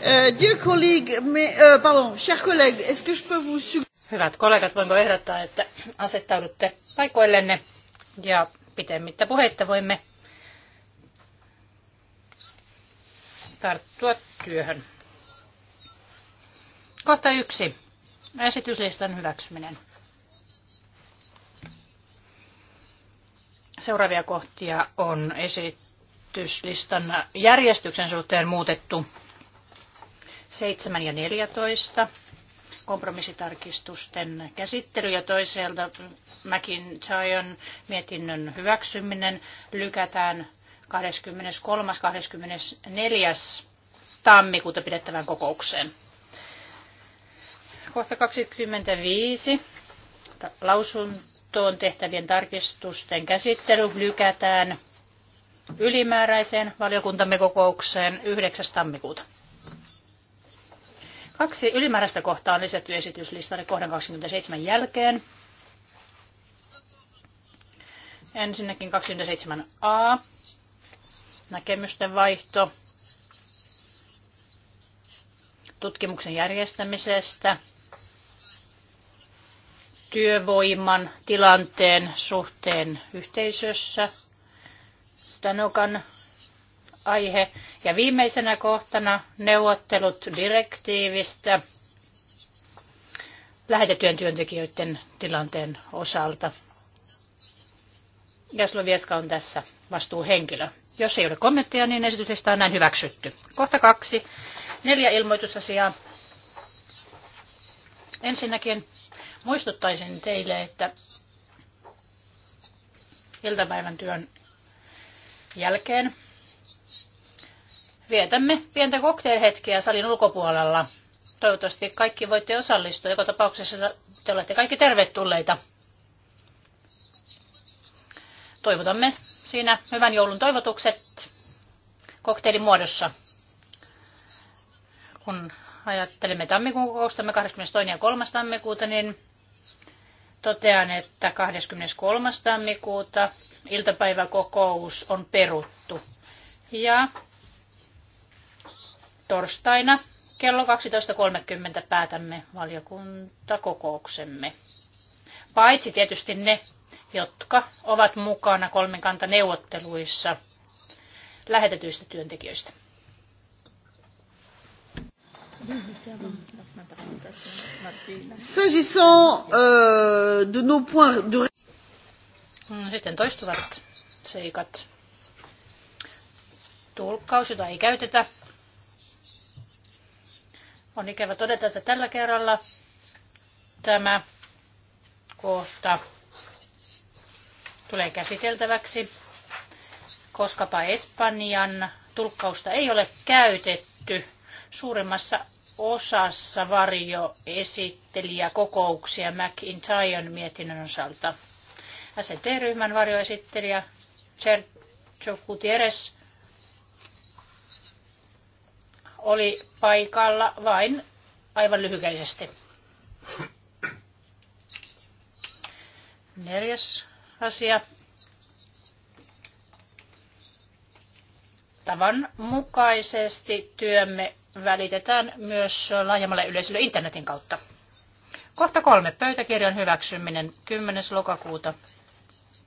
Eh, eh, Hyvät kollegat, voinko ehdottaa, että asettaudutte paikoillenne ja pitemmittä puheitta voimme tarttua työhön. Kohta yksi. Esityslistan hyväksyminen. Seuraavia kohtia on esityslistan järjestyksen suhteen muutettu. 7 ja 14 kompromissitarkistusten käsittely ja toisaalta Chayon mietinnön hyväksyminen lykätään 23. 24. tammikuuta pidettävään kokoukseen. Kohta 25. Lausuntoon tehtävien tarkistusten käsittely lykätään ylimääräiseen valiokuntamme kokoukseen 9. tammikuuta. Kaksi ylimääräistä kohtaa on lisätty esityslistalle kohdan 27 jälkeen. Ensinnäkin 27a, näkemysten vaihto, tutkimuksen järjestämisestä, työvoiman tilanteen suhteen yhteisössä, Stanokan aihe. Ja viimeisenä kohtana neuvottelut direktiivistä lähetettyjen työntekijöiden tilanteen osalta. Jaslovieska on tässä vastuuhenkilö. Jos ei ole kommentteja, niin esityslista on näin hyväksytty. Kohta kaksi. Neljä ilmoitusasiaa. Ensinnäkin muistuttaisin teille, että iltapäivän työn jälkeen vietämme pientä kokteilhetkeä salin ulkopuolella. Toivottavasti kaikki voitte osallistua. Joka tapauksessa te olette kaikki tervetulleita. Toivotamme siinä hyvän joulun toivotukset kokteilin muodossa. Kun ajattelemme tammikuun kokoustamme 22. ja 3. tammikuuta, niin totean, että 23. tammikuuta iltapäiväkokous on peruttu. Ja torstaina kello 12.30 päätämme valiokuntakokouksemme. Paitsi tietysti ne, jotka ovat mukana kolmikanta-neuvotteluissa lähetetyistä työntekijöistä. S'agissant euh, de nos points de... No, sitten toistuvat seikat. Tulkkaus, jota ei käytetä, on ikävä todeta, että tällä kerralla tämä kohta tulee käsiteltäväksi, koskapa Espanjan tulkkausta ei ole käytetty suurimmassa osassa kokouksia McIntyren mietinnön osalta. ST-ryhmän varjoesittelijä Sergio Gutierrez oli paikalla vain aivan lyhykäisesti. Neljäs asia. Tavan mukaisesti työmme välitetään myös laajemmalle yleisölle internetin kautta. Kohta kolme. Pöytäkirjan hyväksyminen 10. lokakuuta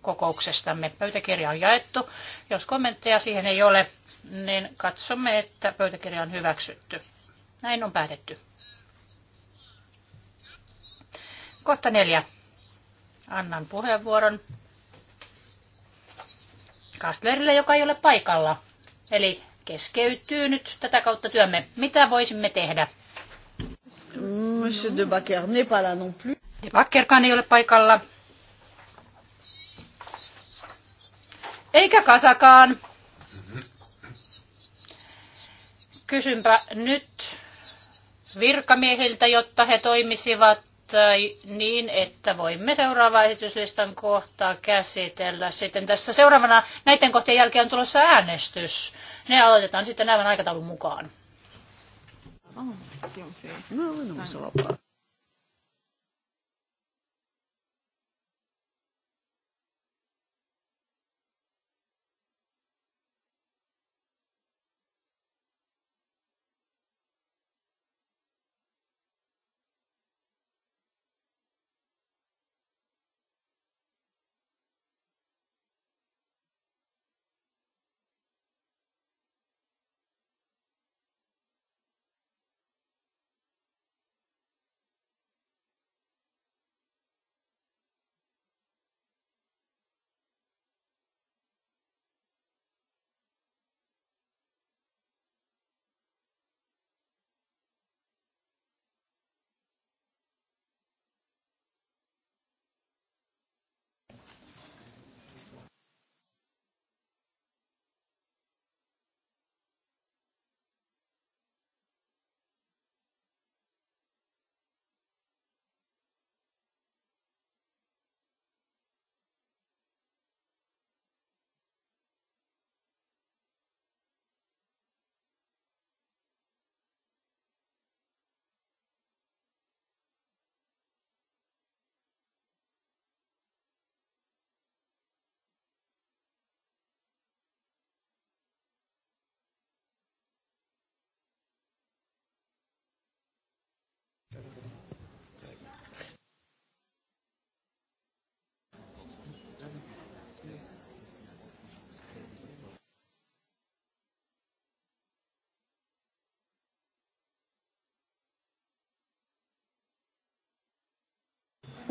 kokouksestamme. Pöytäkirja on jaettu. Jos kommentteja siihen ei ole, niin katsomme, että pöytäkirja on hyväksytty. Näin on päätetty. Kohta neljä. Annan puheenvuoron Kastlerille, joka ei ole paikalla. Eli keskeytyy nyt tätä kautta työmme. Mitä voisimme tehdä? Monsieur de Backer n'est pas là non plus. De Backerkaan ei ole paikalla. Eikä kasakaan. Kysynpä nyt virkamiehiltä, jotta he toimisivat äh, niin, että voimme seuraavaa esityslistan kohtaa käsitellä. Sitten tässä seuraavana näiden kohtien jälkeen on tulossa äänestys. Ne aloitetaan sitten aivan aikataulun mukaan. Oh,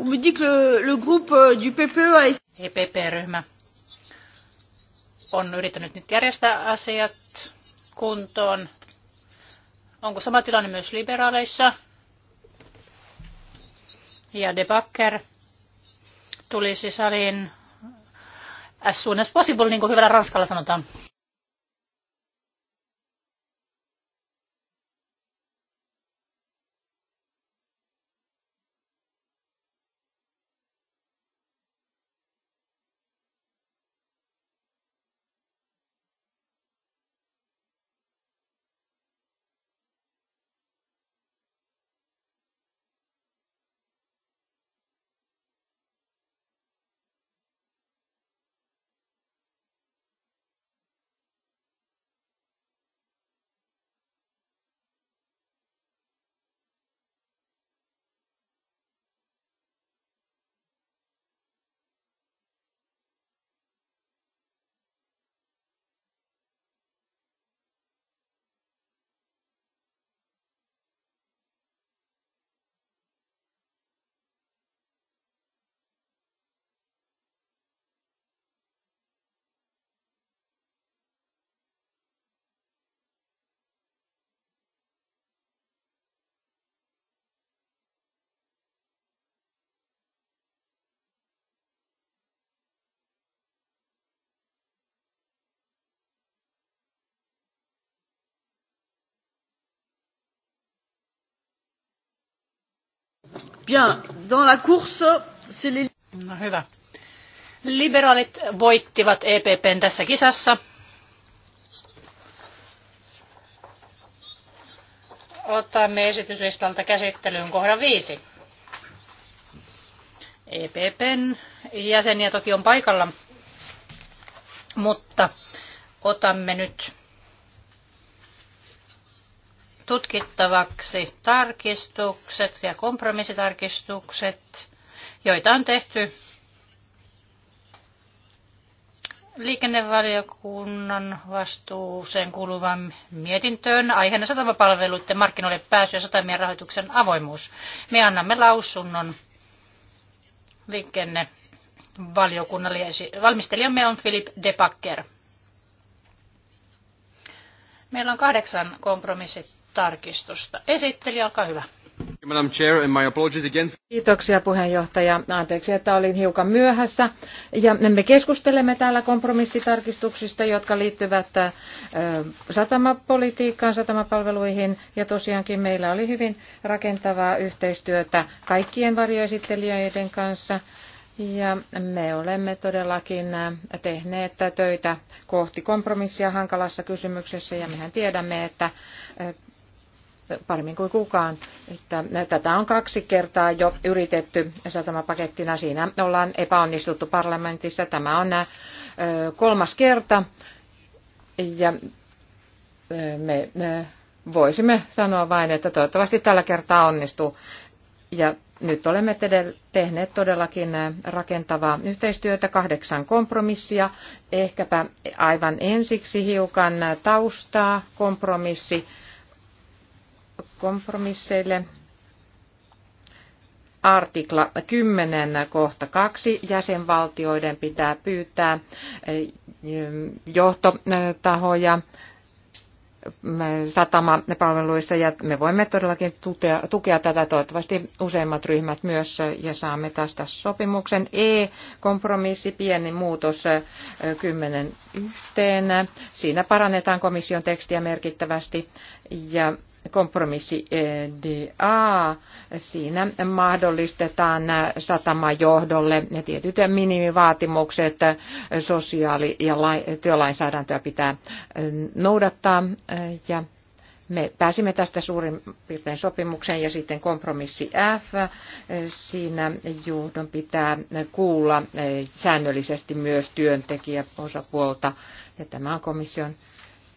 On me dit que le, le groupe euh, du PPE a... EPP-ryhmä e on yrittänyt nyt järjestää asiat kuntoon. Onko sama tilanne myös liberaaleissa? Ja Debakker tulisi saliin as soon as possible, niin kuin hyvällä ranskalla sanotaan. Bien, dans la course, c'est les... No hyvä. Liberaalit voittivat EPPn tässä kisassa. Otamme esityslistalta käsittelyyn kohdan viisi. EPPn jäseniä toki on paikalla, mutta otamme nyt tutkittavaksi tarkistukset ja kompromissitarkistukset, joita on tehty liikennevaliokunnan vastuuseen kuuluvan mietintöön aiheena satamapalveluiden markkinoille pääsy ja satamien rahoituksen avoimuus. Me annamme lausunnon liikennevaliokunnalle ja valmistelijamme on Philip De Meillä on kahdeksan kompromissit tarkistusta. Esitteli, olkaa hyvä. Kiitoksia puheenjohtaja. Anteeksi, että olin hiukan myöhässä. Ja me keskustelemme täällä kompromissitarkistuksista, jotka liittyvät satamapolitiikkaan, satamapalveluihin. Ja tosiaankin meillä oli hyvin rakentavaa yhteistyötä kaikkien varjoesittelijöiden kanssa. Ja me olemme todellakin tehneet töitä kohti kompromissia hankalassa kysymyksessä ja mehän tiedämme, että paremmin kuin kukaan, että tätä on kaksi kertaa jo yritetty satamapakettina. Siinä ollaan epäonnistuttu parlamentissa. Tämä on kolmas kerta. Ja me voisimme sanoa vain, että toivottavasti tällä kertaa onnistuu. Ja nyt olemme tehneet todellakin rakentavaa yhteistyötä, kahdeksan kompromissia. Ehkäpä aivan ensiksi hiukan taustaa kompromissi kompromisseille. Artikla 10 kohta 2 jäsenvaltioiden pitää pyytää eh, johtotahoja eh, satamapalveluissa ja me voimme todellakin tukea, tukea tätä toivottavasti useimmat ryhmät myös eh, ja saamme tästä sopimuksen. E-kompromissi, pieni muutos 10 yhteen. Siinä parannetaan komission tekstiä merkittävästi ja kompromissi eh, DA. Siinä mahdollistetaan satamajohdolle tietyt minimivaatimukset. Sosiaali- ja työlainsäädäntöä pitää eh, noudattaa eh, ja me pääsimme tästä suurin piirtein sopimukseen ja sitten kompromissi F. Siinä johdon pitää kuulla säännöllisesti myös työntekijäosapuolta ja tämä on komission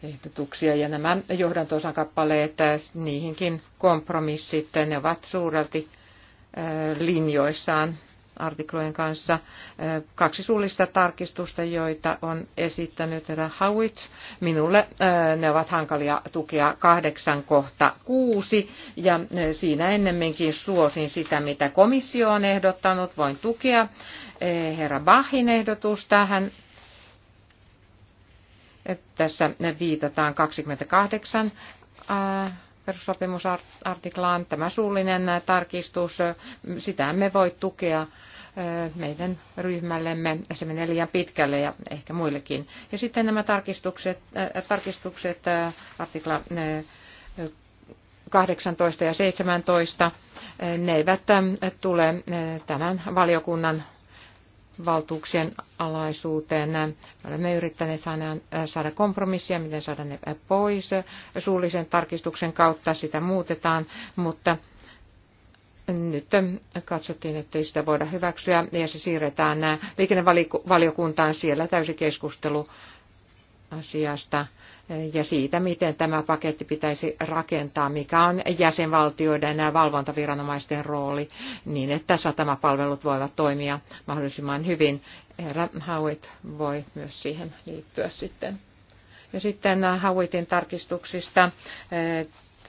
ehdotuksia ja nämä johdantosan kappaleet, äh, niihinkin kompromissit, äh, ne ovat suurelti äh, linjoissaan artiklojen kanssa. Kaksi suullista tarkistusta, joita on esittänyt herra Howitt. Minulle ne ovat hankalia tukea kahdeksan kohta kuusi ja siinä ennemminkin suosin sitä, mitä komissio on ehdottanut. Voin tukea herra Bachin ehdotusta. Hän tässä viitataan 28 äh, perussopimusartiklaan. Tämä suullinen tarkistus, sitä emme voi tukea äh, meidän ryhmällemme. Se menee liian pitkälle ja ehkä muillekin. Ja sitten nämä tarkistukset, äh, tarkistukset artikla 18 ja 17, ne eivät tule tämän valiokunnan valtuuksien alaisuuteen. Olemme yrittäneet saada kompromissia, miten saada ne pois. Suullisen tarkistuksen kautta sitä muutetaan, mutta nyt katsottiin, että ei sitä voida hyväksyä ja se siirretään liikennevaliokuntaan siellä täysi keskustelu asiasta ja siitä, miten tämä paketti pitäisi rakentaa, mikä on jäsenvaltioiden ja valvontaviranomaisten rooli, niin että satamapalvelut voivat toimia mahdollisimman hyvin. Herra Hauit voi myös siihen liittyä sitten. Ja sitten Hauitin äh, tarkistuksista. Äh,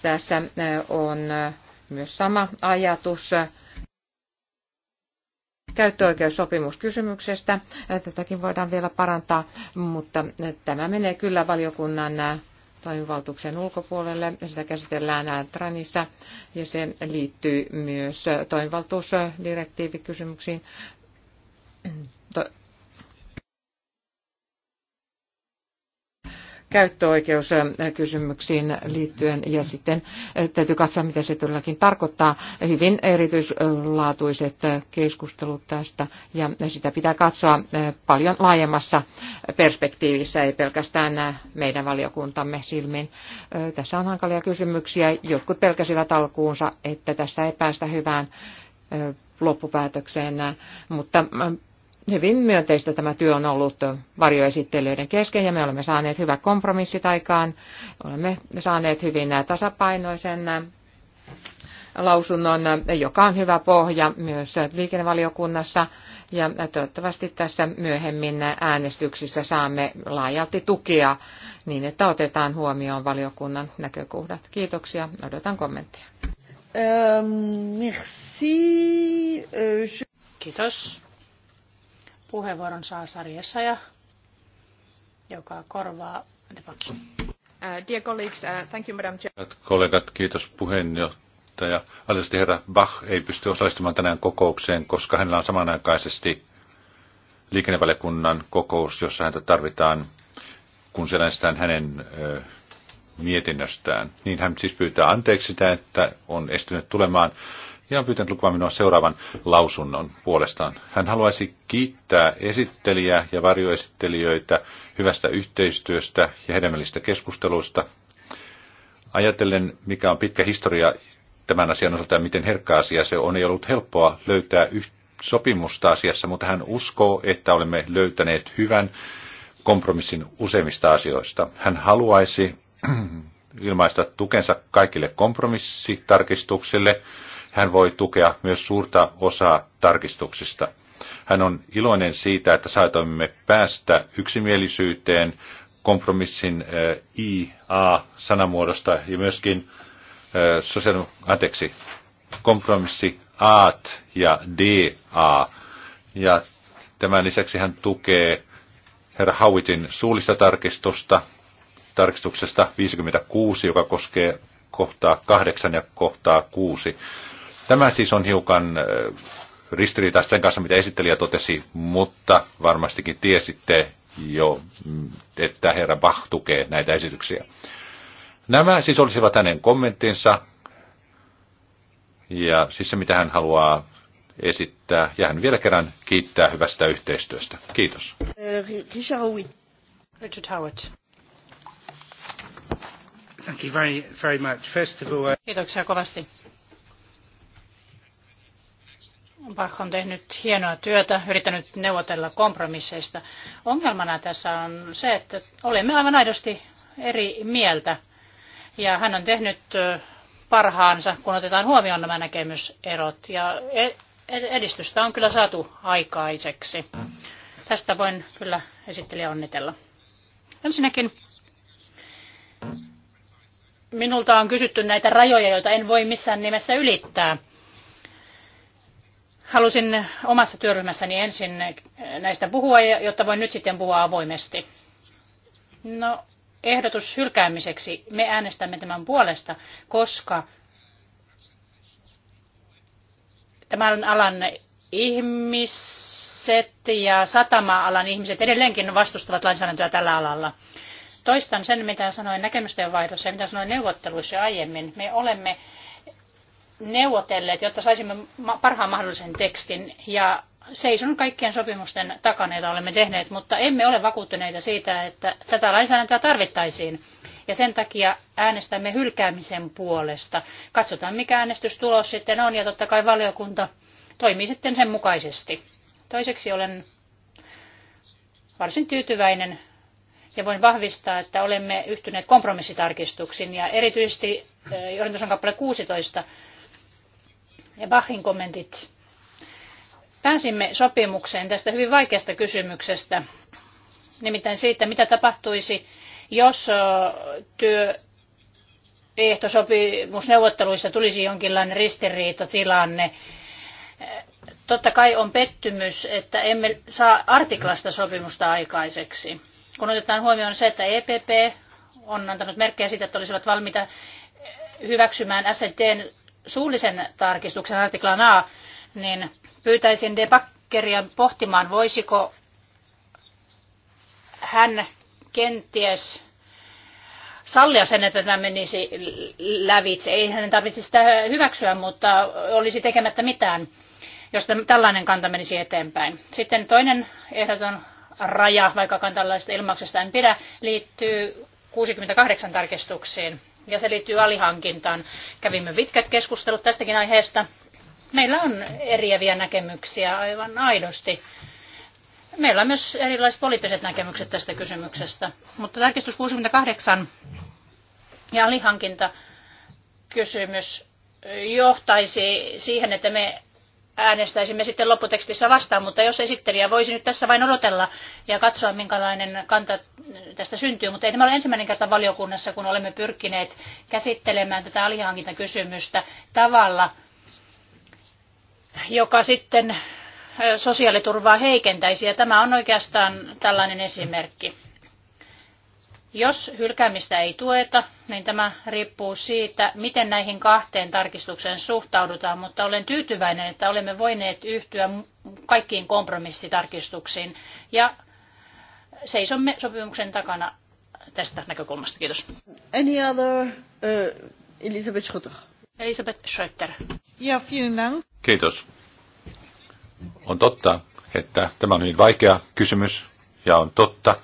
tässä äh, on myös sama ajatus käyttöoikeussopimuskysymyksestä. Tätäkin voidaan vielä parantaa, mutta tämä menee kyllä valiokunnan äh, toimivaltuuksen ulkopuolelle. Sitä käsitellään äh, Tranissa ja se liittyy myös äh, toimivaltuusdirektiivikysymyksiin. käyttöoikeuskysymyksiin äh, liittyen ja sitten äh, täytyy katsoa, mitä se todellakin tarkoittaa. Hyvin erityislaatuiset äh, keskustelut tästä ja sitä pitää katsoa paljon laajemmassa perspektiivissä, ei pelkästään meidän valiokuntamme silmin. Tässä on hankalia kysymyksiä. Jotkut pelkäsivät alkuunsa, että tässä ei päästä hyvään loppupäätökseen, mutta hyvin myönteistä tämä työ on ollut varjoesittelyiden kesken ja me olemme saaneet hyvät kompromissit aikaan. Olemme saaneet hyvin tasapainoisen lausunnon, joka on hyvä pohja myös liikennevaliokunnassa. Ja toivottavasti tässä myöhemmin äänestyksissä saamme laajalti tukea niin, että otetaan huomioon valiokunnan näkökohdat. Kiitoksia. Odotan kommentteja. Euh, euh, Kiitos puheenvuoron saa sarjassa ja joka korvaa Debaki. Uh, dear colleagues, uh, thank you, Madam Chair. Kollegat, kiitos puheenjohtaja. Valitettavasti herra Bach ei pysty osallistumaan tänään kokoukseen, koska hänellä on samanaikaisesti liikennevaliokunnan kokous, jossa häntä tarvitaan, kun siellä hänen ö, mietinnöstään. Niin hän siis pyytää anteeksi sitä, että on estynyt tulemaan ja on pyytänyt lupaa minua seuraavan lausunnon puolestaan. Hän haluaisi kiittää esittelijää ja varjoesittelijöitä hyvästä yhteistyöstä ja hedelmällistä keskustelusta. Ajatellen, mikä on pitkä historia tämän asian osalta ja miten herkkä asia se on, ei ollut helppoa löytää sopimusta asiassa, mutta hän uskoo, että olemme löytäneet hyvän kompromissin useimmista asioista. Hän haluaisi ilmaista tukensa kaikille kompromissitarkistuksille hän voi tukea myös suurta osaa tarkistuksista. Hän on iloinen siitä, että saatoimme päästä yksimielisyyteen kompromissin eh, IA-sanamuodosta ja myöskin eh, sosiaali- anteeksi, kompromissi A ja DA. Ja tämän lisäksi hän tukee herra Howitin suullista tarkistusta, tarkistuksesta 56, joka koskee kohtaa 8 ja kohtaa 6. Tämä siis on hiukan ristiriitaista sen kanssa, mitä esittelijä totesi, mutta varmastikin tiesitte jo, mm, että herra Bach tukee näitä esityksiä. Nämä siis olisivat hänen kommenttinsa ja siis se, mitä hän haluaa esittää. Ja hän vielä kerran kiittää hyvästä yhteistyöstä. Kiitos. Richard Howitt. Howard. Thank you very, very much. First of all, uh, Kiitoksia kovasti. Bach on tehnyt hienoa työtä, yrittänyt neuvotella kompromisseista. Ongelmana tässä on se, että olemme aivan aidosti eri mieltä. Ja hän on tehnyt parhaansa, kun otetaan huomioon nämä näkemyserot. Ja e, e, edistystä on kyllä saatu aikaiseksi. Tästä voin kyllä esittelijä onnitella. Ensinnäkin minulta on kysytty näitä rajoja, joita en voi missään nimessä ylittää – Halusin omassa työryhmässäni ensin näistä puhua, jotta voin nyt sitten puhua avoimesti. No, ehdotus hylkäämiseksi. Me äänestämme tämän puolesta, koska tämän alan ihmiset ja satama-alan ihmiset edelleenkin vastustavat lainsäädäntöä tällä alalla. Toistan sen, mitä sanoin näkemysten vaihdossa ja mitä sanoin neuvotteluissa aiemmin. Me olemme neuvotelleet, jotta saisimme parhaan mahdollisen tekstin. Ja seison kaikkien sopimusten takana, joita olemme tehneet, mutta emme ole vakuuttuneita siitä, että tätä lainsäädäntöä tarvittaisiin. Ja sen takia äänestämme hylkäämisen puolesta. Katsotaan, mikä äänestystulos sitten on, ja totta kai valiokunta toimii sitten sen mukaisesti. Toiseksi olen varsin tyytyväinen ja voin vahvistaa, että olemme yhtyneet kompromissitarkistuksiin ja erityisesti eh, johdantosan kappale 16 ja Bachin kommentit. Pääsimme sopimukseen tästä hyvin vaikeasta kysymyksestä, nimittäin siitä, mitä tapahtuisi, jos työ ehtosopimusneuvotteluissa tulisi jonkinlainen ristiriitatilanne. Totta kai on pettymys, että emme saa artiklasta sopimusta aikaiseksi. Kun otetaan huomioon se, että EPP on antanut merkkejä siitä, että olisivat valmiita hyväksymään SNTn suullisen tarkistuksen artiklan A, niin pyytäisin debakkeria pohtimaan, voisiko hän kenties sallia sen, että tämä menisi lävitse. Ei hänen tarvitse sitä hyväksyä, mutta olisi tekemättä mitään, jos tällainen kanta menisi eteenpäin. Sitten toinen ehdoton raja, vaikka tällaisesta ilmauksesta en pidä, liittyy 68 tarkistuksiin ja se liittyy alihankintaan. Kävimme pitkät keskustelut tästäkin aiheesta. Meillä on eriäviä näkemyksiä aivan aidosti. Meillä on myös erilaiset poliittiset näkemykset tästä kysymyksestä. Mutta tarkistus 68 ja alihankinta kysymys johtaisi siihen, että me äänestäisimme sitten lopputekstissä vastaan, mutta jos esittelijä voisi nyt tässä vain odotella ja katsoa, minkälainen kanta tästä syntyy. Mutta ei tämä ole ensimmäinen kerta valiokunnassa, kun olemme pyrkineet käsittelemään tätä alihankintakysymystä tavalla, joka sitten sosiaaliturvaa heikentäisi. Ja tämä on oikeastaan tällainen esimerkki. Jos hylkäämistä ei tueta, niin tämä riippuu siitä, miten näihin kahteen tarkistukseen suhtaudutaan, mutta olen tyytyväinen, että olemme voineet yhtyä kaikkiin kompromissitarkistuksiin ja seisomme sopimuksen takana tästä näkökulmasta. Kiitos. Any other, uh, Elisabeth Schröter. Elisabeth Schröter. Ja, vielen Dank. Kiitos. On totta, että tämä on hyvin vaikea kysymys ja on totta,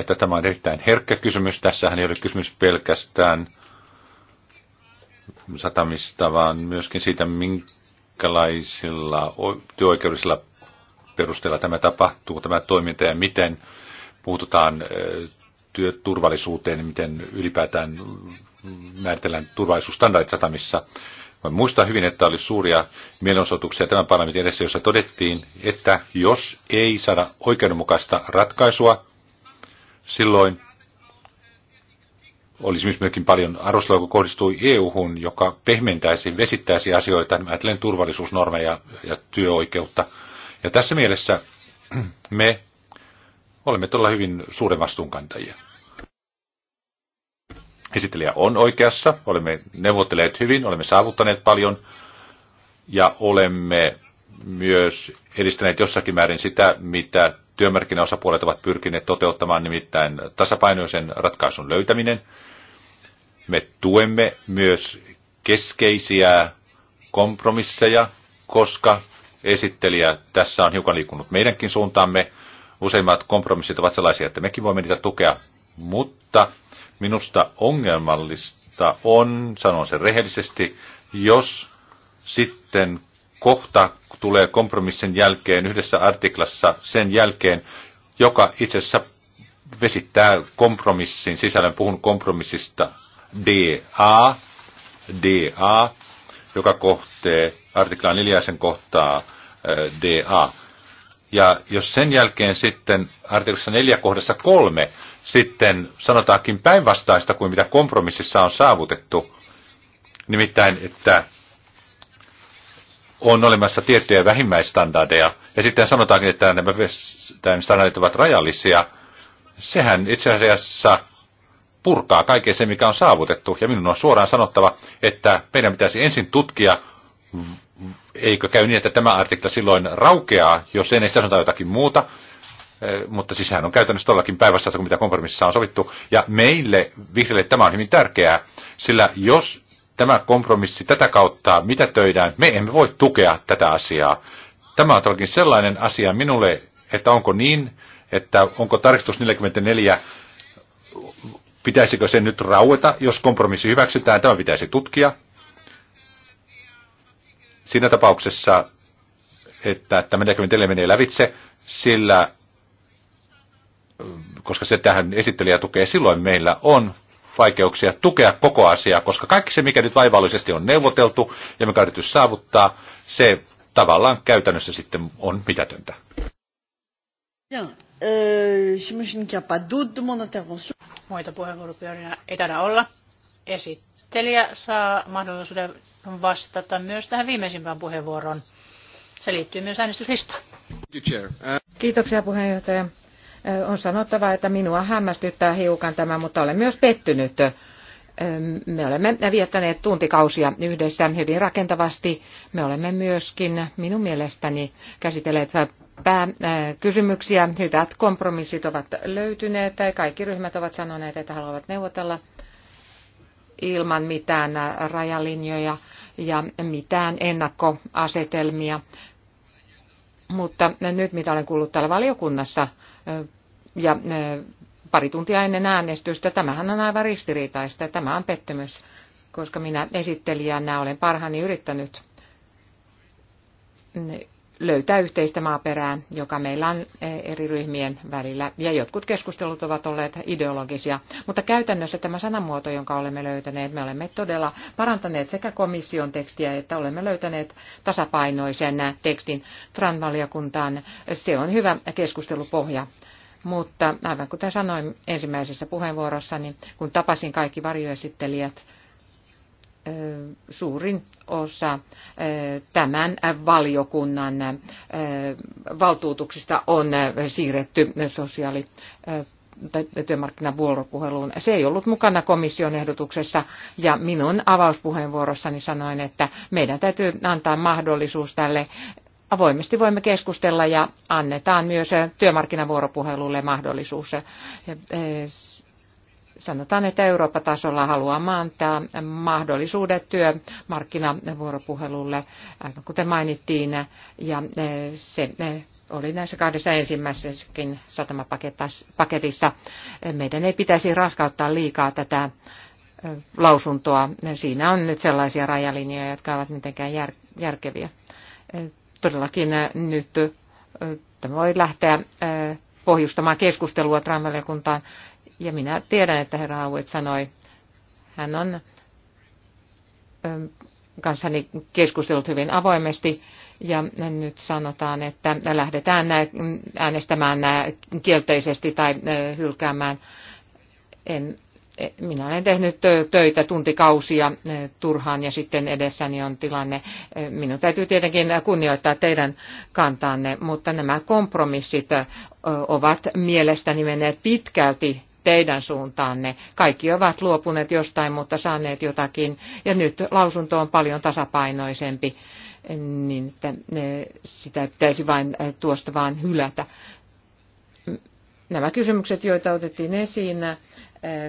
että tämä on erittäin herkkä kysymys. Tässähän ei ole kysymys pelkästään satamista, vaan myöskin siitä, minkälaisilla työoikeudellisilla perusteella tämä tapahtuu, tämä toiminta ja miten puututaan työturvallisuuteen, miten ylipäätään määritellään turvallisuusstandardit satamissa. Mä muistan hyvin, että oli suuria mielenosoituksia tämän parlamentin edessä, jossa todettiin, että jos ei saada oikeudenmukaista ratkaisua, Silloin olisi siis myöskin paljon arvostelua, joka kohdistui EU-hun, joka pehmentäisi, vesittäisi asioita, ajatellen turvallisuusnormeja ja työoikeutta. Ja tässä mielessä me olemme todella hyvin suuren vastuunkantajia. Esittelijä on oikeassa, olemme neuvotteleet hyvin, olemme saavuttaneet paljon ja olemme myös edistäneet jossakin määrin sitä, mitä työmarkkinaosapuolet ovat pyrkineet toteuttamaan, nimittäin tasapainoisen ratkaisun löytäminen. Me tuemme myös keskeisiä kompromisseja, koska esittelijä tässä on hiukan liikkunut meidänkin suuntaamme. Useimmat kompromissit ovat sellaisia, että mekin voimme niitä tukea, mutta minusta ongelmallista on, sanon sen rehellisesti, jos sitten kohta tulee kompromissin jälkeen yhdessä artiklassa sen jälkeen, joka itse asiassa vesittää kompromissin sisällön. Puhun kompromissista DA, DA, joka kohtee artiklaan neljäisen kohtaa eh, DA. Ja jos sen jälkeen sitten artiklassa neljä kohdassa kolme sitten sanotaankin päinvastaista kuin mitä kompromississa on saavutettu, nimittäin, että on olemassa tiettyjä vähimmäistandardeja, ja sitten sanotaankin, että nämä standardit ovat rajallisia, sehän itse asiassa purkaa kaiken sen, mikä on saavutettu. Ja minun on suoraan sanottava, että meidän pitäisi ensin tutkia, eikö käy niin, että tämä artikla silloin raukeaa, jos ei sitä sanota jotakin muuta, eh, mutta siis hän on käytännössä tollakin päivässä, kun mitä kompromississa on sovittu. Ja meille vihreille tämä on hyvin tärkeää, sillä jos tämä kompromissi tätä kautta mitä töidään, me emme voi tukea tätä asiaa. Tämä on todellakin sellainen asia minulle, että onko niin, että onko tarkistus 44, pitäisikö se nyt raueta, jos kompromissi hyväksytään, tämä pitäisi tutkia. Siinä tapauksessa, että tämä 44 menee lävitse, sillä koska se tähän esittelijä tukee, silloin meillä on vaikeuksia tukea koko asiaa, koska kaikki se, mikä nyt vaivallisesti on neuvoteltu ja mikä on saavuttaa, se tavallaan käytännössä sitten on mitätöntä. Euh, Muita puheenvuoropyörinä ei taida olla. Esittelijä saa mahdollisuuden vastata myös tähän viimeisimpään puheenvuoroon. Se liittyy myös äänestyslistaan. Uh, Kiitoksia puheenjohtaja. On sanottava, että minua hämmästyttää hiukan tämä, mutta olen myös pettynyt. Me olemme viettäneet tuntikausia yhdessä hyvin rakentavasti. Me olemme myöskin minun mielestäni käsitelleet pääkysymyksiä. Hyvät kompromissit ovat löytyneet tai kaikki ryhmät ovat sanoneet, että haluavat neuvotella ilman mitään rajalinjoja ja mitään ennakkoasetelmia. Mutta nyt mitä olen kuullut täällä valiokunnassa, ja pari tuntia ennen äänestystä. Tämähän on aivan ristiriitaista. Tämä on pettymys, koska minä esittelijänä olen parhaani yrittänyt löytää yhteistä maaperää, joka meillä on eh, eri ryhmien välillä. Ja jotkut keskustelut ovat olleet ideologisia, mutta käytännössä tämä sanamuoto, jonka olemme löytäneet, me olemme todella parantaneet sekä komission tekstiä että olemme löytäneet tasapainoisen tekstin Tran-valiokuntaan. Se on hyvä keskustelupohja. Mutta aivan kuten sanoin ensimmäisessä niin kun tapasin kaikki varjoesittelijät, suurin osa tämän valiokunnan valtuutuksista on siirretty sosiaali- tai työmarkkinavuoropuheluun. Se ei ollut mukana komission ehdotuksessa ja minun avauspuheenvuorossani sanoin, että meidän täytyy antaa mahdollisuus tälle avoimesti voimme keskustella ja annetaan myös työmarkkinavuoropuhelulle mahdollisuus sanotaan, että Euroopan tasolla haluamme antaa mahdollisuudet työmarkkinavuoropuhelulle, aivan kuten mainittiin, ja e, se e, oli näissä kahdessa ensimmäisessäkin satamapaketissa. Meidän ei pitäisi raskauttaa liikaa tätä e, lausuntoa. Siinä on nyt sellaisia rajalinjoja, jotka ovat mitenkään järkeviä. Todellakin nyt tämä voi lähteä pohjustamaan keskustelua tran ja minä tiedän, että herra Hauet sanoi, hän on ähm, kanssani keskustellut hyvin avoimesti ja nyt sanotaan, että lähdetään mm, äänestämään kielteisesti tai äh, hylkäämään. En, e, minä olen tehnyt töitä tuntikausia äh, turhaan ja sitten edessäni on tilanne. Äh, minun täytyy tietenkin kunnioittaa teidän kantaanne, mutta nämä kompromissit ovat mielestäni menneet pitkälti teidän suuntaanne. Kaikki ovat luopuneet jostain, mutta saaneet jotakin. Ja nyt lausunto on paljon tasapainoisempi, niin että eh, sitä pitäisi vain eh, tuosta vaan hylätä. Nämä kysymykset, joita otettiin esiin, eh,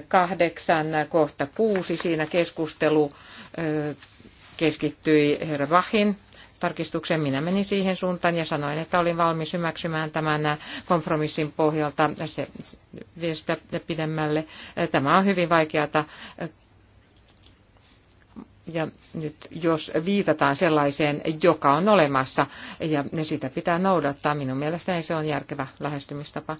kahdeksan kohta kuusi, siinä keskustelu keskittyi herra Vahin Tarkistuksen Minä menin siihen suuntaan ja sanoin, että olin valmis hyväksymään tämän kompromissin pohjalta se vie sitä pidemmälle. Tämä on hyvin vaikeata. Ja nyt jos viitataan sellaiseen, joka on olemassa ja sitä pitää noudattaa, minun mielestäni se on järkevä lähestymistapa.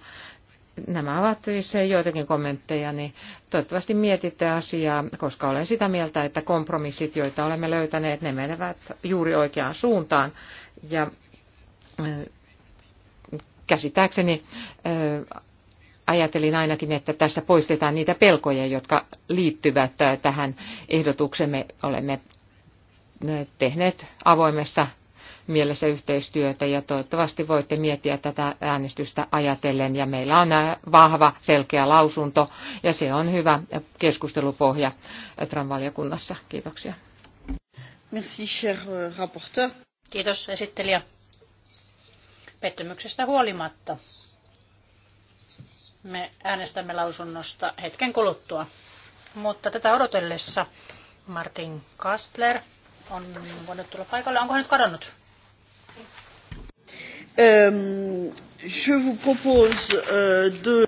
Nämä ovat siis joitakin kommentteja, niin toivottavasti mietitte asiaa, koska olen sitä mieltä, että kompromissit, joita olemme löytäneet, ne menevät juuri oikeaan suuntaan. Ja äh, käsittääkseni äh, ajatelin ainakin, että tässä poistetaan niitä pelkoja, jotka liittyvät äh, tähän ehdotuksemme. Olemme tehneet avoimessa mielessä yhteistyötä ja toivottavasti voitte miettiä tätä äänestystä ajatellen ja meillä on vahva selkeä lausunto ja se on hyvä keskustelupohja Etran valiokunnassa. Kiitoksia. Merci, cher rapporteur. Kiitos esittelijä. Pettymyksestä huolimatta. Me äänestämme lausunnosta hetken kuluttua. Mutta tätä odotellessa Martin Kastler on voinut tulla paikalle. Onko hän nyt kadonnut? Euh, je vous propose euh, de...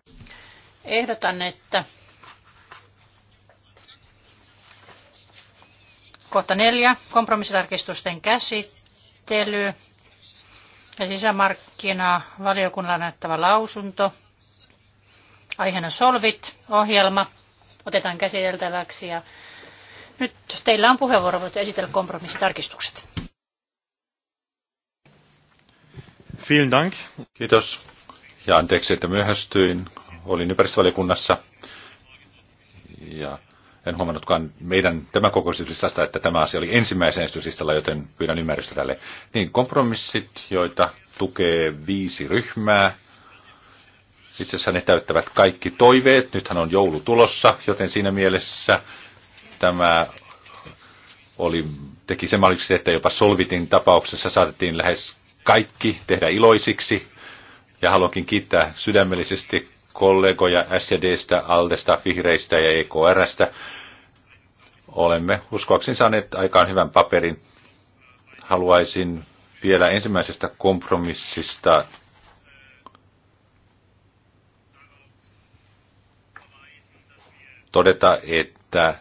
Ehdotan, että kohta neljä, kompromissitarkistusten käsittely ja sisämarkkinavaliokunnalle näyttävä lausunto. Aiheena Solvit-ohjelma otetaan käsiteltäväksi ja nyt teillä on puheenvuoro, voitte esitellä kompromissitarkistukset. Vielen Dank. Kiitos. Ja anteeksi, että myöhästyin. Olin ympäristövaliokunnassa ja en huomannutkaan meidän tämä kokoisuudessa että tämä asia oli ensimmäisen esityslistalla, joten pyydän ymmärrystä tälle. Niin, kompromissit, joita tukee viisi ryhmää. Itse asiassa ne täyttävät kaikki toiveet. Nythän on joulu tulossa, joten siinä mielessä tämä oli, teki sen että jopa Solvitin tapauksessa saatettiin lähes kaikki tehdä iloisiksi. Ja haluankin kiittää sydämellisesti kollegoja SJDstä, Aldesta, Vihreistä ja EKRstä. Olemme uskoakseni saaneet aikaan hyvän paperin. Haluaisin vielä ensimmäisestä kompromissista todeta, että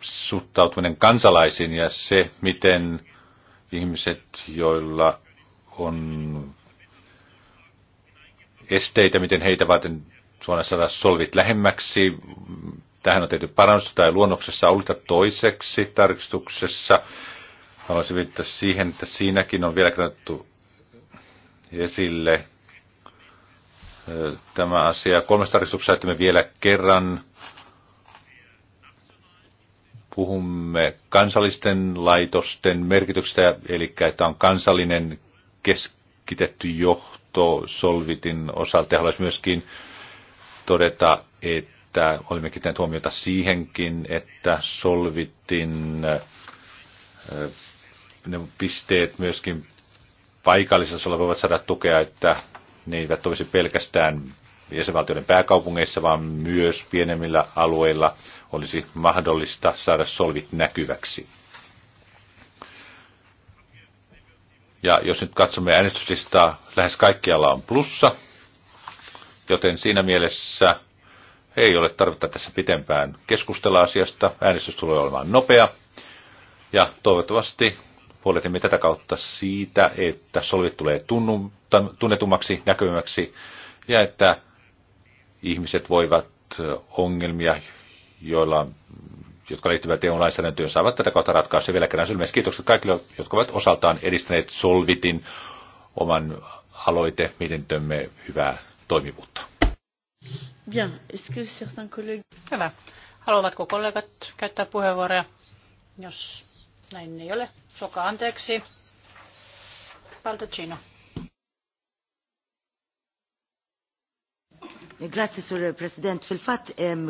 suhtautuminen kansalaisiin ja se, miten ihmiset, joilla on esteitä, miten heitä varten suoraan saada solvit lähemmäksi. Tähän on tehty parannusta tai luonnoksessa olita toiseksi tarkistuksessa. Haluaisin viittaa siihen, että siinäkin on vielä kerrottu esille tämä asia. kolmesta tarkistuksessa että me vielä kerran puhumme kansallisten laitosten merkityksestä, eli että on kansallinen keskitetty johto Solvitin osalta. Ja haluaisin myöskin todeta, että olimme kiinnittäneet huomiota siihenkin, että Solvitin äh, ne pisteet myöskin paikallisella voivat saada tukea, että ne eivät olisi pelkästään jäsenvaltioiden pääkaupungeissa, vaan myös pienemmillä alueilla olisi mahdollista saada solvit näkyväksi. Ja jos nyt katsomme äänestyslistaa, lähes kaikkialla on plussa, joten siinä mielessä ei ole tarvetta tässä pitempään keskustella asiasta. Äänestys tulee olemaan nopea ja toivottavasti huolehdimme tätä kautta siitä, että solvit tulee tunnetummaksi, näkyvämmäksi ja että ihmiset voivat ongelmia, joilla, jotka liittyvät EU-lainsäädäntöön, saavat tätä kautta ratkaista. Vielä kerran sylmäis kiitokset kaikille, jotka ovat osaltaan edistäneet Solvitin oman aloite miten tömme hyvää toimivuutta. Bien. Hyvä. Haluavatko kollegat käyttää puheenvuoroja? Jos näin ei ole, soka anteeksi. Paltacino. Ehm,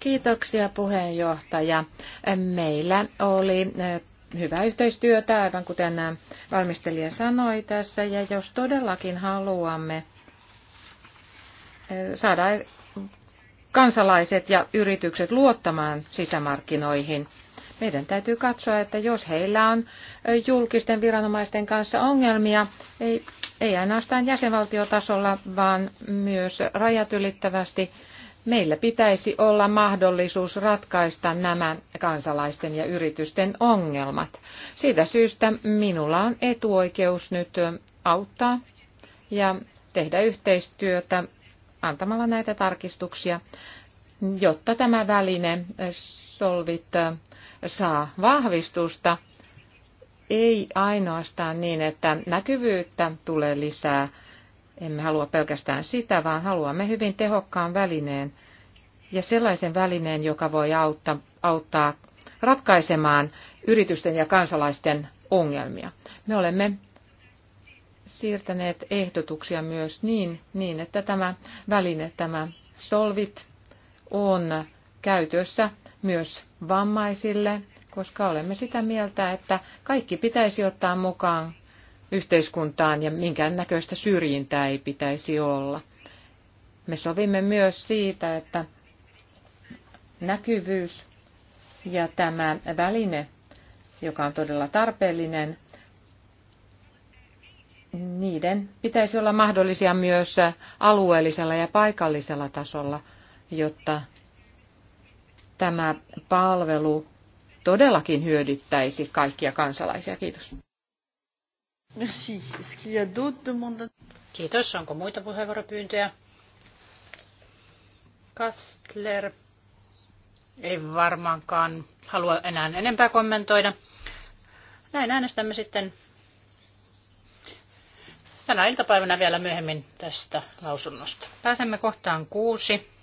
Kiitoksia puheenjohtaja. Ehm, meillä oli eh, hyvä yhteistyötä, aivan kuten eh, valmistelija sanoi tässä, ja jos todellakin haluamme eh, saada kansalaiset ja yritykset luottamaan sisämarkkinoihin, meidän täytyy katsoa, että jos heillä on julkisten viranomaisten kanssa ongelmia, ei, ei ainoastaan jäsenvaltiotasolla, vaan myös rajat ylittävästi, meillä pitäisi olla mahdollisuus ratkaista nämä kansalaisten ja yritysten ongelmat. Siitä syystä minulla on etuoikeus nyt auttaa ja tehdä yhteistyötä antamalla näitä tarkistuksia, jotta tämä väline Solvit saa vahvistusta, ei ainoastaan niin, että näkyvyyttä tulee lisää, emme halua pelkästään sitä, vaan haluamme hyvin tehokkaan välineen ja sellaisen välineen, joka voi auttaa, auttaa ratkaisemaan yritysten ja kansalaisten ongelmia. Me olemme siirtäneet ehdotuksia myös niin, niin että tämä väline, tämä Solvit, on käytössä myös vammaisille, koska olemme sitä mieltä, että kaikki pitäisi ottaa mukaan yhteiskuntaan ja minkään näköistä syrjintää ei pitäisi olla. Me sovimme myös siitä, että näkyvyys ja tämä väline, joka on todella tarpeellinen, niiden pitäisi olla mahdollisia myös alueellisella ja paikallisella tasolla, jotta tämä palvelu todellakin hyödyttäisi kaikkia kansalaisia. Kiitos. Kiitos. Onko muita puheenvuoropyyntöjä? Kastler ei varmaankaan halua enää enempää kommentoida. Näin äänestämme sitten tänä iltapäivänä vielä myöhemmin tästä lausunnosta. Pääsemme kohtaan kuusi.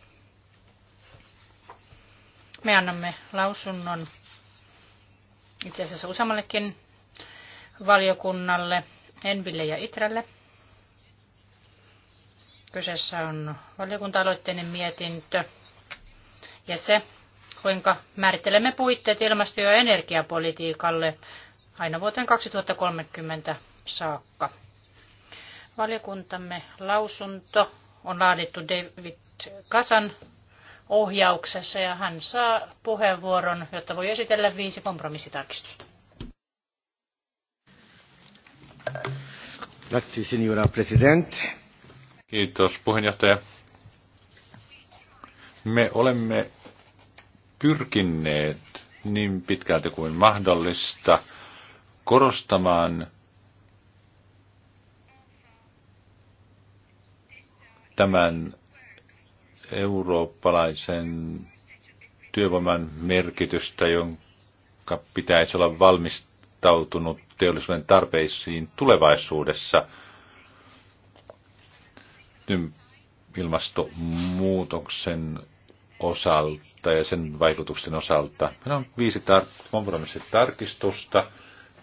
Me annamme lausunnon itse asiassa useammallekin valiokunnalle, Enville ja Itrelle. Kyseessä on valiokunta-aloitteinen mietintö ja se, kuinka määrittelemme puitteet ilmasto- ja energiapolitiikalle aina vuoteen 2030 saakka. Valiokuntamme lausunto on laadittu David Kasan ohjauksessa ja hän saa puheenvuoron, jotta voi esitellä viisi kompromissitarkistusta. Kiitos, puheenjohtaja. Me olemme pyrkineet niin pitkälti kuin mahdollista korostamaan tämän eurooppalaisen työvoiman merkitystä, jonka pitäisi olla valmistautunut teollisuuden tarpeisiin tulevaisuudessa. Ilmastonmuutoksen osalta ja sen vaikutusten osalta. Meillä on viisi tar- tarkistusta,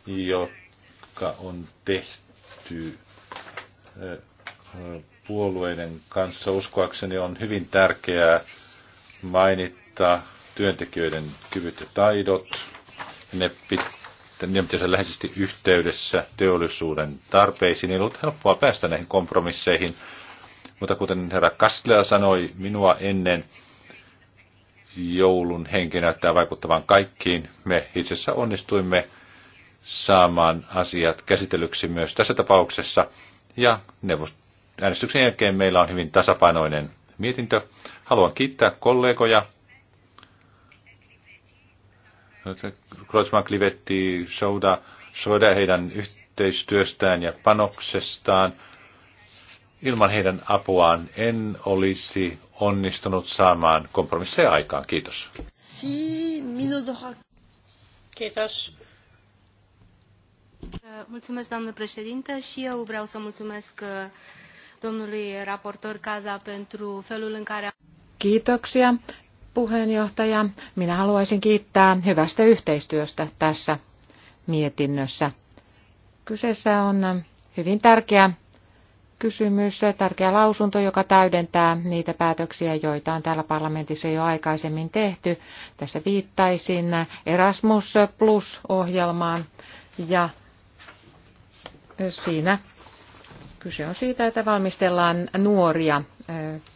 jotka on tehty puolueiden kanssa uskoakseni on hyvin tärkeää mainita työntekijöiden kyvyt ja taidot. Ne pitäisi olla läheisesti yhteydessä teollisuuden tarpeisiin. Ei ollut helppoa päästä näihin kompromisseihin, mutta kuten herra Kastlea sanoi minua ennen, joulun henki näyttää vaikuttavan kaikkiin. Me itse asiassa onnistuimme saamaan asiat käsitellyksi myös tässä tapauksessa, ja neuvost- äänestyksen jälkeen meillä on hyvin tasapainoinen mietintö. Haluan kiittää kollegoja. Kreuzmann, Klivetti, Souda, Souda heidän yhteistyöstään ja panoksestaan. Ilman heidän apuaan en olisi onnistunut saamaan kompromisseja aikaan. Kiitos. Kiitos. Mulțumesc, doamnă președintă, și eu vreau să mulțumesc domnului raportor Caza pentru felul în care... Kiitoksia puheenjohtaja. Minä haluaisin kiittää hyvästä yhteistyöstä tässä mietinnössä. Kyseessä on hyvin tärkeä kysymys, tärkeä lausunto, joka täydentää niitä päätöksiä, joita on täällä parlamentissa jo aikaisemmin tehty. Tässä viittaisin Erasmus Plus-ohjelmaan ja siinä Kyse on siitä, että valmistellaan nuoria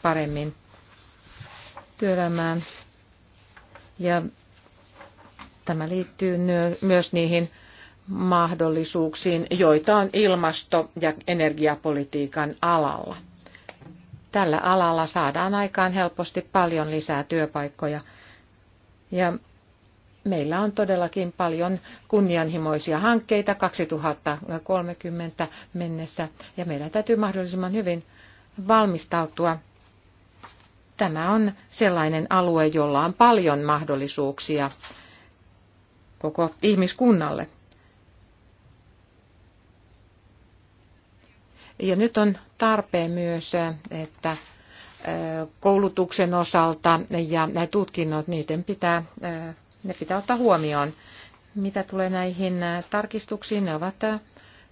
paremmin työelämään. Ja tämä liittyy myös niihin mahdollisuuksiin, joita on ilmasto- ja energiapolitiikan alalla. Tällä alalla saadaan aikaan helposti paljon lisää työpaikkoja. Ja meillä on todellakin paljon kunnianhimoisia hankkeita 2030 mennessä ja meidän täytyy mahdollisimman hyvin valmistautua. Tämä on sellainen alue, jolla on paljon mahdollisuuksia koko ihmiskunnalle. Ja nyt on tarpeen myös, että äh, koulutuksen osalta ja tutkinnot, niiden pitää äh, ne pitää ottaa huomioon. Mitä tulee näihin tarkistuksiin, ne ovat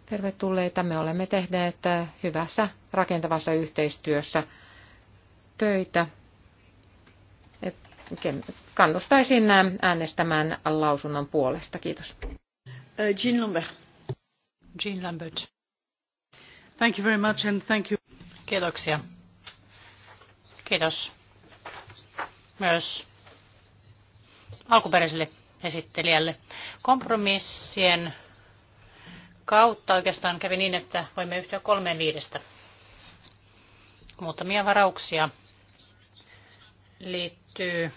tervetulleita. Me olemme tehneet hyvässä rakentavassa yhteistyössä töitä. Kannustaisin äänestämään lausunnon puolesta. Kiitos. Äh, Jean Lambert. Jean Lambert. Thank you very much and thank you. Kiitoksia. Kiitos myös alkuperäiselle esittelijälle. Kompromissien kautta oikeastaan kävi niin, että voimme yhtyä kolmeen viidestä. Muutamia varauksia liittyy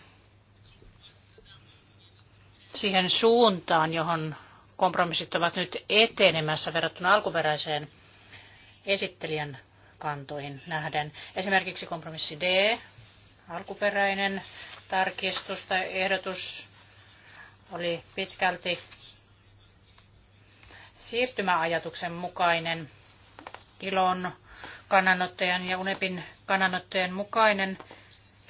siihen suuntaan, johon kompromissit ovat nyt etenemässä verrattuna alkuperäiseen esittelijän kantoihin nähden. Esimerkiksi kompromissi D, alkuperäinen, tarkistusta. Ehdotus oli pitkälti siirtymäajatuksen mukainen ilon kannanottajan ja UNEPin kannanottojen mukainen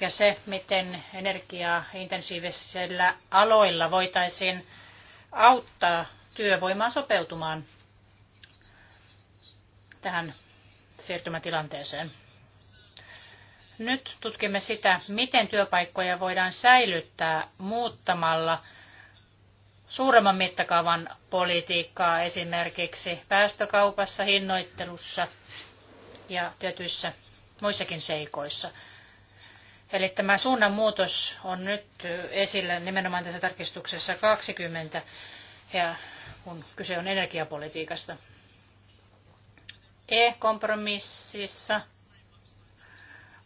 ja se, miten energiaa intensiivisillä aloilla voitaisiin auttaa työvoimaa sopeutumaan tähän siirtymätilanteeseen. Nyt tutkimme sitä, miten työpaikkoja voidaan säilyttää muuttamalla suuremman mittakaavan politiikkaa esimerkiksi päästökaupassa, hinnoittelussa ja tietyissä muissakin seikoissa. Eli tämä suunnanmuutos on nyt esillä nimenomaan tässä tarkistuksessa 20, ja kun kyse on energiapolitiikasta. E-kompromississa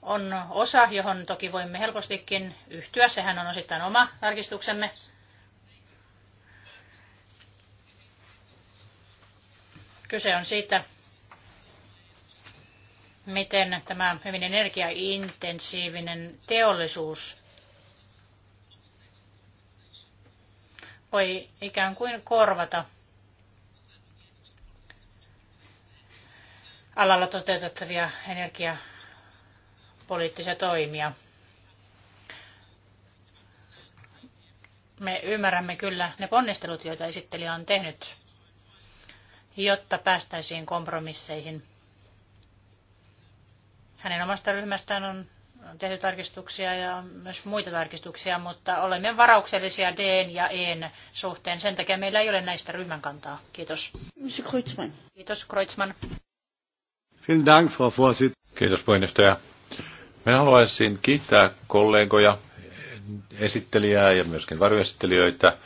on osa, johon toki voimme helpostikin yhtyä. Sehän on osittain oma tarkistuksemme. Kyse on siitä, miten tämä hyvin energiaintensiivinen teollisuus voi ikään kuin korvata alalla toteutettavia energia- poliittisia toimia. Me ymmärrämme kyllä ne ponnistelut, joita esittelijä on tehnyt, jotta päästäisiin kompromisseihin. Hänen omasta ryhmästään on tehty tarkistuksia ja myös muita tarkistuksia, mutta olemme varauksellisia D ja E suhteen. Sen takia meillä ei ole näistä ryhmän kantaa. Kiitos. Kreutzmann. Kiitos, Kreutzmann. Dank, Frau Kiitos, puheenjohtaja. Minä haluaisin kiittää kollegoja, esittelijää ja myöskin varjoesittelijöitä.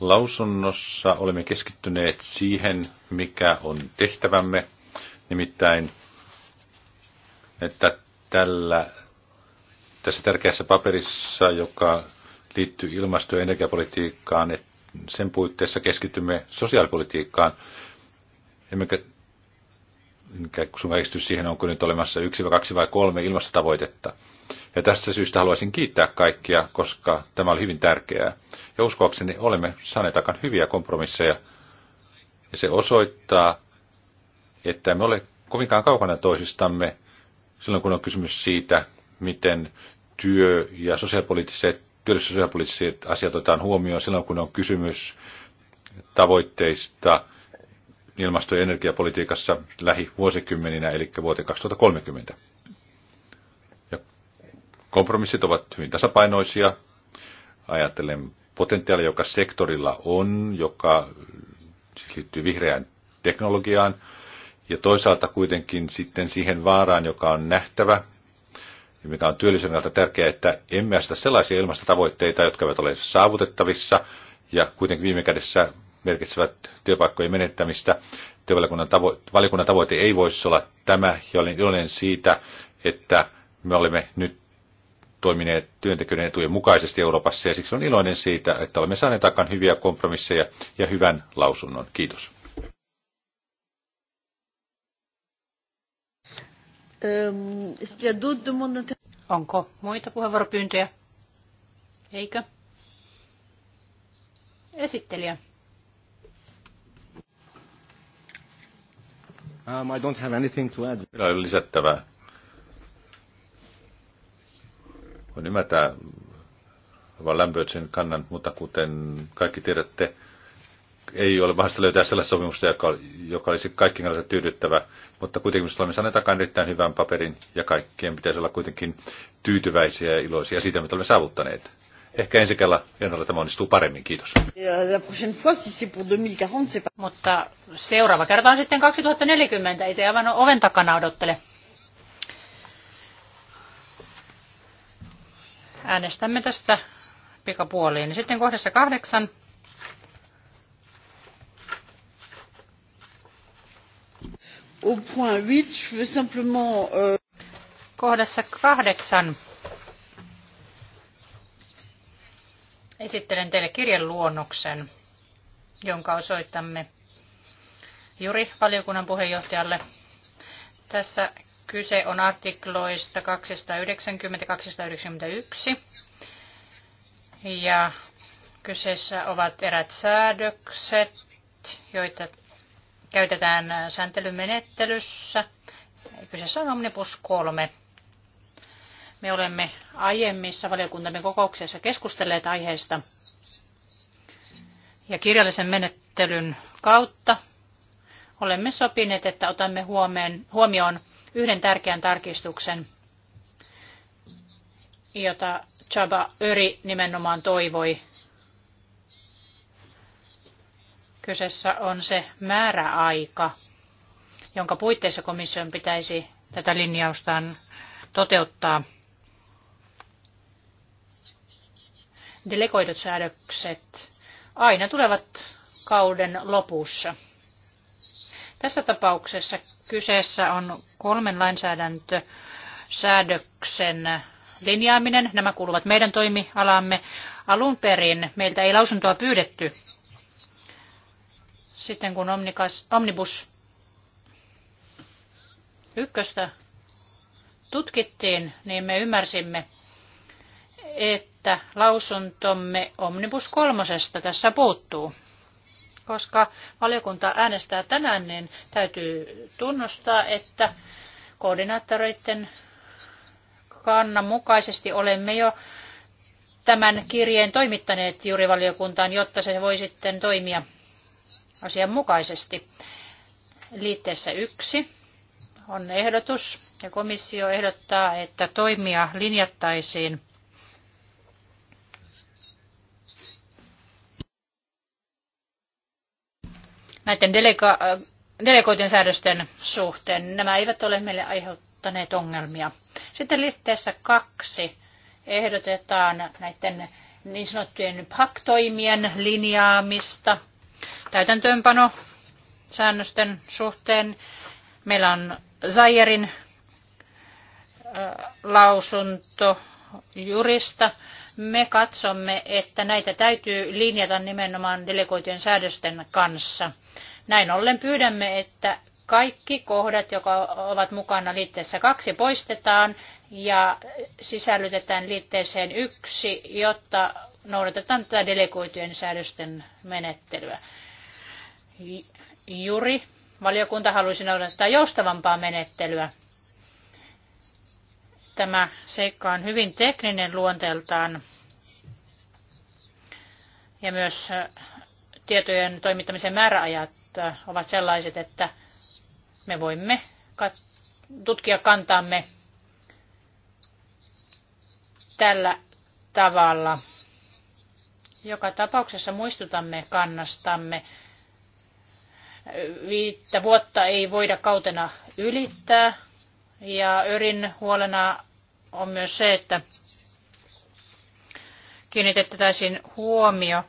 Lausunnossa olemme keskittyneet siihen, mikä on tehtävämme, nimittäin, että tällä, tässä tärkeässä paperissa, joka liittyy ilmasto- ja energiapolitiikkaan, että sen puitteissa keskitymme sosiaalipolitiikkaan, emmekä sun väistys siihen, onko nyt olemassa yksi vai kaksi vai kolme ilmastotavoitetta. Ja tästä syystä haluaisin kiittää kaikkia, koska tämä oli hyvin tärkeää. Ja uskoakseni olemme saaneet aika hyviä kompromisseja. Ja se osoittaa, että me ole kovinkaan kaukana toisistamme silloin, kun on kysymys siitä, miten työ- ja sosiaalipoliittiset, työllisyys- ja sosiaalipoliittiset asiat otetaan huomioon silloin, kun on kysymys tavoitteista – ilmasto- ja energiapolitiikassa lähivuosikymmeninä, eli vuoteen 2030. Ja kompromissit ovat hyvin tasapainoisia. Ajattelen potentiaalia, joka sektorilla on, joka siis liittyy vihreään teknologiaan, ja toisaalta kuitenkin sitten siihen vaaraan, joka on nähtävä, ja mikä on työllisyyden kannalta tärkeää, että emme aseta sellaisia ilmastotavoitteita, jotka eivät ole saavutettavissa, ja kuitenkin viime kädessä merkitsevät työpaikkojen menettämistä. Työvaliokunnan tavo- valiokunnan tavoite ei voisi olla tämä, ja olen iloinen siitä, että me olemme nyt toimineet työntekijöiden etujen mukaisesti Euroopassa, ja siksi on iloinen siitä, että olemme saaneet aikaan hyviä kompromisseja ja hyvän lausunnon. Kiitos. Ähm, Onko muita puheenvuoropyyntöjä? Eikö? Esittelijä. Um, I don't have anything to add. Meillä ei lisättävää. Voin ymmärtää vaan Lämpöitsen kannan, mutta kuten kaikki tiedätte, ei ole mahdollista löytää sellaista sopimusta, joka, joka olisi kaikkien kanssa tyydyttävä, mutta kuitenkin me olemme saaneet takaa erittäin hyvän paperin ja kaikkien pitäisi olla kuitenkin tyytyväisiä ja iloisia siitä, mitä olemme saavuttaneet. Ehkä ensi kerralla hienolla tämä onnistuu paremmin. Kiitos. Mutta seuraava kerta on sitten 2040. Ei se aivan oven takana odottele. Äänestämme tästä pikapuoliin. Sitten kohdassa kahdeksan. Au point 8, je veux simplement... Euh... Kohdassa kahdeksan Esittelen teille kirjeluonnoksen, jonka osoitamme Juri valiokunnan puheenjohtajalle. Tässä kyse on artikloista 290-291 ja kyseessä ovat erät säädökset, joita käytetään sääntelymenettelyssä. Kyseessä on Omnibus 3 me olemme aiemmissa valiokuntamme kokouksissa keskustelleet aiheesta ja kirjallisen menettelyn kautta olemme sopineet, että otamme huomioon, huomioon yhden tärkeän tarkistuksen, jota Chaba Öri nimenomaan toivoi. Kyseessä on se määräaika, jonka puitteissa komission pitäisi tätä linjaustaan toteuttaa. delegoidut säädökset aina tulevat kauden lopussa. Tässä tapauksessa kyseessä on kolmen lainsäädäntösäädöksen linjaaminen. Nämä kuuluvat meidän toimialamme. Alun perin meiltä ei lausuntoa pyydetty. Sitten kun Omnikas, Omnibus ykköstä tutkittiin, niin me ymmärsimme, että että lausuntomme Omnibus kolmosesta tässä puuttuu. Koska valiokunta äänestää tänään, niin täytyy tunnustaa, että koordinaattoreiden kannan mukaisesti olemme jo tämän kirjeen toimittaneet valiokuntaan, jotta se voi sitten toimia asianmukaisesti. Liitteessä yksi on ehdotus ja komissio ehdottaa, että toimia linjattaisiin näiden delega- delegoitujen säädösten suhteen. Nämä eivät ole meille aiheuttaneet ongelmia. Sitten listeessä kaksi ehdotetaan näiden niin sanottujen paktoimien linjaamista täytäntöönpano säännösten suhteen. Meillä on Zajerin lausunto jurista. Me katsomme, että näitä täytyy linjata nimenomaan delegoitujen säädösten kanssa – näin ollen pyydämme, että kaikki kohdat, jotka ovat mukana liitteessä kaksi, poistetaan ja sisällytetään liitteeseen yksi, jotta noudatetaan tätä delegoitujen säädösten menettelyä. Juri, valiokunta haluaisi noudattaa joustavampaa menettelyä. Tämä seikka on hyvin tekninen luonteeltaan ja myös äh, tietojen toimittamisen määräajat Äh, ovat sellaiset, että me voimme tutkia kantaamme tällä tavalla. Joka tapauksessa muistutamme kannastamme. Viittä vuotta ei voida kautena ylittää. Ja Örin huolena on myös se, että kiinnitettäisiin huomio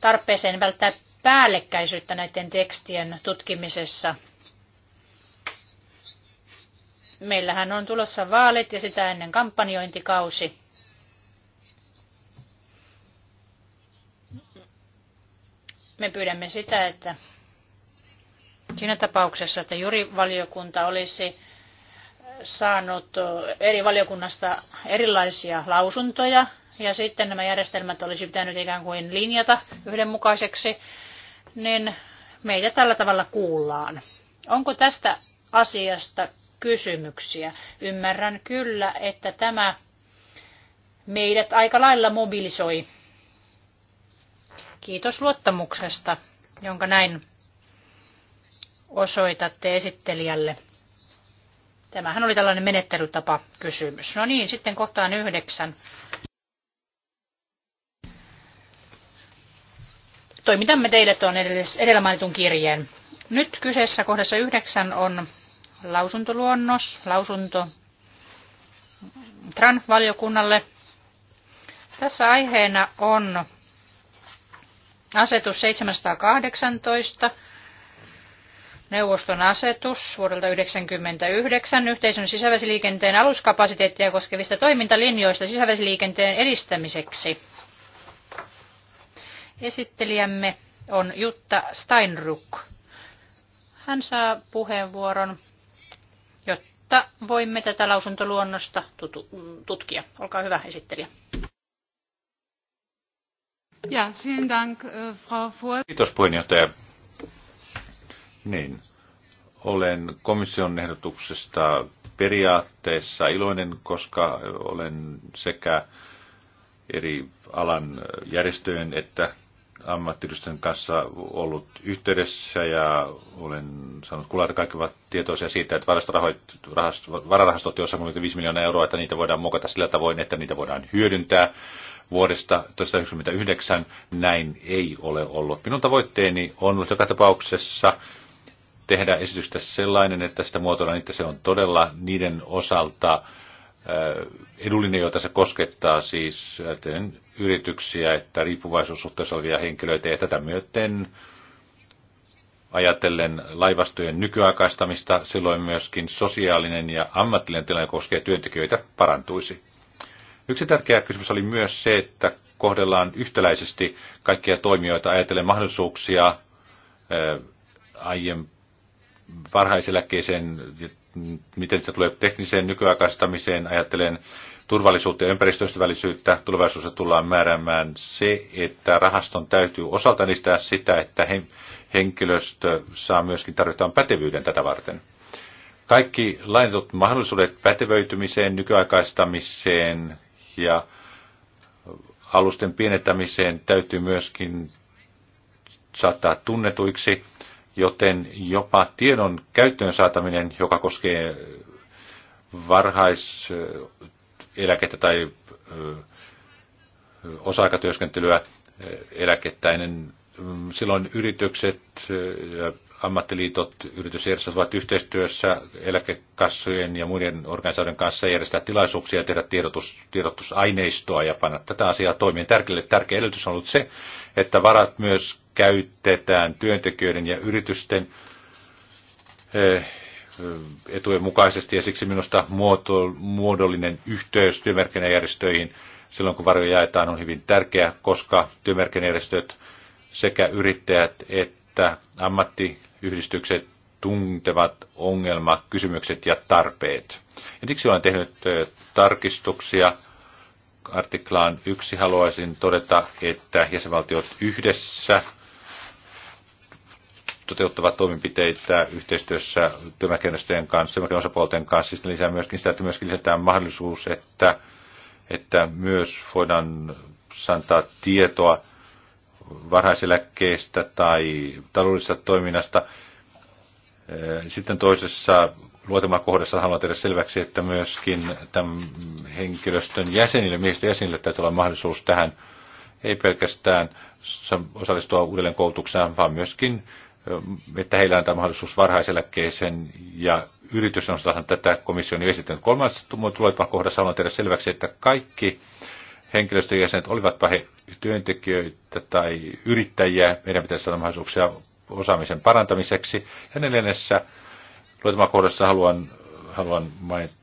tarpeeseen välttää päällekkäisyyttä näiden tekstien tutkimisessa. Meillähän on tulossa vaalit ja sitä ennen kampanjointikausi. Me pyydämme sitä, että siinä tapauksessa, että jurivaliokunta olisi saanut eri valiokunnasta erilaisia lausuntoja ja sitten nämä järjestelmät olisi pitänyt ikään kuin linjata yhdenmukaiseksi niin meitä tällä tavalla kuullaan. Onko tästä asiasta kysymyksiä? Ymmärrän kyllä, että tämä meidät aika lailla mobilisoi. Kiitos luottamuksesta, jonka näin osoitatte esittelijälle. Tämähän oli tällainen menettelytapa kysymys. No niin, sitten kohtaan yhdeksän. toimitamme teille tuon edellä mainitun kirjeen. Nyt kyseessä kohdassa yhdeksän on lausuntoluonnos, lausunto TRAN-valiokunnalle. Tässä aiheena on asetus 718, neuvoston asetus vuodelta 1999 yhteisön sisävesiliikenteen aluskapasiteettia koskevista toimintalinjoista sisävesiliikenteen edistämiseksi. Esittelijämme on Jutta Steinruck. Hän saa puheenvuoron, jotta voimme tätä lausuntoluonnosta tutkia. Olkaa hyvä, esittelijä. Ja, vielen Dank, äh, Frau Fuhr. Kiitos puheenjohtaja. Niin, olen komission ehdotuksesta periaatteessa iloinen, koska olen sekä eri alan järjestöjen että ammattiyhdistön kanssa ollut yhteydessä ja olen saanut kuulla, että kaikki ovat tietoisia siitä, että vararahastot, joissa on 5 miljoonaa euroa, että niitä voidaan mokata sillä tavoin, että niitä voidaan hyödyntää vuodesta 1999. Näin ei ole ollut. Minun tavoitteeni on ollut joka tapauksessa tehdä esitystä sellainen, että sitä muotoillaan, niin, että se on todella niiden osalta edullinen, jota se koskettaa siis yrityksiä, että riippuvaisuussuhteessa olevia henkilöitä ja tätä myöten ajatellen laivastojen nykyaikaistamista, silloin myöskin sosiaalinen ja ammatillinen tilanne koskee työntekijöitä parantuisi. Yksi tärkeä kysymys oli myös se, että kohdellaan yhtäläisesti kaikkia toimijoita ajatellen mahdollisuuksia aiemmin varhaiseläkkeeseen miten se tulee tekniseen nykyaikaistamiseen, ajattelen turvallisuutta ja ympäristöystävällisyyttä tulevaisuudessa tullaan määräämään se, että rahaston täytyy osalta niistä sitä, että henkilöstö saa myöskin tarvittavan pätevyyden tätä varten. Kaikki lainatut mahdollisuudet pätevöitymiseen, nykyaikaistamiseen ja alusten pienentämiseen täytyy myöskin saattaa tunnetuiksi joten jopa tiedon käyttöön saataminen, joka koskee varhaiseläkettä tai osa-aikatyöskentelyä eläkettä ennen, mm, silloin yritykset ja ammattiliitot, yritysjärjestöt ovat yhteistyössä eläkekassojen ja muiden organisaatioiden kanssa järjestää tilaisuuksia ja tehdä tiedotus, tiedotusaineistoa ja panna tätä asiaa toimeen. Tärkeä, tärkeä edellytys on ollut se, että varat myös käytetään työntekijöiden ja yritysten eh, etujen mukaisesti ja siksi minusta muodollinen yhteys työmarkkinajärjestöihin silloin kun varoja jaetaan on hyvin tärkeä, koska työmarkkinajärjestöt sekä yrittäjät että että ammattiyhdistykset tuntevat ongelmat, kysymykset ja tarpeet. Ja siksi olen tehnyt tarkistuksia artiklaan yksi haluaisin todeta, että jäsenvaltiot yhdessä toteuttavat toimenpiteitä yhteistyössä työmarkkinoiden kanssa, työmarkkinoiden osapuolten kanssa. Sitten lisää myöskin sitä, että myöskin lisätään mahdollisuus, että, että myös voidaan antaa tietoa varhaiseläkkeestä tai taloudellisesta toiminnasta. Sitten toisessa luotemakohdassa haluan tehdä selväksi, että myöskin tämän henkilöstön jäsenille, miehistön jäsenille täytyy olla mahdollisuus tähän ei pelkästään osallistua uudelleen koulutukseen, vaan myöskin, että heillä on tämä mahdollisuus varhaiseläkkeeseen ja yritys on tätä komission esittänyt. Kolmas tulee kohdassa haluan tehdä selväksi, että kaikki henkilöstöjäsenet, olivatpa he työntekijöitä tai yrittäjiä, meidän pitäisi saada mahdollisuuksia osaamisen parantamiseksi. Ja neljännessä luetemakohdassa haluan, haluan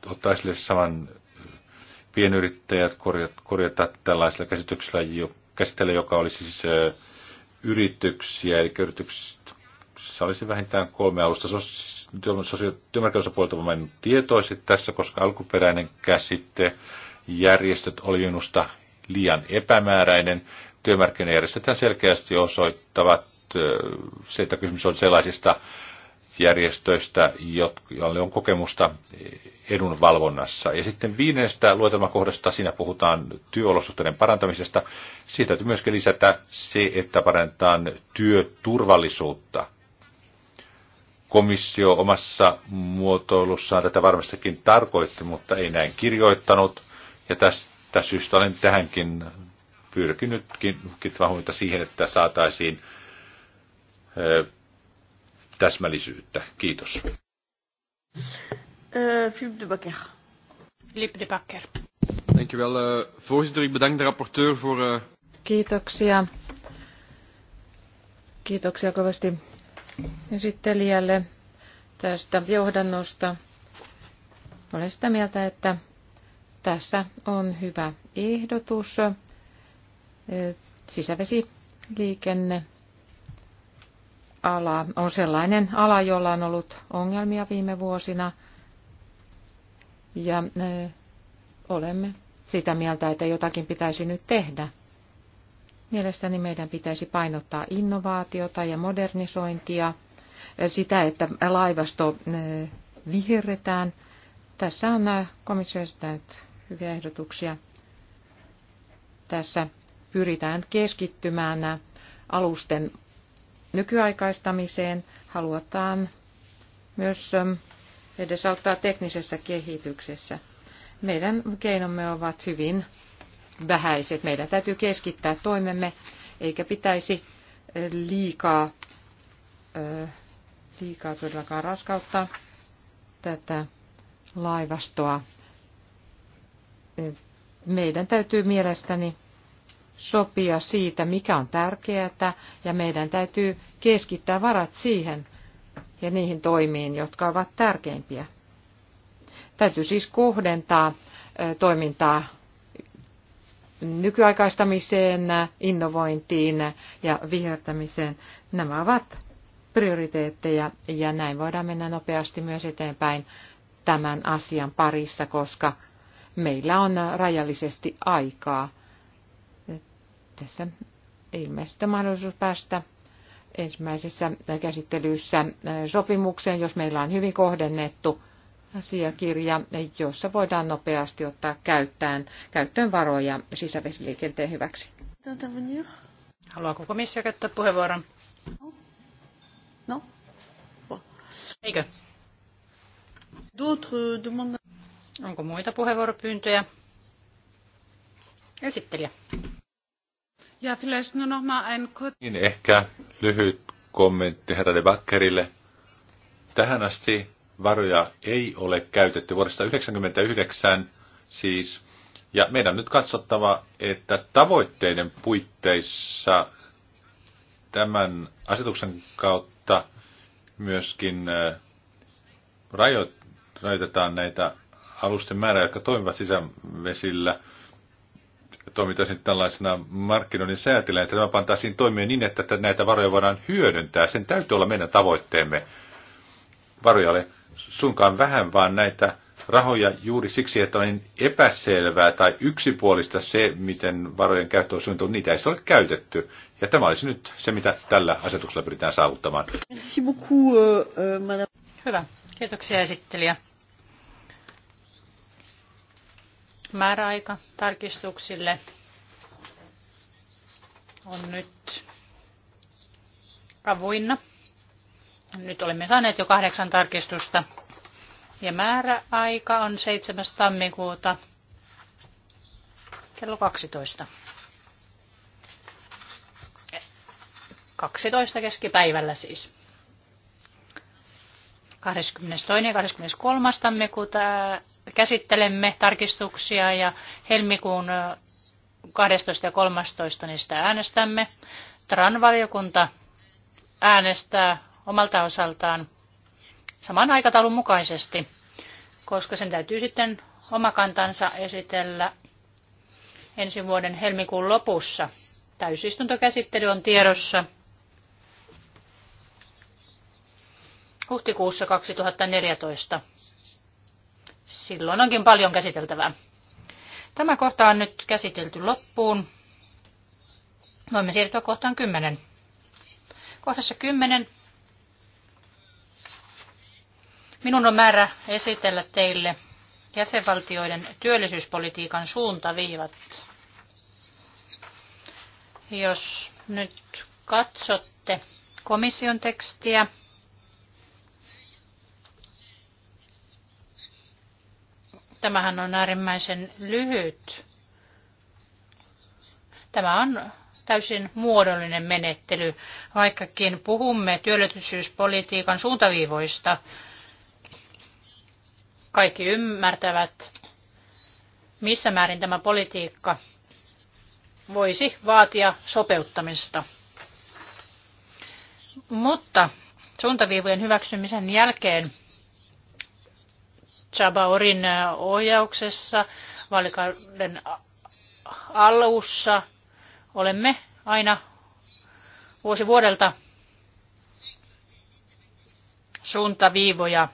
ottaa esille saman äh, pienyrittäjät korjata, korjata tällaisella käsityksellä, jo, käsitellä, joka olisi siis ö, äh, yrityksiä, eli yrityksissä olisi vähintään kolme alusta. Siis Työmarkkinoisapuolta olen tietoiset tässä, koska alkuperäinen käsite järjestöt oli minusta liian epämääräinen. Työmarkkinajärjestöt selkeästi osoittavat se, että kysymys on sellaisista järjestöistä, joille on kokemusta edunvalvonnassa. Ja sitten viimeistä luetelmakohdasta, siinä puhutaan työolosuhteiden parantamisesta. Siitä täytyy myöskin lisätä se, että parantaan työturvallisuutta. Komissio omassa muotoilussaan tätä varmastikin tarkoitti, mutta ei näin kirjoittanut. Ja tässä Tästä syystä olen tähänkin pyrkinytkin kiinnittämään siihen, että saataisiin ö, täsmällisyyttä. Kiitos. Philippe de Bakker. Philippe de Bakker. Dank u wel, eh, voorzitter. Ik bedank de rapporteur voor... Eh, Kiitoksia. Kiitoksia kovasti esittelijälle tästä johdannosta. Olen sitä mieltä, että tässä on hyvä ehdotus. Sisävesiliikenne ala on sellainen ala, jolla on ollut ongelmia viime vuosina. Ja olemme sitä mieltä, että jotakin pitäisi nyt tehdä. Mielestäni meidän pitäisi painottaa innovaatiota ja modernisointia, sitä, että laivasto viherretään. Tässä on komissio esittänyt hyviä ehdotuksia. Tässä pyritään keskittymään alusten nykyaikaistamiseen. Halutaan myös ähm, edesauttaa teknisessä kehityksessä. Meidän keinomme ovat hyvin vähäiset. Meidän täytyy keskittää toimemme, eikä pitäisi äh, liikaa, äh, liikaa todellakaan raskauttaa tätä laivastoa meidän täytyy mielestäni sopia siitä, mikä on tärkeää, ja meidän täytyy keskittää varat siihen ja niihin toimiin, jotka ovat tärkeimpiä. Täytyy siis kohdentaa toimintaa nykyaikaistamiseen, innovointiin ja vihertämiseen. Nämä ovat prioriteetteja ja näin voidaan mennä nopeasti myös eteenpäin tämän asian parissa, koska meillä on rajallisesti aikaa. Tässä ilmeisesti mahdollisuus päästä ensimmäisessä käsittelyssä sopimukseen, jos meillä on hyvin kohdennettu asiakirja, jossa voidaan nopeasti ottaa käyttöön, käyttöön varoja sisävesiliikenteen hyväksi. Haluaako komissio käyttää puheenvuoron? No. no. Eikö? Onko muita puheenvuoropyyntöjä? Esittelijä. Ja vielä nur noch en Niin ehkä lyhyt kommentti herra de Tähän asti varoja ei ole käytetty vuodesta 1999, siis, ja meidän on nyt katsottava, että tavoitteiden puitteissa tämän asetuksen kautta myöskin äh, rajoitetaan näitä alusten määrä, jotka toimivat sisävesillä, toimitaan tällaisena markkinoinnin säätilä, että tämä pantaisiin toimia niin, että näitä varoja voidaan hyödyntää. Sen täytyy olla meidän tavoitteemme. Varoja ole sunkaan vähän, vaan näitä rahoja juuri siksi, että on niin epäselvää tai yksipuolista se, miten varojen käyttö on suunniteltu, niitä ei siis ole käytetty. Ja tämä olisi nyt se, mitä tällä asetuksella pyritään saavuttamaan. Merci beaucoup, euh, euh, madame. Hyvä. Kiitoksia esittelijä. Määräaika tarkistuksille on nyt avoinna. Nyt olemme saaneet jo kahdeksan tarkistusta. Ja määräaika on 7. tammikuuta kello 12. 12 keskipäivällä siis. 22. ja 23. tammikuuta käsittelemme tarkistuksia ja helmikuun 12. ja 13. niistä äänestämme. TRAN-valiokunta äänestää omalta osaltaan saman aikataulun mukaisesti, koska sen täytyy sitten oma kantansa esitellä ensi vuoden helmikuun lopussa. Täysistuntokäsittely on tiedossa huhtikuussa 2014. Silloin onkin paljon käsiteltävää. Tämä kohta on nyt käsitelty loppuun. Voimme siirtyä kohtaan 10. Kohdassa 10 minun on määrä esitellä teille jäsenvaltioiden työllisyyspolitiikan suuntaviivat. Jos nyt katsotte komission tekstiä, Tämähän on äärimmäisen lyhyt. Tämä on täysin muodollinen menettely, vaikkakin puhumme työllisyyspolitiikan suuntaviivoista. Kaikki ymmärtävät, missä määrin tämä politiikka voisi vaatia sopeuttamista. Mutta suuntaviivojen hyväksymisen jälkeen Chabaorin ohjauksessa vaalikauden alussa olemme aina vuosi vuodelta suuntaviivoja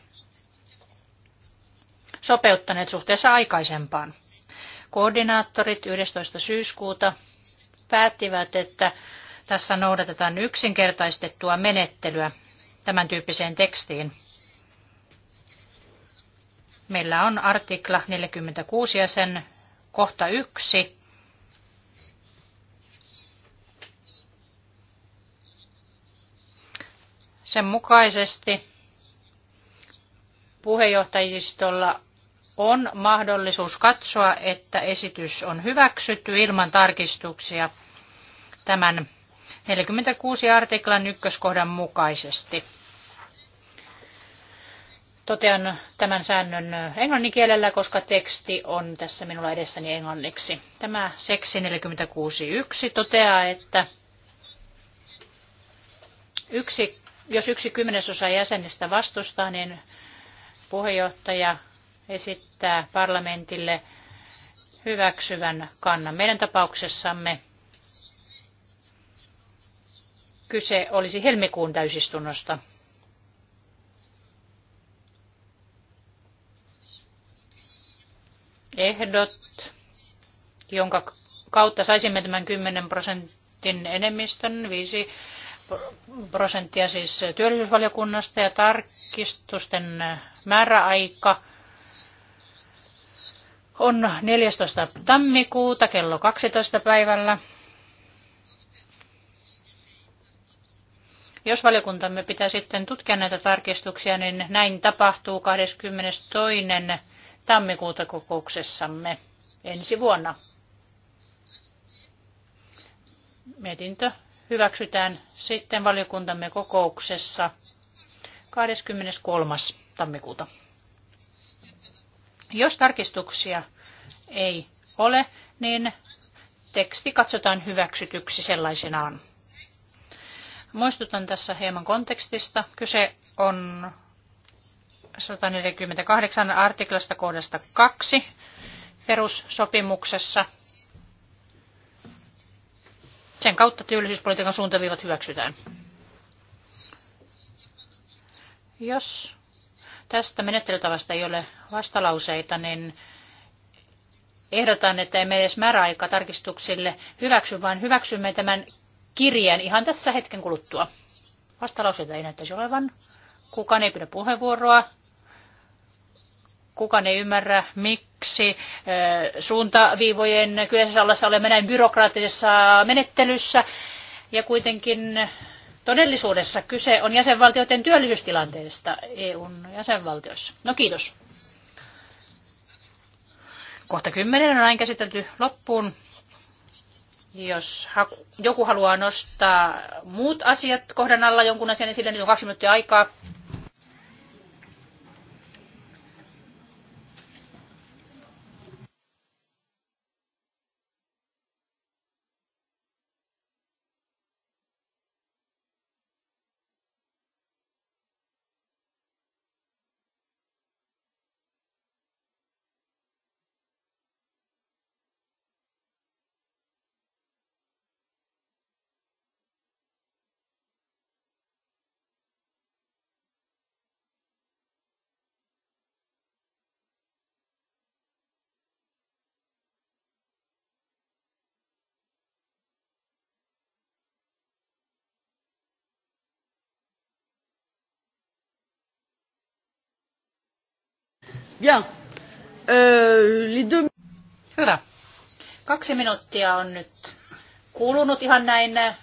sopeuttaneet suhteessa aikaisempaan. Koordinaattorit 11. syyskuuta päättivät, että tässä noudatetaan yksinkertaistettua menettelyä tämän tyyppiseen tekstiin. Meillä on artikla 46 ja sen kohta yksi. Sen mukaisesti puheenjohtajistolla on mahdollisuus katsoa, että esitys on hyväksytty ilman tarkistuksia tämän 46 artiklan ykköskohdan mukaisesti. Totean tämän säännön englanninkielellä, koska teksti on tässä minulla edessäni englanniksi. Tämä seksi 46.1 toteaa, että yksi, jos yksi kymmenesosa jäsenistä vastustaa, niin puheenjohtaja esittää parlamentille hyväksyvän kannan. Meidän tapauksessamme kyse olisi helmikuun täysistunnosta. ehdot, jonka kautta saisimme tämän 10 prosentin enemmistön, 5 prosenttia siis työllisyysvaliokunnasta ja tarkistusten määräaika on 14. tammikuuta kello 12 päivällä. Jos valiokuntamme pitää sitten tutkia näitä tarkistuksia, niin näin tapahtuu 22 tammikuuta kokouksessamme ensi vuonna. Mietintö hyväksytään sitten valiokuntamme kokouksessa 23. tammikuuta. Jos tarkistuksia ei ole, niin teksti katsotaan hyväksytyksi sellaisenaan. Muistutan tässä hieman kontekstista. Kyse on 148 artiklasta kohdasta 2 perussopimuksessa. Sen kautta työllisyyspolitiikan suuntaviivat hyväksytään. Jos tästä menettelytavasta ei ole vastalauseita, niin ehdotan, että emme edes määräaika tarkistuksille hyväksy, vaan hyväksymme tämän kirjeen ihan tässä hetken kuluttua. Vastalauseita ei näyttäisi olevan. Kukaan ei pidä puheenvuoroa. Kukaan ei ymmärrä, miksi suuntaviivojen kyseessä ollessa olemme näin byrokraattisessa menettelyssä. Ja kuitenkin todellisuudessa kyse on jäsenvaltioiden työllisyystilanteesta EUn jäsenvaltioissa. No kiitos. Kohta kymmenen on aina käsitelty loppuun. Jos joku haluaa nostaa muut asiat kohdan alla jonkun asian esille, niin on kaksi minuuttia aikaa. Bien. Euh, Hyvä. Kaksi minuuttia on nyt kulunut ihan näin äh,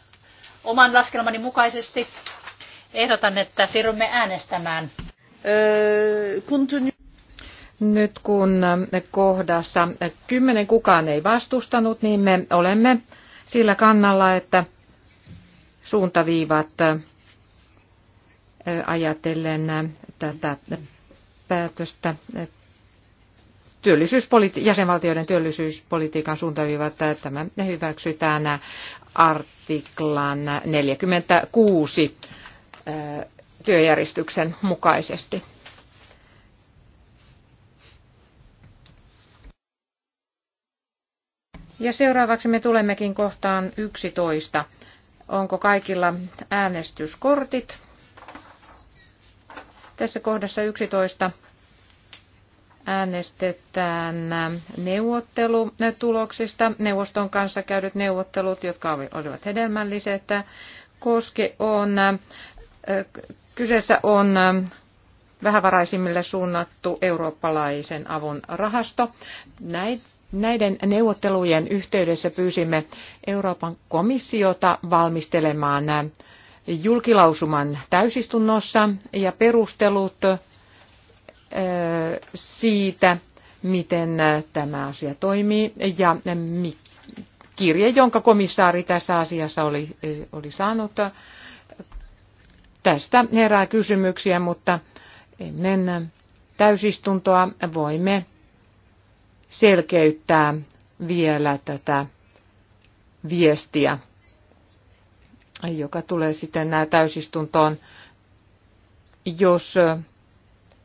oman laskelmani mukaisesti. Ehdotan, että siirrymme äänestämään. Euh, nyt kun äh, kohdassa äh, kymmenen kukaan ei vastustanut, niin me olemme sillä kannalla, että suuntaviivat ajatellen tätä päätöstä. Työllisyyspoliti- jäsenvaltioiden työllisyyspolitiikan suuntaviivat tämä hyväksytään artiklan 46 työjärjestyksen mukaisesti. Ja seuraavaksi me tulemmekin kohtaan 11. Onko kaikilla äänestyskortit? Tässä kohdassa 11 äänestetään neuvottelutuloksista. Neuvoston kanssa käydyt neuvottelut, jotka olivat hedelmälliset, koske on, kyseessä on vähävaraisimmille suunnattu eurooppalaisen avun rahasto. Näiden neuvottelujen yhteydessä pyysimme Euroopan komissiota valmistelemaan julkilausuman täysistunnossa ja perustelut siitä, miten tämä asia toimii ja kirje, jonka komissaari tässä asiassa oli, oli saanut. Tästä herää kysymyksiä, mutta ennen täysistuntoa voimme selkeyttää vielä tätä viestiä joka tulee sitten täysistuntoon, jos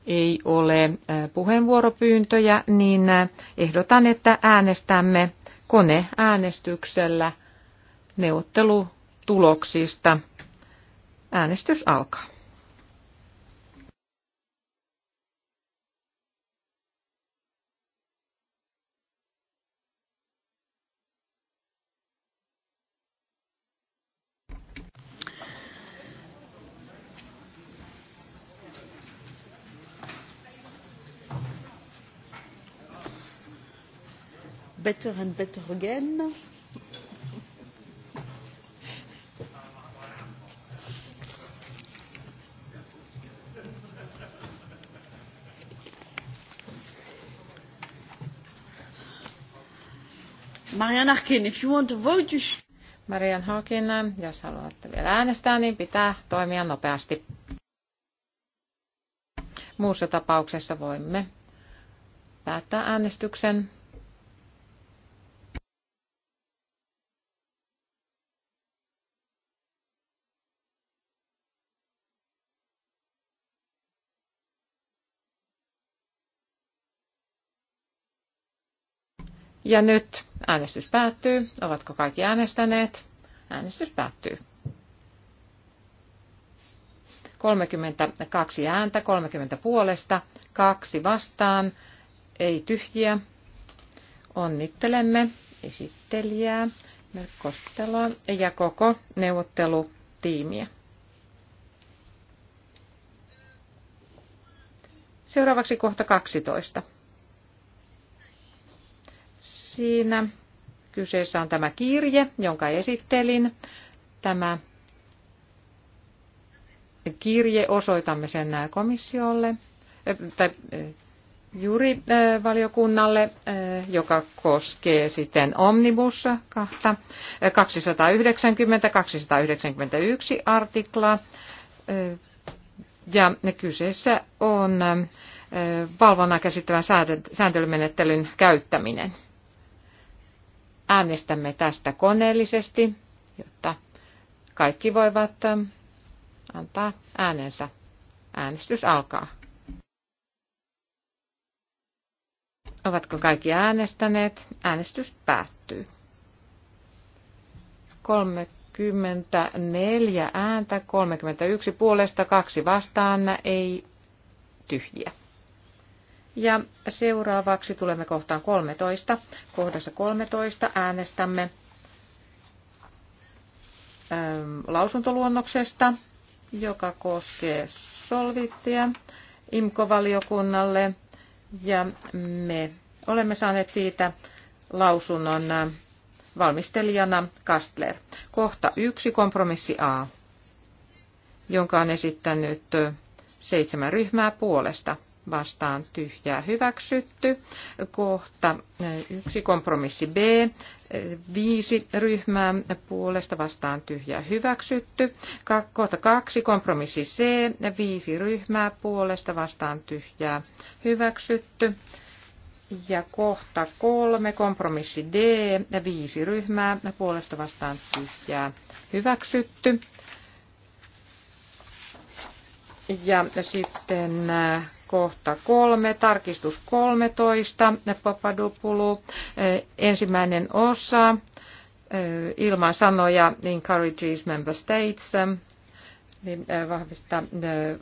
ei ole puheenvuoropyyntöjä, niin ehdotan, että äänestämme koneäänestyksellä neuvottelutuloksista. Äänestys alkaa. better and better again. Marianne Harkin, if you want to vote, you should... Marian Harkin, jos haluatte vielä äänestää, niin pitää toimia nopeasti. Muussa tapauksessa voimme päättää äänestyksen. Ja nyt äänestys päättyy. Ovatko kaikki äänestäneet? Äänestys päättyy. 32 ääntä, 30 puolesta, kaksi vastaan, ei tyhjiä. Onnittelemme esittelijää, Kostelaa ja koko neuvottelutiimiä. Seuraavaksi kohta 12. Siinä kyseessä on tämä kirje, jonka esittelin. Tämä kirje osoitamme sen komissiolle tai eh, juuri valiokunnalle, eh, joka koskee sitten Omnibus 290-291 eh, artiklaa. Ja kyseessä on valvonnan käsittävän sääntelymenettelyn käyttäminen. Äänestämme tästä koneellisesti, jotta kaikki voivat ähm, antaa äänensä. Äänestys alkaa. Ovatko kaikki äänestäneet? Äänestys päättyy. 34 ääntä, 31 puolesta, kaksi vastaan, ei tyhjiä. Ja seuraavaksi tulemme kohtaan 13. Kohdassa 13 äänestämme ähm, lausuntoluonnoksesta, joka koskee solvittia IMKO-valiokunnalle. Ja me olemme saaneet siitä lausunnon äh, valmistelijana Kastler. Kohta 1, kompromissi A, jonka on esittänyt äh, seitsemän ryhmää puolesta vastaan tyhjää hyväksytty. Kohta eh, yksi kompromissi B, eh, viisi ryhmää puolesta vastaan tyhjää hyväksytty. Kohta kaksi kompromissi C, viisi ryhmää puolesta vastaan tyhjää hyväksytty. Ja kohta kolme, kompromissi D, viisi ryhmää puolesta vastaan tyhjää hyväksytty. Ja sitten eh, kohta kolme, tarkistus 13, Papadopoulou, eh, ensimmäinen osa, eh, ilman sanoja encourages member states, eh, niin vahvista,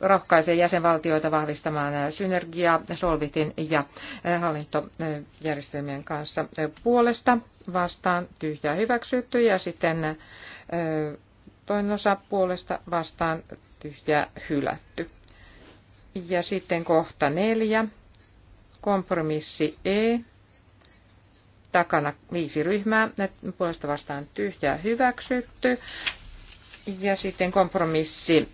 rohkaisee jäsenvaltioita vahvistamaan synergiaa Solvitin ja hallintojärjestelmien kanssa puolesta vastaan tyhjää hyväksytty ja sitten toinen osa puolesta vastaan tyhjää hylätty. Ja sitten kohta neljä, kompromissi E, takana viisi ryhmää, puolesta vastaan tyhjää hyväksytty. Ja sitten kompromissi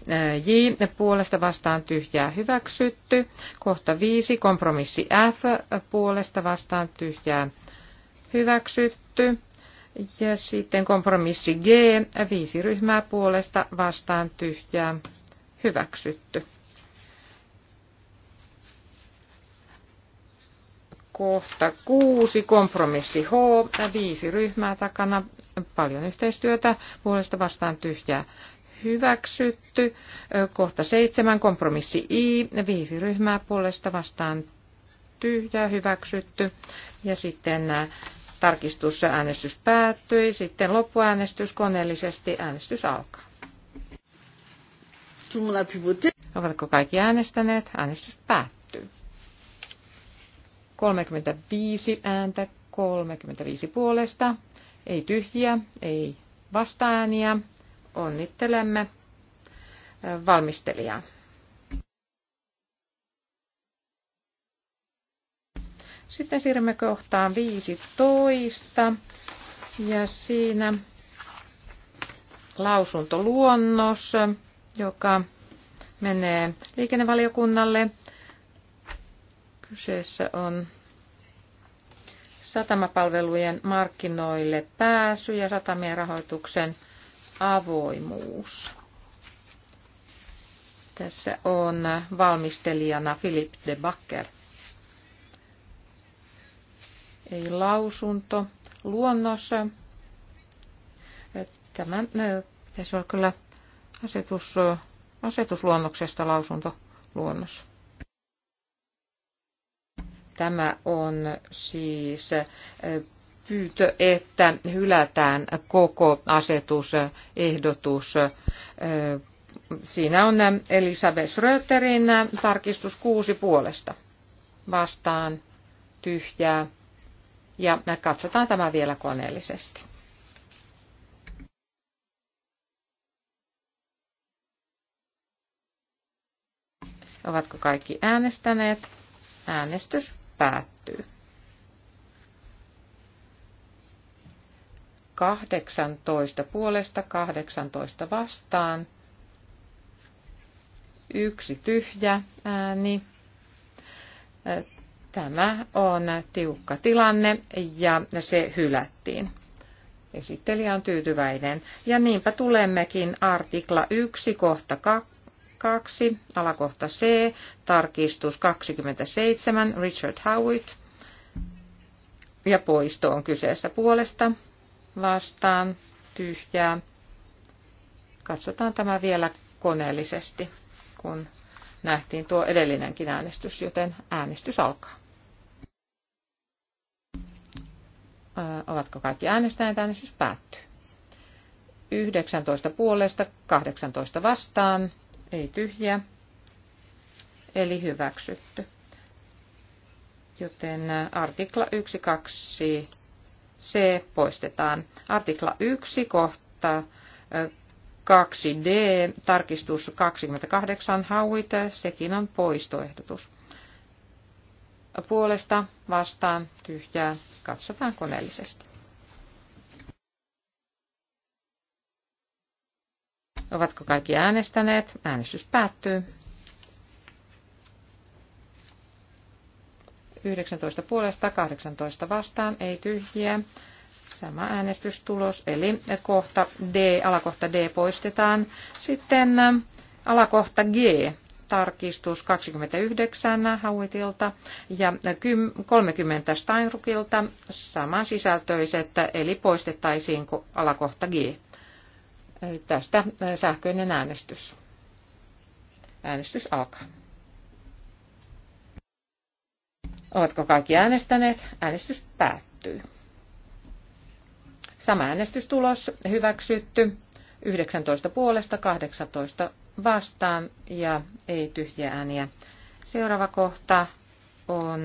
J, puolesta vastaan tyhjää hyväksytty. Kohta viisi, kompromissi F, puolesta vastaan tyhjää hyväksytty. Ja sitten kompromissi G, viisi ryhmää puolesta vastaan tyhjää hyväksytty. kohta kuusi, kompromissi H, viisi ryhmää takana, paljon yhteistyötä, puolesta vastaan tyhjää hyväksytty. Kohta seitsemän, kompromissi I, viisi ryhmää puolesta vastaan tyhjää hyväksytty. Ja sitten äh, äänestys päättyi, sitten loppuäänestys koneellisesti, äänestys alkaa. Ovatko kaikki äänestäneet? Äänestys päättyy. 35 ääntä, 35 puolesta, ei tyhjiä, ei vastaääniä. Onnittelemme äh, valmistelijaa. Sitten siirrymme kohtaan 15 ja siinä lausuntoluonnos, joka menee liikennevaliokunnalle. Kyseessä on satamapalvelujen markkinoille pääsy ja satamien rahoituksen avoimuus. Tässä on valmistelijana Philip de Backer. Ei lausunto. Luonnos. Tämä pitäisi olla kyllä asetus, asetusluonnoksesta lausuntoluonnos. Tämä on siis pyyntö, että hylätään koko asetusehdotus. Siinä on Elisabeth Schröterin tarkistus kuusi puolesta vastaan tyhjää. Ja katsotaan tämä vielä koneellisesti. Ovatko kaikki äänestäneet? Äänestys päättyy. 18 puolesta, 18 vastaan, yksi tyhjä ääni. Tämä on tiukka tilanne ja se hylättiin. Esittelijä on tyytyväinen. Ja niinpä tulemmekin artikla 1 kohta 2 2, alakohta C, tarkistus 27, Richard Howitt. Ja poisto on kyseessä puolesta, vastaan, tyhjää. Katsotaan tämä vielä koneellisesti, kun nähtiin tuo edellinenkin äänestys, joten äänestys alkaa. Ovatko kaikki äänestäneet? Äänestys päättyy. 19 puolesta, 18 vastaan, ei tyhjiä, eli hyväksytty. Joten artikla 1, 2, C poistetaan. Artikla 1 kohta 2D, tarkistus 28, hauit, sekin on poistoehdotus. Puolesta vastaan tyhjää, katsotaan koneellisesti. Ovatko kaikki äänestäneet? Äänestys päättyy. 19 puolesta, 18 vastaan, ei tyhjiä. Sama äänestystulos, eli kohta D, alakohta D poistetaan. Sitten äh, alakohta G, tarkistus 29 Hauitilta ja 30 Steinrukilta samansisältöiset, eli poistettaisiin alakohta G. Tästä sähköinen äänestys. Äänestys alkaa. Ovatko kaikki äänestäneet? Äänestys päättyy. Sama äänestystulos hyväksytty. 19 puolesta, 18 vastaan ja ei tyhjiä ääniä. Seuraava kohta on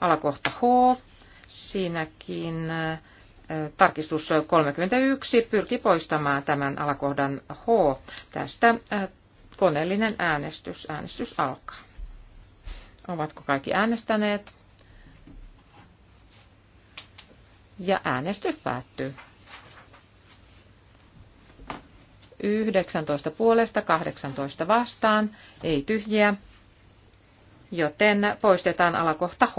alakohta H. Siinäkin tarkistus 31 pyrki poistamaan tämän alakohdan H. Tästä koneellinen äänestys. Äänestys alkaa. Ovatko kaikki äänestäneet? Ja äänestys päättyy. 19 puolesta 18 vastaan, ei tyhjiä, joten poistetaan alakohta H.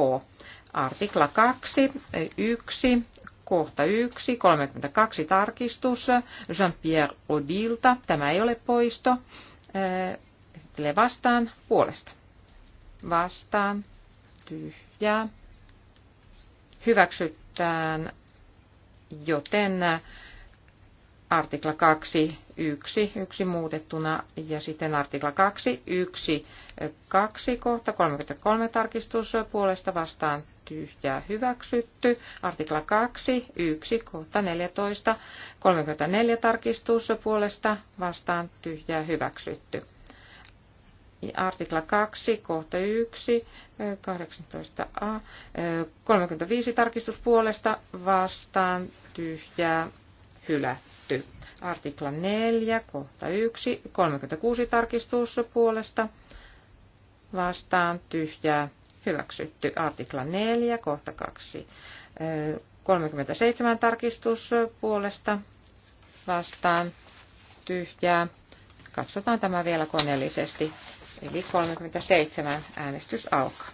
Artikla 2, 1, kohta 1, 32 tarkistus Jean-Pierre Odilta. Tämä ei ole poisto. Äh, esittelee vastaan puolesta. Vastaan. Tyhjää. Hyväksytään, joten äh, artikla 2, 1, 1 muutettuna ja sitten artikla 2, 1, 2 kohta 33 tarkistus puolesta vastaan tyhjää hyväksytty. Artikla 2, 1, kohta 14, 34 tarkistus puolesta vastaan tyhjää hyväksytty. Artikla 2, kohta 1, 18a, 35 tarkistus puolesta vastaan tyhjää hylätty. Artikla 4, kohta 1, 36 tarkistus puolesta vastaan tyhjää hyväksytty. Artikla 4, kohta 2. 37 tarkistus puolesta vastaan tyhjää. Katsotaan tämä vielä koneellisesti. Eli 37 äänestys alkaa.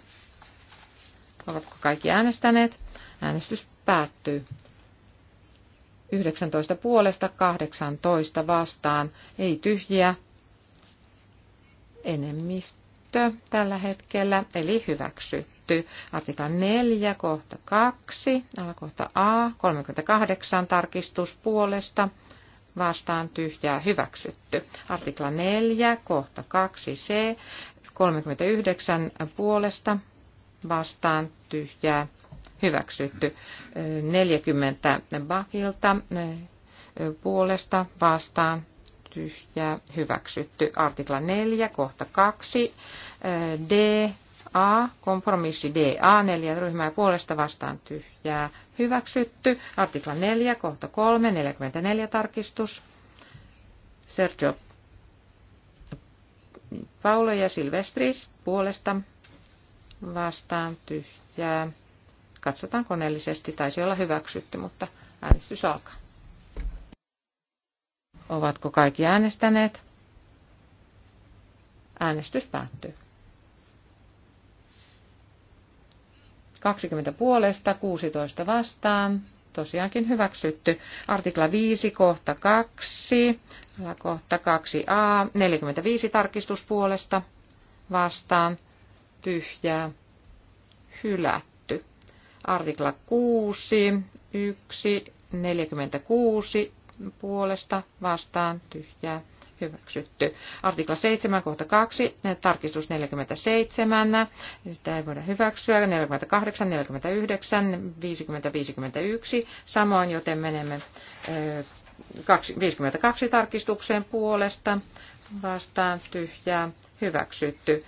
Ovatko kaikki äänestäneet? Äänestys päättyy. 19 puolesta 18 vastaan. Ei tyhjiä. Enemmistö enemmistö tällä hetkellä, eli hyväksytty. Artikla 4, kohta 2, alakohta A, 38 tarkistus puolesta, vastaan tyhjää hyväksytty. Artikla 4, kohta 2c, 39 puolesta vastaan tyhjää hyväksytty. 40 Bakilta puolesta vastaan ja hyväksytty. Artikla 4, kohta 2, D, A, kompromissi DA, neljä ryhmää puolesta vastaan tyhjää, hyväksytty. Artikla 4, kohta 3, 44 tarkistus. Sergio Paolo ja Silvestris puolesta vastaan tyhjää. Katsotaan koneellisesti, taisi olla hyväksytty, mutta äänestys alkaa. Ovatko kaikki äänestäneet? Äänestys päättyy. 20 puolesta, 16 vastaan. Tosiaankin hyväksytty. Artikla 5, kohta 2, kohta 2a, 45 tarkistuspuolesta vastaan, tyhjää, hylätty. Artikla 6, 1, 46, puolesta vastaan tyhjää hyväksytty. Artikla 7, kohta 2, tarkistus 47, sitä ei voida hyväksyä, 48, 49, 50, 51, samoin, joten menemme 52 tarkistukseen puolesta, vastaan tyhjää, hyväksytty.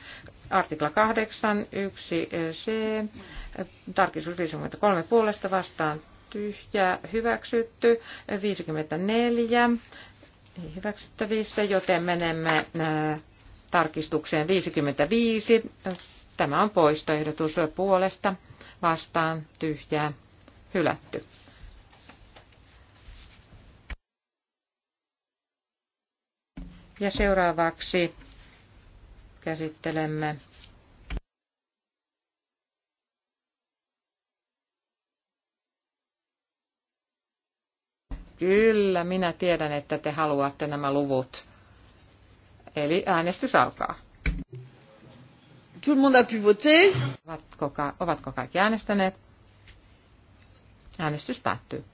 Artikla 8, 1, c, tarkistus 53 puolesta vastaan tyhjä hyväksytty, 54 ei hyväksyttävissä, joten menemme tarkistukseen 55. Tämä on poistoehdotus puolesta vastaan tyhjää hylätty. Ja seuraavaksi käsittelemme Kyllä, minä tiedän, että te haluatte nämä luvut. Eli äänestys alkaa. Tout le monde a pu voter. Ovatko, ovatko kaikki äänestäneet? Äänestys päättyy.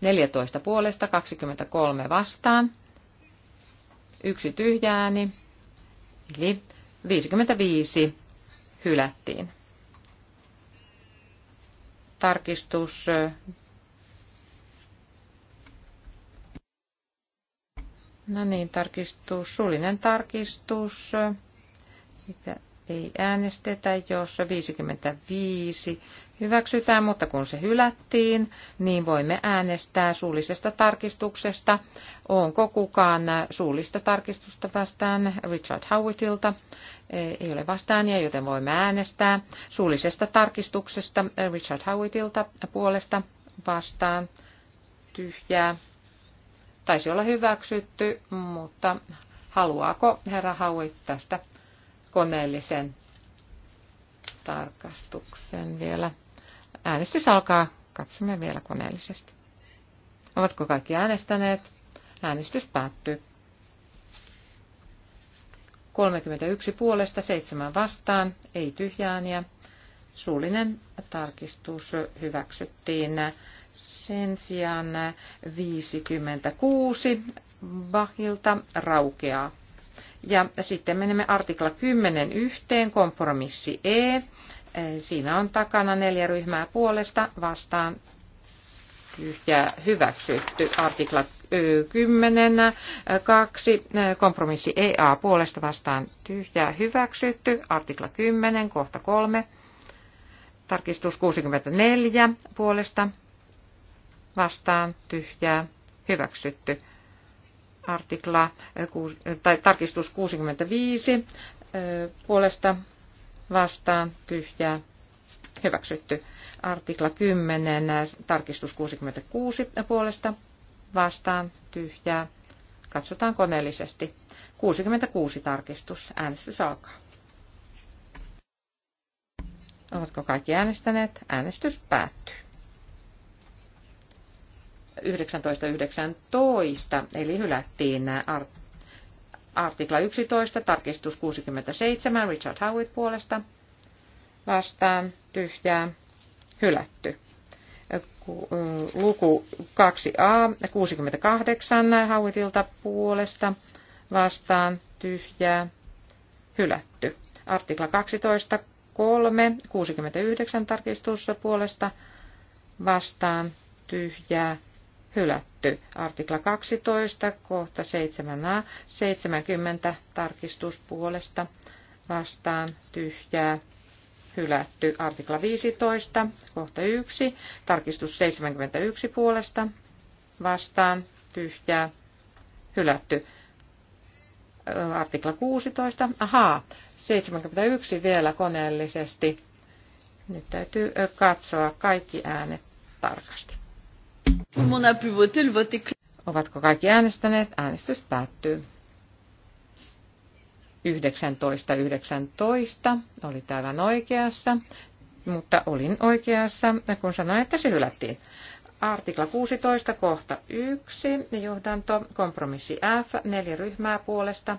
14 puolesta, 23 vastaan, yksi tyhjä ääni, eli 55 hylättiin. Tarkistus No niin, tarkistus, suullinen tarkistus. mitä ei äänestetä, jos 55 hyväksytään, mutta kun se hylättiin, niin voimme äänestää suullisesta tarkistuksesta. Onko kukaan suullista tarkistusta vastaan Richard Howittilta? E, ei ole vastaan, joten voimme äänestää suullisesta tarkistuksesta Richard Howittilta puolesta vastaan tyhjää taisi olla hyväksytty, mutta haluaako herra Hauit tästä koneellisen tarkastuksen vielä? Äänestys alkaa. Katsomme vielä koneellisesti. Ovatko kaikki äänestäneet? Äänestys päättyy. 31 puolesta, 7 vastaan, ei tyhjään ja suullinen tarkistus hyväksyttiin. Sen sijaan 56 Bachilta raukeaa. Ja sitten menemme artikla 10 yhteen, kompromissi E. Siinä on takana neljä ryhmää puolesta vastaan ja hyväksytty. Artikla 10, 2, kompromissi EA puolesta vastaan tyhjää hyväksytty. Artikla 10, kohta 3, tarkistus 64 puolesta vastaan tyhjää hyväksytty. Artikla, tai tarkistus 65 puolesta vastaan tyhjää hyväksytty. Artikla 10, tarkistus 66 puolesta vastaan tyhjää. Katsotaan koneellisesti. 66 tarkistus. Äänestys alkaa. Ovatko kaikki äänestäneet? Äänestys päättyy. 1919, eli hylättiin artikla 11, tarkistus 67, Richard Howitt puolesta vastaan, tyhjää, hylätty. Luku 2a, 68, Howittilta puolesta vastaan, tyhjää, hylätty. Artikla 12, 3, 69 tarkistus puolesta vastaan, tyhjää, hylätty. Artikla 12, kohta 7a, 70 tarkistuspuolesta vastaan tyhjää hylätty. Artikla 15, kohta 1, tarkistus 71 puolesta vastaan tyhjää hylätty. Artikla 16, ahaa, 71 vielä koneellisesti. Nyt täytyy katsoa kaikki äänet tarkasti. Ovatko kaikki äänestäneet? Äänestys päättyy. 19.19 19 oli täällä oikeassa, mutta olin oikeassa, kun sanoin, että se hylättiin. Artikla 16, kohta 1, johdanto, kompromissi F, neljä ryhmää puolesta.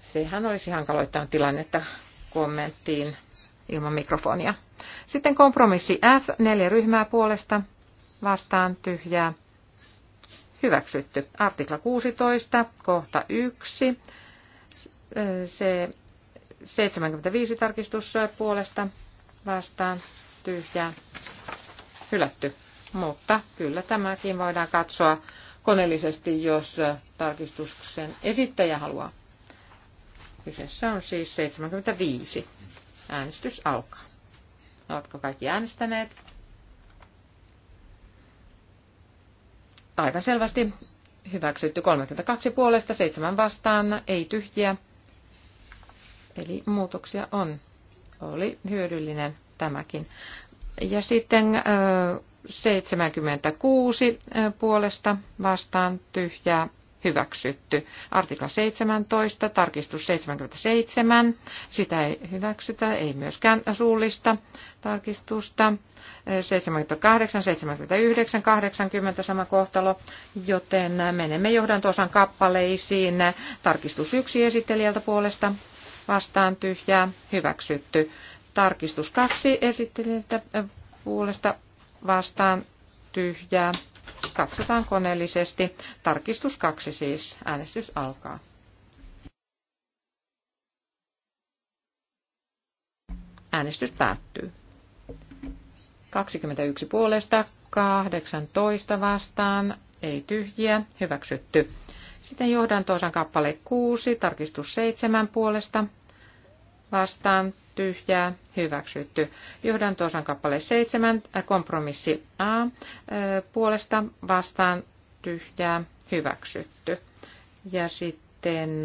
Sehän olisi hankaloittanut tilannetta, kommenttiin ilman mikrofonia. Sitten kompromissi F, neljä ryhmää puolesta, vastaan tyhjää, hyväksytty. Artikla 16, kohta 1, se 75 tarkistus puolesta, vastaan tyhjää, hylätty. Mutta kyllä tämäkin voidaan katsoa koneellisesti, jos tarkistuksen esittäjä haluaa. Kyseessä on siis 75. Äänestys alkaa. Oletko kaikki äänestäneet? Aika selvästi hyväksytty 32 puolesta, 7 vastaan, ei tyhjiä. Eli muutoksia on. Oli hyödyllinen tämäkin. Ja sitten 76 puolesta vastaan tyhjää hyväksytty. Artikla 17, tarkistus 77, sitä ei hyväksytä, ei myöskään suullista tarkistusta. 78, 79, 80 sama kohtalo, joten menemme johdantosan kappaleisiin. Tarkistus 1 esittelijältä puolesta vastaan tyhjää, hyväksytty. Tarkistus 2 esittelijältä puolesta vastaan tyhjää, Katsotaan koneellisesti. Tarkistus kaksi siis. Äänestys alkaa. Äänestys päättyy. 21 puolesta, 18 vastaan, ei tyhjiä, hyväksytty. Sitten johdanto kappale 6, tarkistus 7 puolesta, vastaan tyhjää, hyväksytty. Johdanto-osan kappale 7, kompromissi A, puolesta vastaan tyhjää, hyväksytty. Ja sitten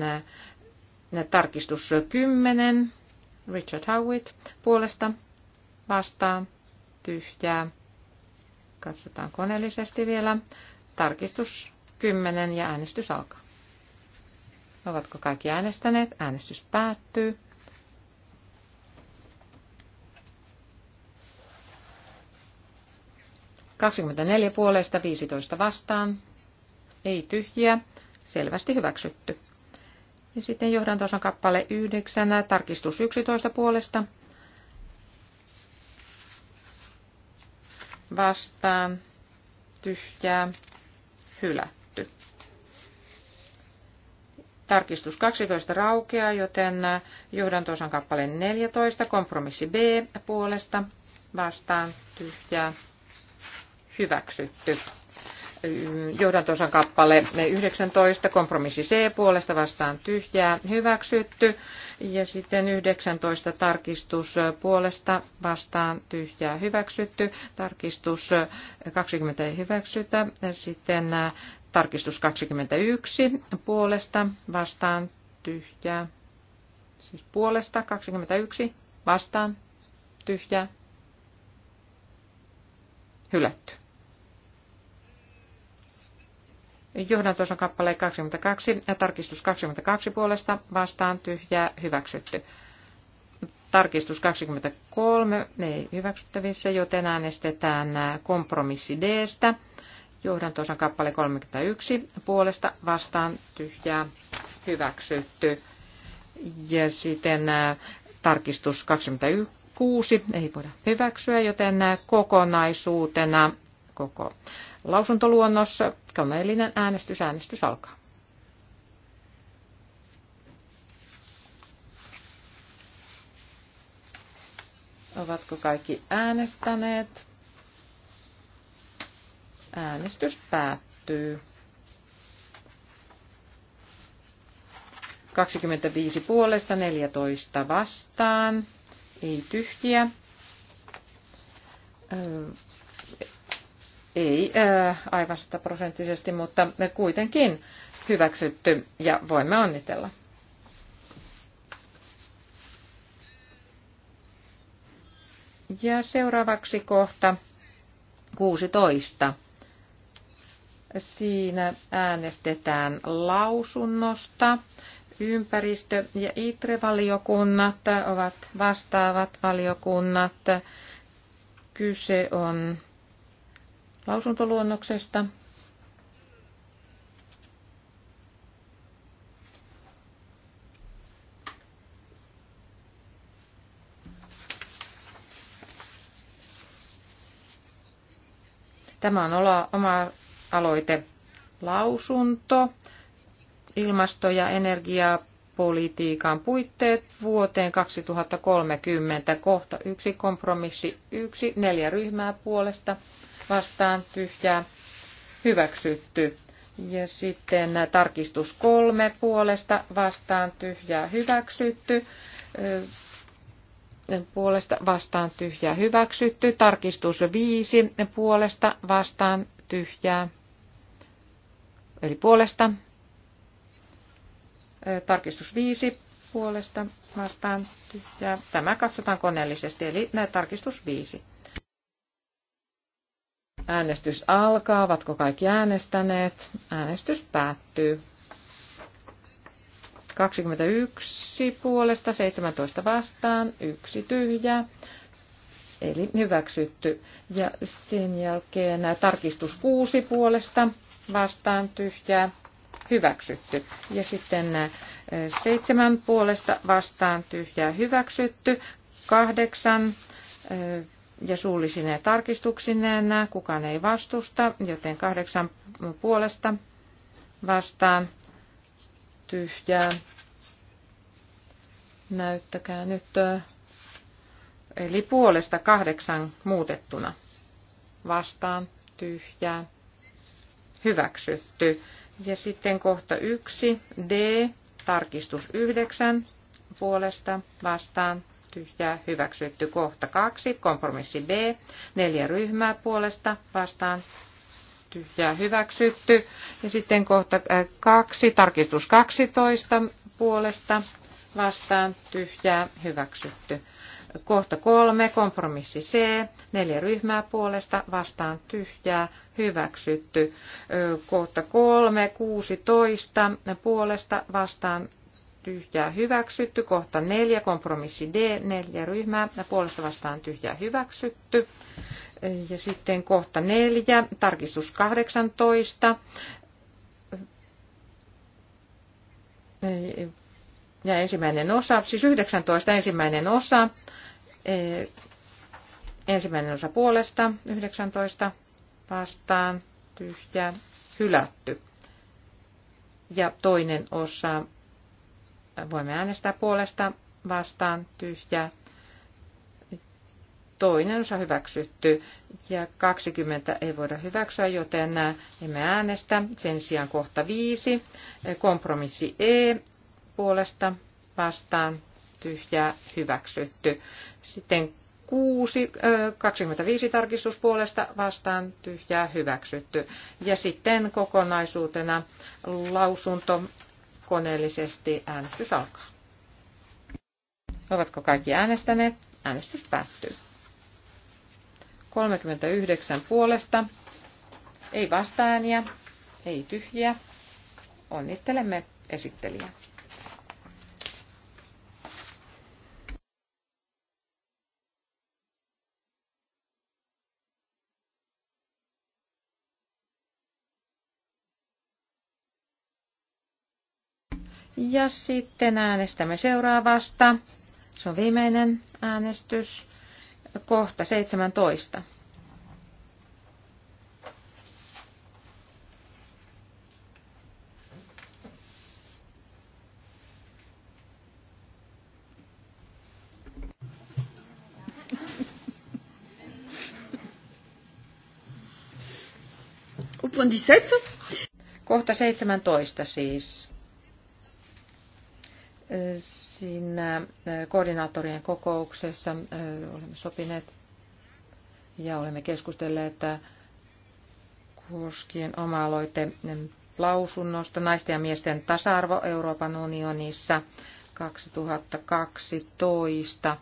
tarkistus 10, Richard Howitt, puolesta vastaan tyhjää. Katsotaan koneellisesti vielä. Tarkistus 10 ja äänestys alkaa. Ovatko kaikki äänestäneet? Äänestys päättyy. 24 puolesta 15 vastaan. Ei tyhjiä. Selvästi hyväksytty. Ja sitten johdantosan kappale 9, tarkistus 11 puolesta. Vastaan. Tyhjää. Hylätty. Tarkistus 12 raukeaa, joten johdantosan kappale 14, kompromissi B puolesta. Vastaan. Tyhjää hyväksytty. Johdantosan kappale 19, kompromissi C puolesta vastaan tyhjää, hyväksytty. Ja sitten 19 tarkistus puolesta vastaan tyhjää, hyväksytty. Tarkistus 20 ei hyväksytä. Sitten äh, tarkistus 21 puolesta vastaan tyhjää. Siis puolesta 21 vastaan tyhjää, hylätty. Johdantoson kappale 22 ja tarkistus 22 puolesta vastaan tyhjää hyväksytty. Tarkistus 23 ei hyväksyttävissä, joten äänestetään kompromissi Dstä. Johdantoson kappale 31 puolesta vastaan tyhjää hyväksytty. Ja sitten tarkistus 26 ei voida hyväksyä, joten kokonaisuutena koko lausuntoluonnos. Koneellinen äänestys. Äänestys alkaa. Ovatko kaikki äänestäneet? Äänestys päättyy. 25 puolesta, 14 vastaan. Ei tyhjiä ei ää, äh, aivan sataprosenttisesti, mutta kuitenkin hyväksytty ja voimme onnitella. Ja seuraavaksi kohta 16. Siinä äänestetään lausunnosta. Ympäristö- ja ITRE-valiokunnat ovat vastaavat valiokunnat. Kyse on lausuntoluonnoksesta. Tämä on oma aloite lausunto ilmasto- ja energiapolitiikan puitteet vuoteen 2030 kohta yksi kompromissi yksi neljä ryhmää puolesta vastaan tyhjää hyväksytty. Ja sitten tarkistus kolme puolesta vastaan tyhjää hyväksytty. Puolesta vastaan tyhjää hyväksytty. Tarkistus viisi puolesta vastaan tyhjää. Eli puolesta. Tarkistus viisi puolesta vastaan tyhjää. Tämä katsotaan koneellisesti, eli tarkistus viisi. Äänestys alkaa. Ovatko kaikki äänestäneet? Äänestys päättyy. 21 puolesta, 17 vastaan, yksi tyhjä, eli hyväksytty. Ja sen jälkeen tarkistus 6 puolesta, vastaan tyhjää, hyväksytty. Ja sitten 7 äh, puolesta, vastaan tyhjää, hyväksytty. 8 ja suullisineen tarkistuksineen. Kukaan ei vastusta, joten kahdeksan puolesta vastaan tyhjää. Näyttäkää nyt. Eli puolesta kahdeksan muutettuna. Vastaan tyhjää. Hyväksytty. Ja sitten kohta yksi. D. Tarkistus yhdeksän puolesta vastaan ja hyväksytty. Kohta kaksi, kompromissi B, neljä ryhmää puolesta vastaan tyhjää hyväksytty. Ja sitten kohta äh, kaksi, tarkistus 12 puolesta vastaan tyhjää hyväksytty. Kohta kolme, kompromissi C, neljä ryhmää puolesta, vastaan tyhjää, hyväksytty. Kohta kolme, 16 puolesta, vastaan tyhjää hyväksytty. Kohta neljä kompromissi D, neljä ryhmää, puolesta vastaan tyhjää hyväksytty. Ja sitten kohta neljä tarkistus 18. Ja ensimmäinen osa, siis 19 ensimmäinen osa, ensimmäinen osa puolesta, 19 vastaan, tyhjä, hylätty. Ja toinen osa Voimme äänestää puolesta vastaan tyhjää. Toinen osa hyväksytty ja 20 ei voida hyväksyä, joten äh, emme äänestä. Sen sijaan kohta 5. Äh, kompromissi E puolesta vastaan tyhjää hyväksytty. Sitten 6, 25 äh, puolesta, vastaan tyhjää hyväksytty. Ja sitten kokonaisuutena lausunto koneellisesti. Äänestys alkaa. Ovatko kaikki äänestäneet? Äänestys päättyy. 39 puolesta. Ei vastaääniä, ei tyhjiä. Onnittelemme esittelijää. Ja sitten äänestämme seuraavasta. Se on viimeinen äänestys. Kohta 17. Kohta 17 siis. Siinä eh, koordinaattorien kokouksessa eh, olemme sopineet ja olemme keskustelleet eh, koskien oma-aloite lausunnosta naisten ja miesten tasa-arvo Euroopan unionissa 2012.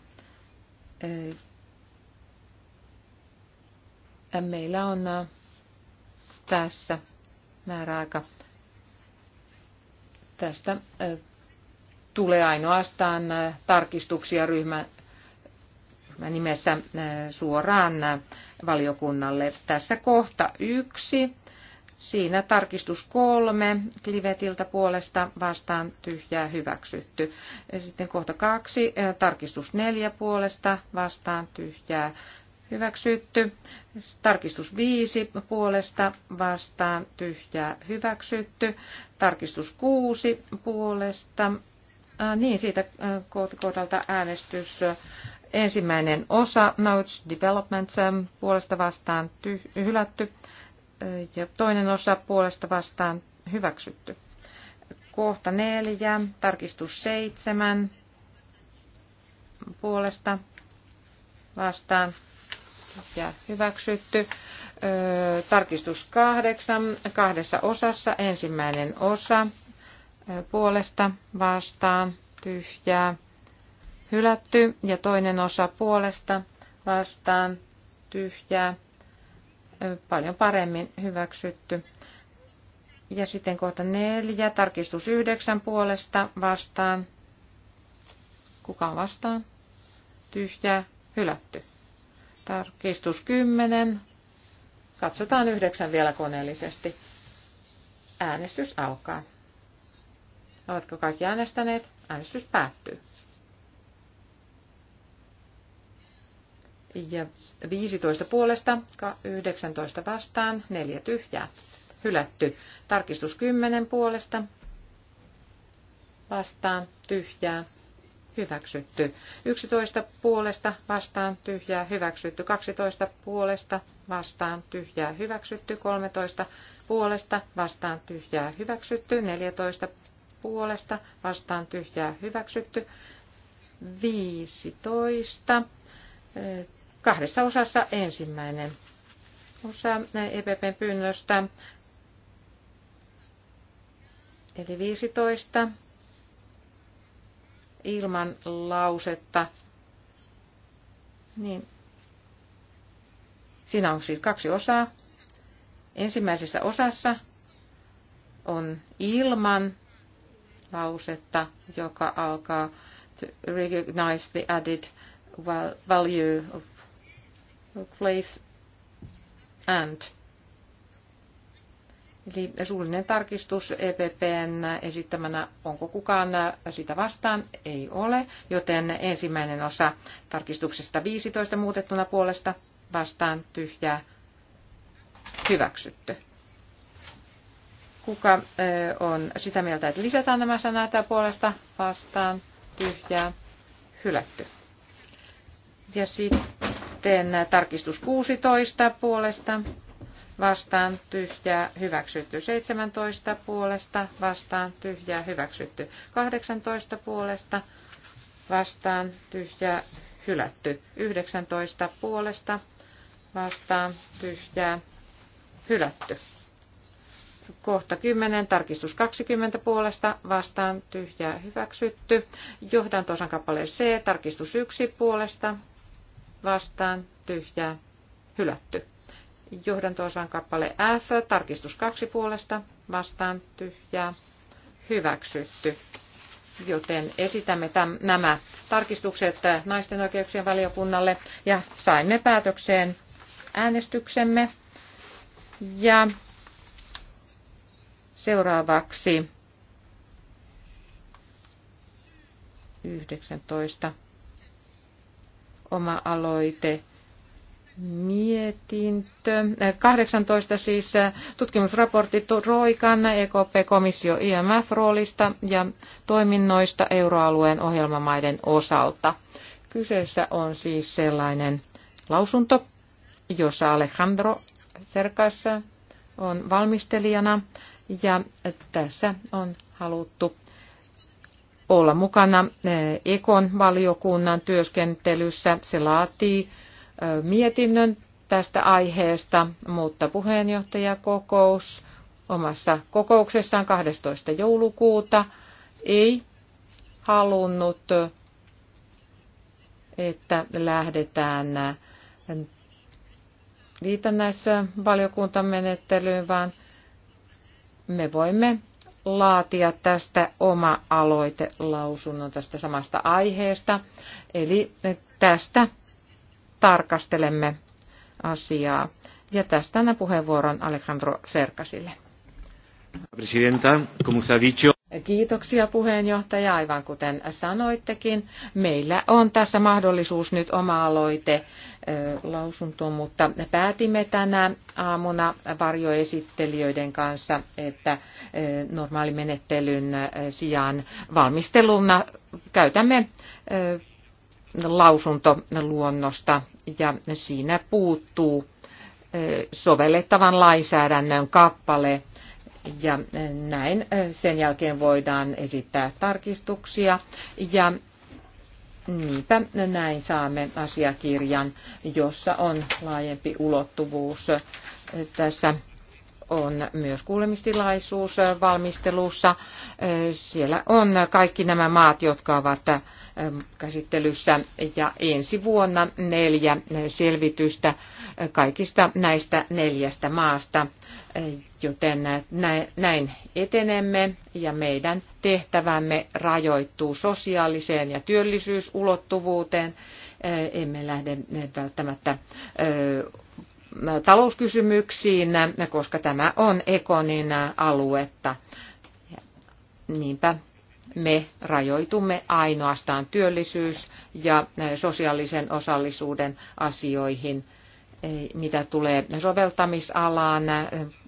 Meillä on tässä määräaika tästä tulee ainoastaan äh, tarkistuksia ryhmän nimessä äh, suoraan äh, valiokunnalle. Tässä kohta yksi. Siinä tarkistus kolme Klivetiltä puolesta vastaan tyhjää hyväksytty. Sitten kohta kaksi, tarkistus neljä puolesta vastaan tyhjää hyväksytty. Tarkistus viisi puolesta vastaan tyhjää hyväksytty. Tarkistus kuusi puolesta Äh, niin, siitä äh, kohdalta äänestys. Ensimmäinen osa, Notes Developments, ähm, puolesta vastaan ty- hylätty. Äh, ja toinen osa puolesta vastaan hyväksytty. Kohta neljä, tarkistus seitsemän, puolesta vastaan ja hyväksytty. Tarkistus kahdeksan, kahdessa osassa, ensimmäinen osa puolesta vastaan tyhjää hylätty ja toinen osa puolesta vastaan tyhjää paljon paremmin hyväksytty. Ja sitten kohta neljä, tarkistus yhdeksän puolesta vastaan. Kuka on vastaan? Tyhjää, hylätty. Tarkistus kymmenen. Katsotaan yhdeksän vielä koneellisesti. Äänestys alkaa. Oletko kaikki äänestäneet? Äänestys päättyy. Ja 15 puolesta, 19 vastaan, 4 tyhjää. Hylätty. Tarkistus 10 puolesta, vastaan, tyhjää, hyväksytty. 11 puolesta vastaan tyhjää hyväksytty. 12 puolesta vastaan tyhjää hyväksytty. 13 puolesta vastaan tyhjää hyväksytty. 14 puolesta vastaan tyhjää hyväksytty. 15. Kahdessa osassa ensimmäinen osa EPPn pyynnöstä. Eli 15 ilman lausetta. Niin. Siinä on siis kaksi osaa. Ensimmäisessä osassa on ilman lausetta, joka alkaa to recognize the added value of place and. Eli suullinen tarkistus EPPn esittämänä, onko kukaan sitä vastaan? Ei ole, joten ensimmäinen osa tarkistuksesta 15 muutettuna puolesta vastaan tyhjää hyväksytty. Kuka on sitä mieltä, että lisätään nämä sanat puolesta vastaan tyhjää hylätty. Ja sitten tarkistus 16 puolesta vastaan tyhjää hyväksytty 17 puolesta vastaan tyhjää hyväksytty 18 puolesta vastaan tyhjää hylätty 19 puolesta vastaan tyhjää hylätty Kohta 10, tarkistus 20 puolesta, vastaan tyhjää hyväksytty. Johdantosan kappale C, tarkistus 1 puolesta, vastaan tyhjää hylätty. Johdantosan kappale F, tarkistus 2 puolesta, vastaan tyhjää hyväksytty. Joten esitämme täm, nämä tarkistukset naisten oikeuksien valiokunnalle ja saimme päätökseen äänestyksemme. Ja Seuraavaksi 19. Oma aloite mietintö. 18 siis äh, tutkimusraportti Roikan, EKP-komissio IMF-roolista ja toiminnoista euroalueen ohjelmamaiden osalta. Kyseessä on siis sellainen lausunto, jossa Alejandro Cercas on valmistelijana. Ja tässä on haluttu olla mukana eh, Ekon valiokunnan työskentelyssä. Se laatii eh, mietinnön tästä aiheesta, mutta puheenjohtajakokous omassa kokouksessaan 12. joulukuuta ei halunnut, että lähdetään liitännäisvaliokuntamenettelyyn, vaan me voimme laatia tästä oma aloitelausunnon tästä samasta aiheesta. Eli tästä tarkastelemme asiaa. Ja tästä annan puheenvuoron Alejandro Serkasille. Presidenta, como usted ha dicho... Kiitoksia puheenjohtaja, aivan kuten sanoittekin. Meillä on tässä mahdollisuus nyt oma aloite lausuntoon, mutta päätimme tänä aamuna varjoesittelijöiden kanssa, että normaalimenettelyn sijaan valmisteluna käytämme lausuntoluonnosta ja siinä puuttuu sovellettavan lainsäädännön kappale ja eh, näin eh, sen jälkeen voidaan esittää tarkistuksia ja niinpä näin saamme asiakirjan, jossa on laajempi ulottuvuus eh, tässä on myös kuulemistilaisuus valmistelussa. Siellä on kaikki nämä maat, jotka ovat käsittelyssä ja ensi vuonna neljä selvitystä kaikista näistä neljästä maasta. Joten näin etenemme ja meidän tehtävämme rajoittuu sosiaaliseen ja työllisyysulottuvuuteen. Emme lähde välttämättä talouskysymyksiin, koska tämä on Ekonin aluetta. Niinpä me rajoitumme ainoastaan työllisyys- ja sosiaalisen osallisuuden asioihin, mitä tulee soveltamisalaan.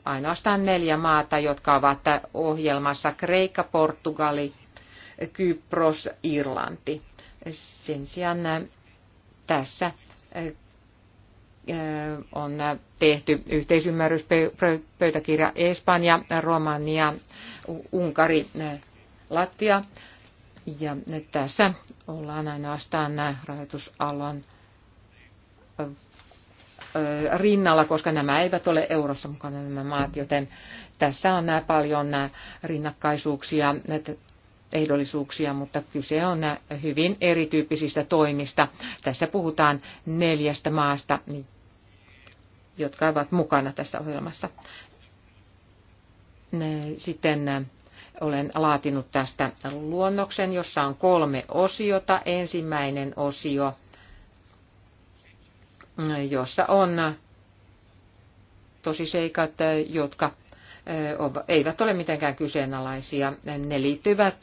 Ainoastaan neljä maata, jotka ovat ohjelmassa Kreikka, Portugali, Kypros, Irlanti. Sen sijaan tässä on tehty yhteisymmärryspöytäkirja Espanja, Romania, Unkari, Latvia. Ja tässä ollaan ainoastaan rahoitusalan rinnalla, koska nämä eivät ole eurossa mukana nämä maat, joten tässä on paljon rinnakkaisuuksia ehdollisuuksia, mutta kyse on hyvin erityyppisistä toimista. Tässä puhutaan neljästä maasta, jotka ovat mukana tässä ohjelmassa. Sitten olen laatinut tästä luonnoksen, jossa on kolme osiota. Ensimmäinen osio, jossa on tosiseikat, jotka eivät ole mitenkään kyseenalaisia. Ne liittyvät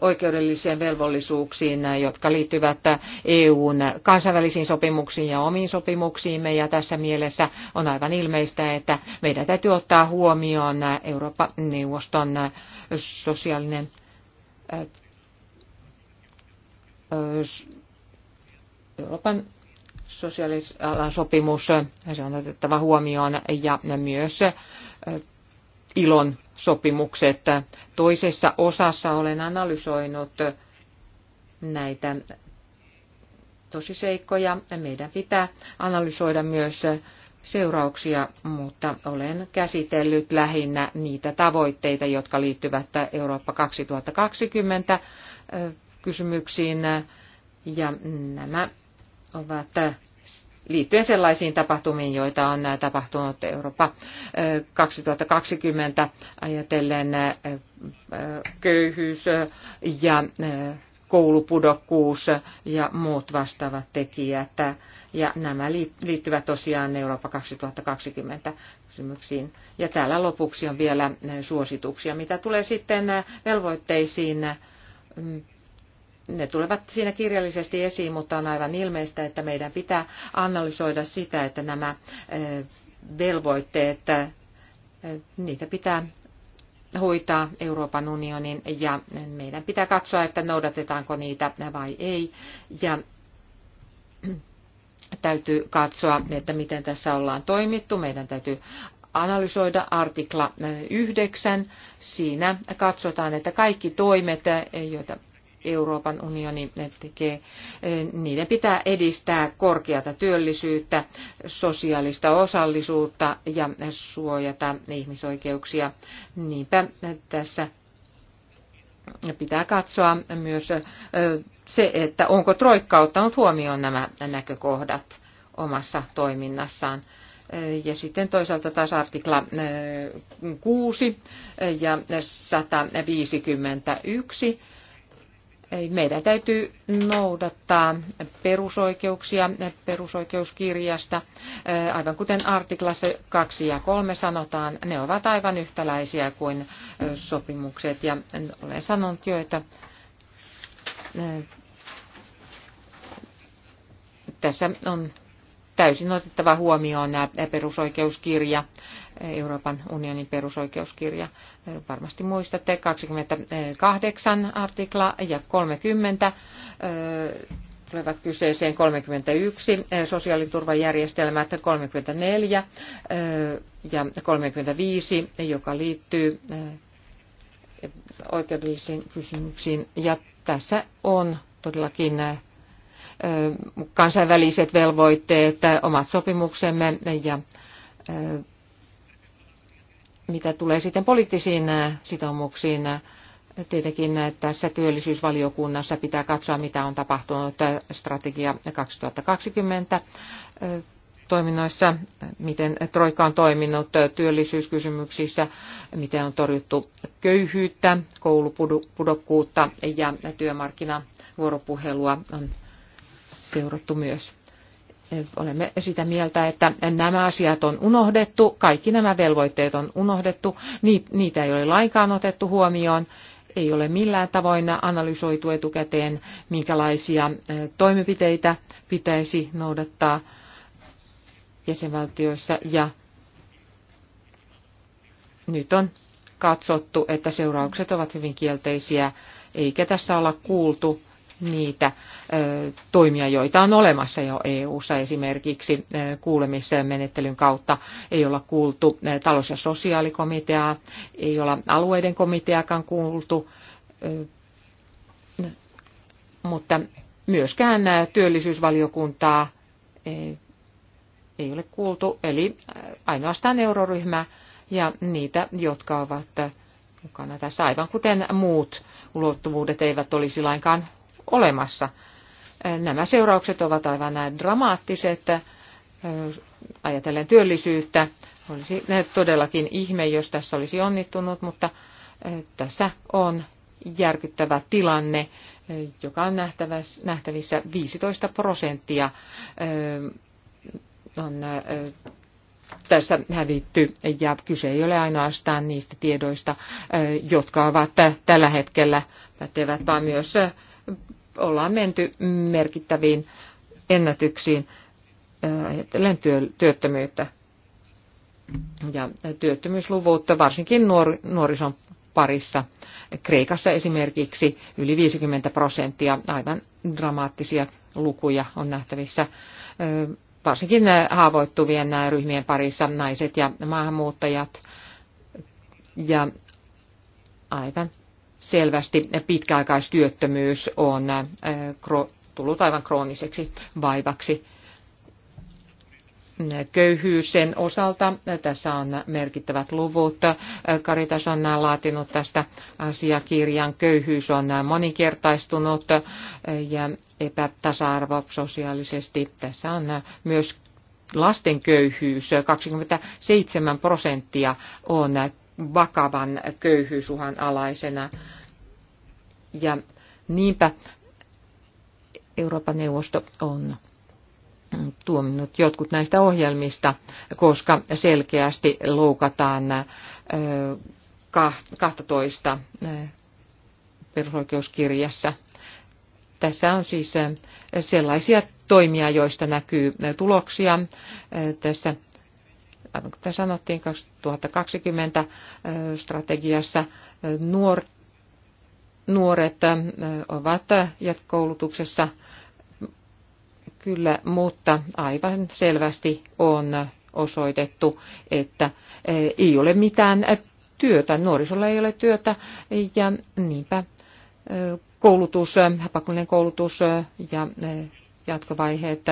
oikeudellisiin velvollisuuksiin, jotka liittyvät EUn kansainvälisiin sopimuksiin ja omiin sopimuksiimme. Ja tässä mielessä on aivan ilmeistä, että meidän täytyy ottaa huomioon Euroopan neuvoston sosiaalinen Euroopan sosiaalialan sopimus, se on otettava huomioon, ja myös ilon sopimukset. Toisessa osassa olen analysoinut näitä tosiseikkoja. Meidän pitää analysoida myös seurauksia, mutta olen käsitellyt lähinnä niitä tavoitteita, jotka liittyvät Eurooppa 2020 kysymyksiin. Ja nämä ovat liittyen sellaisiin tapahtumiin, joita on tapahtunut Eurooppa 2020 ajatellen köyhyys ja koulupudokkuus ja muut vastaavat tekijät. Ja nämä liittyvät tosiaan Eurooppa 2020 kysymyksiin. Ja täällä lopuksi on vielä suosituksia, mitä tulee sitten velvoitteisiin mm, ne tulevat siinä kirjallisesti esiin, mutta on aivan ilmeistä, että meidän pitää analysoida sitä, että nämä velvoitteet, niitä pitää hoitaa Euroopan unionin ja meidän pitää katsoa, että noudatetaanko niitä vai ei. Ja täytyy katsoa, että miten tässä ollaan toimittu. Meidän täytyy analysoida artikla 9. Siinä katsotaan, että kaikki toimet, joita Euroopan unioni tekee, eh, niiden pitää edistää korkeata työllisyyttä, sosiaalista osallisuutta ja suojata ihmisoikeuksia. Niinpä tässä pitää katsoa myös eh, se, että onko Troikka ottanut huomioon nämä näkökohdat omassa toiminnassaan. Eh, ja sitten toisaalta taas artikla 6 ja 151 meidän täytyy noudattaa perusoikeuksia perusoikeuskirjasta, aivan kuten artiklassa 2 ja 3 sanotaan, ne ovat aivan yhtäläisiä kuin sopimukset. Ja olen sanonut jo, että tässä on täysin otettava huomioon nämä perusoikeuskirja, Euroopan unionin perusoikeuskirja. Varmasti muistatte 28 artikla ja 30 äh, tulevat kyseeseen 31 äh, sosiaaliturvajärjestelmät, 34 äh, ja 35, joka liittyy oikeudellisiin kysymyksiin. Ja tässä on todellakin kansainväliset velvoitteet, omat sopimuksemme ja mitä tulee sitten poliittisiin sitoumuksiin, tietenkin tässä työllisyysvaliokunnassa pitää katsoa, mitä on tapahtunut strategia 2020 toiminnoissa, miten Troika on toiminut työllisyyskysymyksissä, miten on torjuttu köyhyyttä, koulupudokkuutta ja työmarkkinavuoropuhelua on seurattu myös. Olemme sitä mieltä, että nämä asiat on unohdettu, kaikki nämä velvoitteet on unohdettu, niitä ei ole lainkaan otettu huomioon, ei ole millään tavoin analysoitu etukäteen, minkälaisia toimenpiteitä pitäisi noudattaa jäsenvaltioissa ja nyt on katsottu, että seuraukset ovat hyvin kielteisiä, eikä tässä olla kuultu niitä toimia, joita on olemassa jo EU-ssa. Esimerkiksi menettelyn kautta ei olla kuultu talous- ja sosiaalikomiteaa, ei olla alueiden komiteakaan kuultu, mutta myöskään työllisyysvaliokuntaa ei ole kuultu, eli ainoastaan euroryhmä ja niitä, jotka ovat mukana tässä, aivan kuten muut ulottuvuudet eivät olisi lainkaan olemassa. Äh, nämä seuraukset ovat aivan näin dramaattiset, äh, ajatellen työllisyyttä. Olisi äh, todellakin ihme, jos tässä olisi onnittunut, mutta tässä on järkyttävä tilanne, joka on nähtävissä 15 prosenttia on tässä hävitty ja kyse ei ole ainoastaan niistä tiedoista, jotka ovat tällä hetkellä pätevät, vaan myös ollaan menty merkittäviin ennätyksiin äh, ajatellen työttömyyttä. Ja työttömyysluvut, varsinkin nuor, nuorison parissa. Kreikassa esimerkiksi yli 50 prosenttia, aivan dramaattisia lukuja on nähtävissä. Äh, varsinkin haavoittuvien ryhmien parissa naiset ja maahanmuuttajat. Ja aivan selvästi pitkäaikaistyöttömyys on äh, tullut aivan krooniseksi vaivaksi. Köyhyys sen osalta, äh, tässä on merkittävät luvut. Karitas äh, on laatinut tästä asiakirjan. Köyhyys on moninkertaistunut ja epätasa-arvo sosiaalisesti. Tässä on myös lasten köyhyys. 27 prosenttia on vakavan köyhyysuhan alaisena. Ja niinpä Euroopan neuvosto on tuominnut jotkut näistä ohjelmista, koska selkeästi loukataan 12 perusoikeuskirjassa. Tässä on siis sellaisia toimia, joista näkyy tuloksia. Tässä aivan kuten sanottiin 2020 strategiassa, nuor, nuoret ovat jatkoulutuksessa kyllä, mutta aivan selvästi on osoitettu, että ei ole mitään työtä, nuorisolla ei ole työtä ja niinpä koulutus, pakollinen koulutus ja jatkovaiheet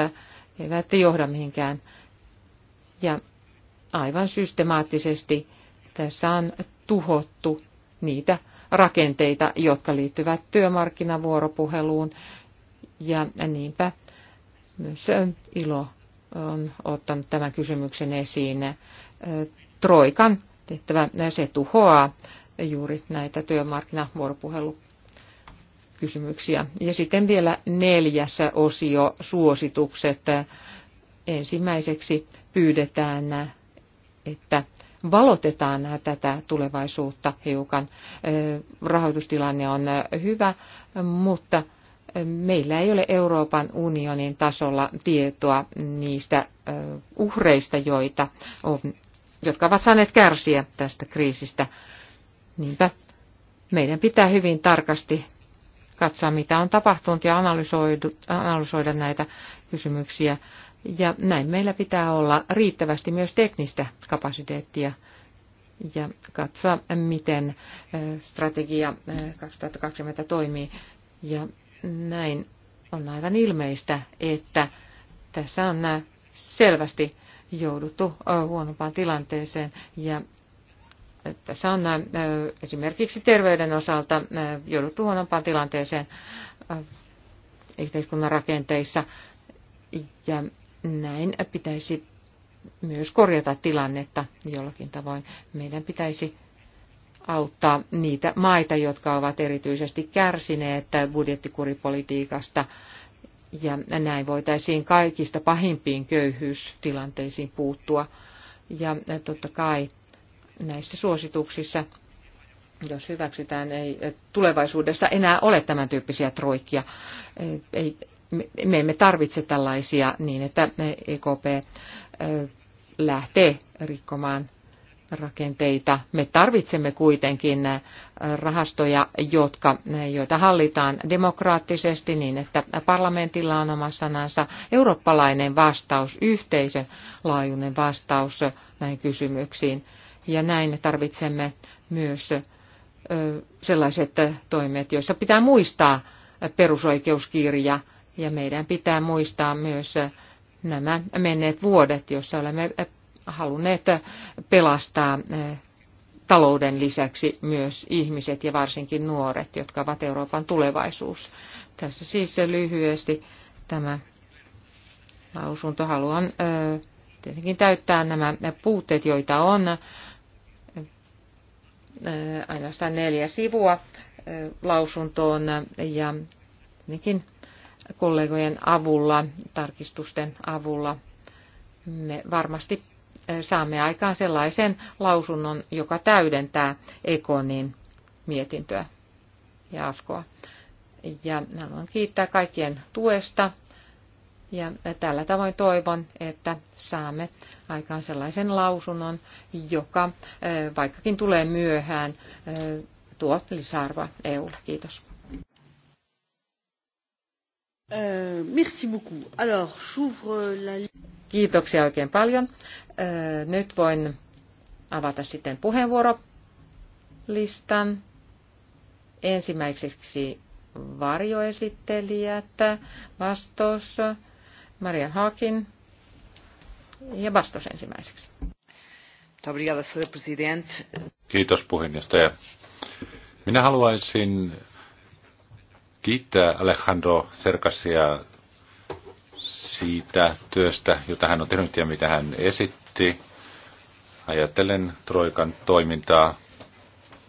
eivät johda mihinkään. Ja aivan systemaattisesti tässä on tuhottu niitä rakenteita, jotka liittyvät työmarkkinavuoropuheluun. Ja niinpä myös ILO on ottanut tämän kysymyksen esiin. Troikan tehtävä, se tuhoaa juuri näitä työmarkkinavuoropuhelukysymyksiä. Ja sitten vielä neljässä osio suositukset. Ensimmäiseksi pyydetään että valotetaan tätä tulevaisuutta hiukan. Rahoitustilanne on hyvä, mutta meillä ei ole Euroopan unionin tasolla tietoa niistä uhreista, joita on, jotka ovat saaneet kärsiä tästä kriisistä. Niinpä meidän pitää hyvin tarkasti katsoa, mitä on tapahtunut ja analysoida näitä kysymyksiä. Ja näin meillä pitää olla riittävästi myös teknistä kapasiteettia ja katsoa, miten strategia 2020 toimii. Ja näin on aivan ilmeistä, että tässä on selvästi jouduttu huonompaan tilanteeseen ja tässä on esimerkiksi terveyden osalta jouduttu huonompaan tilanteeseen yhteiskunnan rakenteissa ja näin pitäisi myös korjata tilannetta jollakin tavoin. Meidän pitäisi auttaa niitä maita, jotka ovat erityisesti kärsineet budjettikuripolitiikasta. Ja näin voitaisiin kaikista pahimpiin köyhyystilanteisiin puuttua. Ja totta kai näissä suosituksissa, jos hyväksytään, ei tulevaisuudessa enää ole tämän tyyppisiä troikkia. Ei me emme tarvitse tällaisia niin, että EKP lähtee rikkomaan rakenteita. Me tarvitsemme kuitenkin rahastoja, jotka, joita hallitaan demokraattisesti niin, että parlamentilla on oma sanansa eurooppalainen vastaus, yhteisön laajuinen vastaus näihin kysymyksiin. Ja näin me tarvitsemme myös sellaiset toimet, joissa pitää muistaa perusoikeuskirja – ja meidän pitää muistaa myös nämä menneet vuodet, joissa olemme halunneet pelastaa eh, talouden lisäksi myös ihmiset ja varsinkin nuoret, jotka ovat Euroopan tulevaisuus. Tässä siis lyhyesti tämä lausunto. Haluan eh, tietenkin täyttää nämä puutteet, joita on. Eh, ainoastaan neljä sivua lausuntoon ja tietenkin kollegojen avulla, tarkistusten avulla, me varmasti eh, saamme aikaan sellaisen lausunnon, joka täydentää Ekonin mietintöä ja AFKoa. Ja haluan kiittää kaikkien tuesta. Ja tällä tavoin toivon, että saamme aikaan sellaisen lausunnon, joka eh, vaikkakin tulee myöhään, eh, tuo lisäarvoa EUlle. Kiitos. Euh, merci beaucoup. Alors, j'ouvre euh, la... Kiitoksia oikein paljon. Äh, nyt voin avata sitten puheenvuorolistan. Ensimmäiseksi varjoesittelijät, vastaus Maria Hakin ja vastaus ensimmäiseksi. Kiitos puheenjohtaja. Minä haluaisin kiittää Alejandro Serkasia siitä työstä, jota hän on tehnyt ja mitä hän esitti. Ajattelen Troikan toimintaa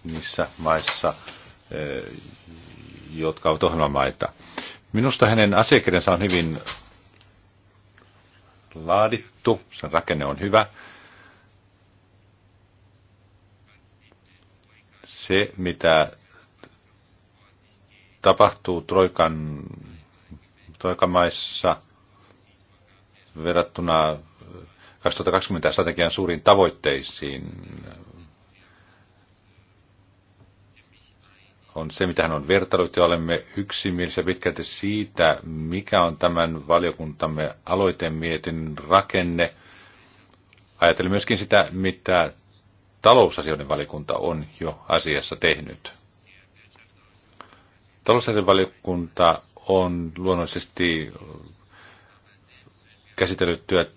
niissä maissa, eh, jotka ovat ohjelmamaita. Minusta hänen asiakirjansa on hyvin laadittu, sen rakenne on hyvä. Se, mitä tapahtuu Troikan, Troikamaissa verrattuna 2020 strategian suuriin tavoitteisiin on se, mitä hän on vertailut, ja olemme yksimielisiä pitkälti siitä, mikä on tämän valiokuntamme aloitemietin rakenne. Ajattelin myöskin sitä, mitä talousasioiden valiokunta on jo asiassa tehnyt. Talousarvion valiokunta on luonnollisesti käsitellyt työ,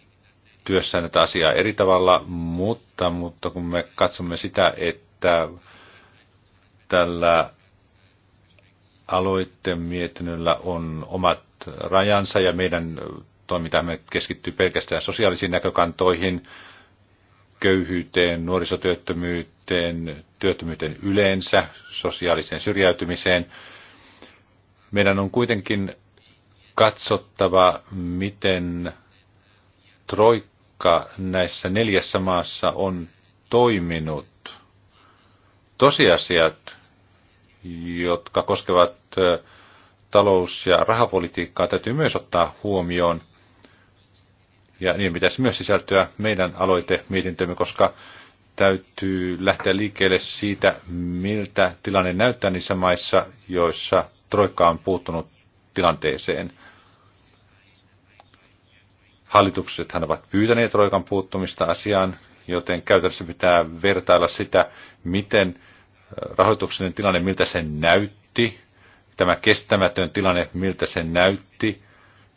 työssään tätä asiaa eri tavalla, mutta, mutta kun me katsomme sitä, että tällä aloitteen mietinnöllä on omat rajansa ja meidän toimintamme keskittyy pelkästään sosiaalisiin näkökantoihin, köyhyyteen, nuorisotyöttömyyteen, työttömyyteen yleensä, sosiaaliseen syrjäytymiseen – meidän on kuitenkin katsottava, miten troikka näissä neljässä maassa on toiminut. Tosiasiat, jotka koskevat talous- ja rahapolitiikkaa, täytyy myös ottaa huomioon. Ja niin pitäisi myös sisältyä meidän aloitemietintömme, koska täytyy lähteä liikkeelle siitä, miltä tilanne näyttää niissä maissa, joissa Troikka on puuttunut tilanteeseen. hallitukset hän ovat pyytäneet Troikan puuttumista asiaan, joten käytännössä pitää vertailla sitä, miten rahoituksellinen tilanne, miltä se näytti, tämä kestämätön tilanne, miltä se näytti,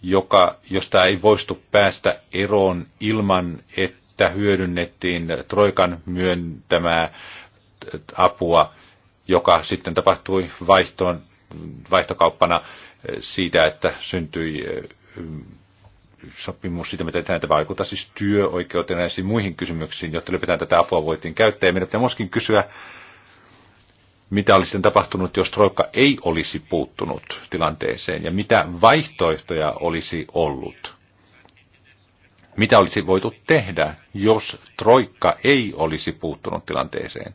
joka, josta ei voistu päästä eroon ilman, että hyödynnettiin Troikan myöntämää apua, joka sitten tapahtui vaihtoon vaihtokauppana eh, siitä, että syntyi eh, sopimus siitä, miten näitä vaikuttaa siis työoikeuteen ja näihin muihin kysymyksiin, jotta ylipäätään tätä apua voitiin käyttää. Ja meidän pitää myöskin kysyä, mitä olisi sitten tapahtunut, jos Troikka ei olisi puuttunut tilanteeseen ja mitä vaihtoehtoja olisi ollut. Mitä olisi voitu tehdä, jos Troikka ei olisi puuttunut tilanteeseen?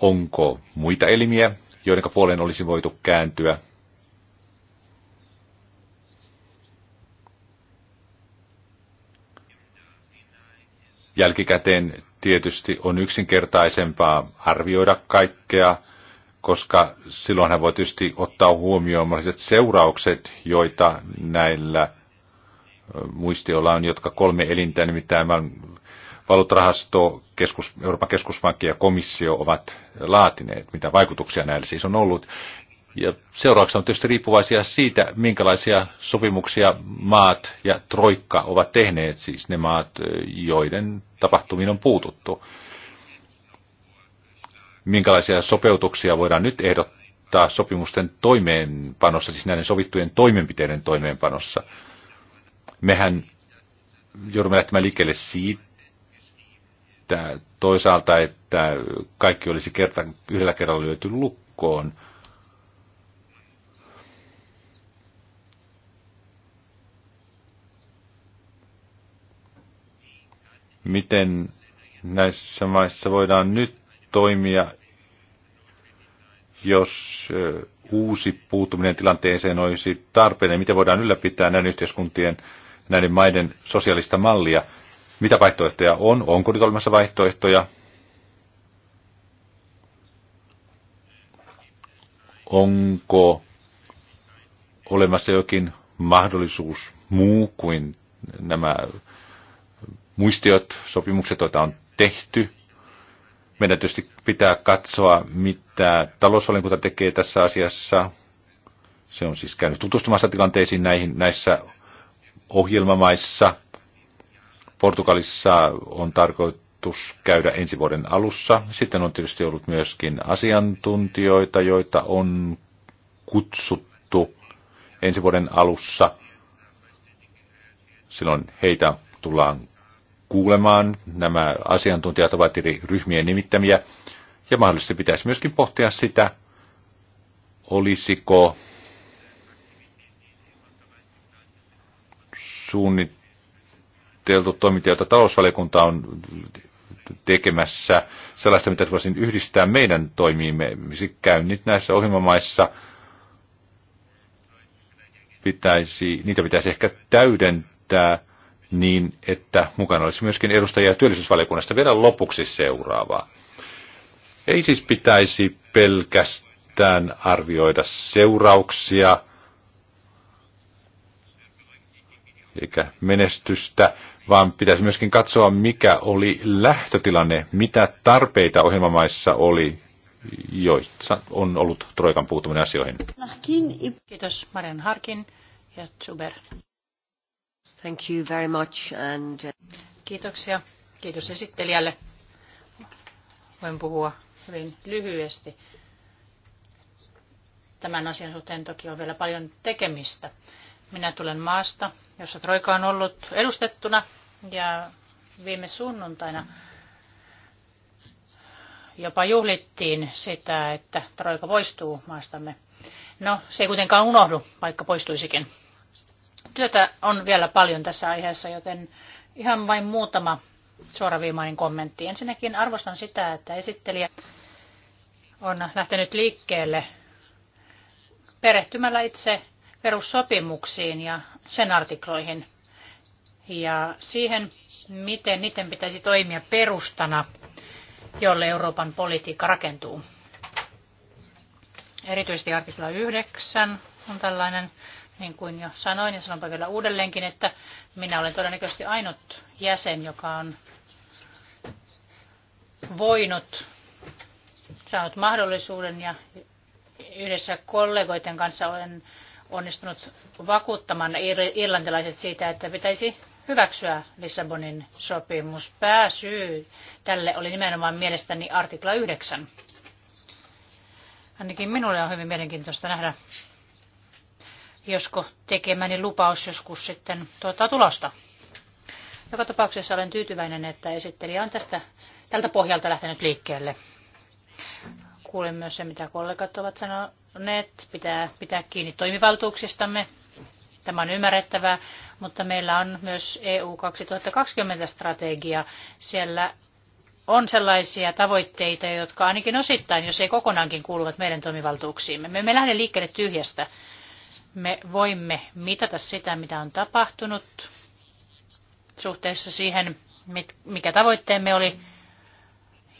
Onko muita elimiä, joiden puoleen olisi voitu kääntyä? Jälkikäteen tietysti on yksinkertaisempaa arvioida kaikkea, koska silloin hän voi tietysti ottaa huomioon mahdolliset seuraukset, joita näillä muistiolla on, jotka kolme elintä, nimittäin valuuttarahasto, keskus, Euroopan keskuspankki ja komissio ovat laatineet, mitä vaikutuksia näillä siis on ollut. Ja seuraavaksi on tietysti riippuvaisia siitä, minkälaisia sopimuksia maat ja troikka ovat tehneet, siis ne maat, joiden tapahtumiin on puututtu. Minkälaisia sopeutuksia voidaan nyt ehdottaa sopimusten toimeenpanossa, siis näiden sovittujen toimenpiteiden toimeenpanossa. Mehän joudumme lähtemään liikkeelle siitä, että toisaalta, että kaikki olisi kerta, yhdellä kerralla lyöty lukkoon. Miten näissä maissa voidaan nyt toimia, jos uusi puuttuminen tilanteeseen olisi tarpeen, miten voidaan ylläpitää näiden yhteiskuntien, näiden maiden sosiaalista mallia – mitä vaihtoehtoja on? Onko nyt olemassa vaihtoehtoja? Onko olemassa jokin mahdollisuus muu kuin nämä muistiot, sopimukset, joita on tehty? Meidän tietysti pitää katsoa, mitä talousvalinkunta tekee tässä asiassa. Se on siis käynyt tutustumassa tilanteisiin näihin, näissä ohjelmamaissa – Portugalissa on tarkoitus käydä ensi vuoden alussa. Sitten on tietysti ollut myöskin asiantuntijoita, joita on kutsuttu ensi vuoden alussa. Silloin heitä tullaan kuulemaan. Nämä asiantuntijat ovat eri ryhmien nimittämiä. Ja mahdollisesti pitäisi myöskin pohtia sitä, olisiko suunnit suunniteltu toiminta, jota talousvaliokunta on tekemässä, sellaista, mitä voisin yhdistää meidän toimiimme. nyt näissä ohjelmamaissa pitäisi, niitä pitäisi ehkä täydentää niin, että mukana olisi myöskin edustajia työllisyysvaliokunnasta. Vielä lopuksi seuraavaa. Ei siis pitäisi pelkästään arvioida seurauksia, eikä menestystä, vaan pitäisi myöskin katsoa, mikä oli lähtötilanne, mitä tarpeita ohjelmamaissa oli, joissa on ollut Troikan puuttuminen asioihin. Kiitos Marian Harkin ja Zuber. Thank you very much and... Uh, Kiitoksia. Kiitos esittelijälle. Voin puhua hyvin lyhyesti. Tämän asian suhteen toki on vielä paljon tekemistä. Minä tulen maasta, jossa Troika on ollut edustettuna ja viime sunnuntaina jopa juhlittiin sitä, että Troika poistuu maastamme. No, se ei kuitenkaan unohdu, vaikka poistuisikin. Työtä on vielä paljon tässä aiheessa, joten ihan vain muutama suoraviimainen kommentti. Ensinnäkin arvostan sitä, että esittelijä on lähtenyt liikkeelle perehtymällä itse perussopimuksiin ja sen artikloihin ja siihen, miten niiden pitäisi toimia perustana, jolle Euroopan politiikka rakentuu. Erityisesti artikla 9 on tällainen, niin kuin jo sanoin, ja sanonpa vielä uudelleenkin, että minä olen todennäköisesti ainut jäsen, joka on voinut, saanut mahdollisuuden ja yhdessä kollegoiden kanssa olen onnistunut vakuuttamaan irlantilaiset siitä, että pitäisi hyväksyä Lissabonin sopimus. Pääsyy tälle oli nimenomaan mielestäni artikla 9. Ainakin minulle on hyvin mielenkiintoista nähdä, josko tekemäni lupaus joskus sitten tuottaa tulosta. Joka tapauksessa olen tyytyväinen, että esittelijä on tästä, tältä pohjalta lähtenyt liikkeelle. Kuulen myös se, mitä kollegat ovat sanoneet. Pitää pitää kiinni toimivaltuuksistamme. Tämä on ymmärrettävää, mutta meillä on myös EU 2020-strategia. Siellä on sellaisia tavoitteita, jotka ainakin osittain, jos ei kokonaankin, kuuluvat meidän toimivaltuuksiimme. Me emme lähde liikkeelle tyhjästä. Me voimme mitata sitä, mitä on tapahtunut suhteessa siihen, mikä tavoitteemme oli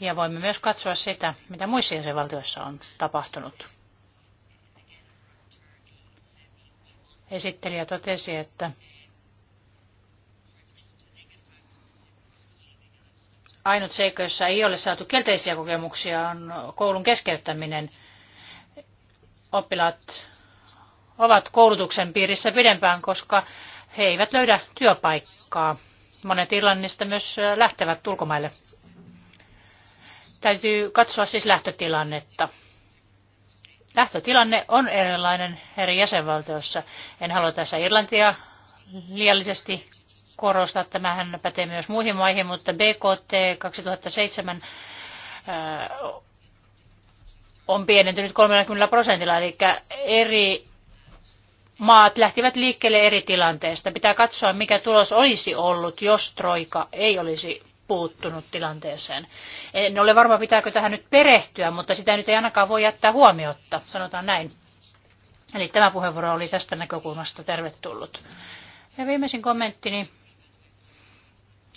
ja voimme myös katsoa sitä, mitä muissa jäsenvaltioissa on tapahtunut. Esittelijä totesi, että ainut seikka, jossa ei ole saatu kielteisiä kokemuksia, on koulun keskeyttäminen. Oppilaat ovat koulutuksen piirissä pidempään, koska he eivät löydä työpaikkaa. Monet Irlannista myös lähtevät ulkomaille. Täytyy katsoa siis lähtötilannetta. Lähtötilanne on erilainen eri jäsenvaltioissa. En halua tässä Irlantia liiallisesti korostaa. Tämähän pätee myös muihin maihin, mutta BKT 2007 äh, on pienentynyt 30 prosentilla, eli eri maat lähtivät liikkeelle eri tilanteesta. Pitää katsoa, mikä tulos olisi ollut, jos Troika ei olisi puuttunut tilanteeseen. En ole varma, pitääkö tähän nyt perehtyä, mutta sitä nyt ei ainakaan voi jättää huomiotta, sanotaan näin. Eli tämä puheenvuoro oli tästä näkökulmasta tervetullut. Ja viimeisin kommenttini.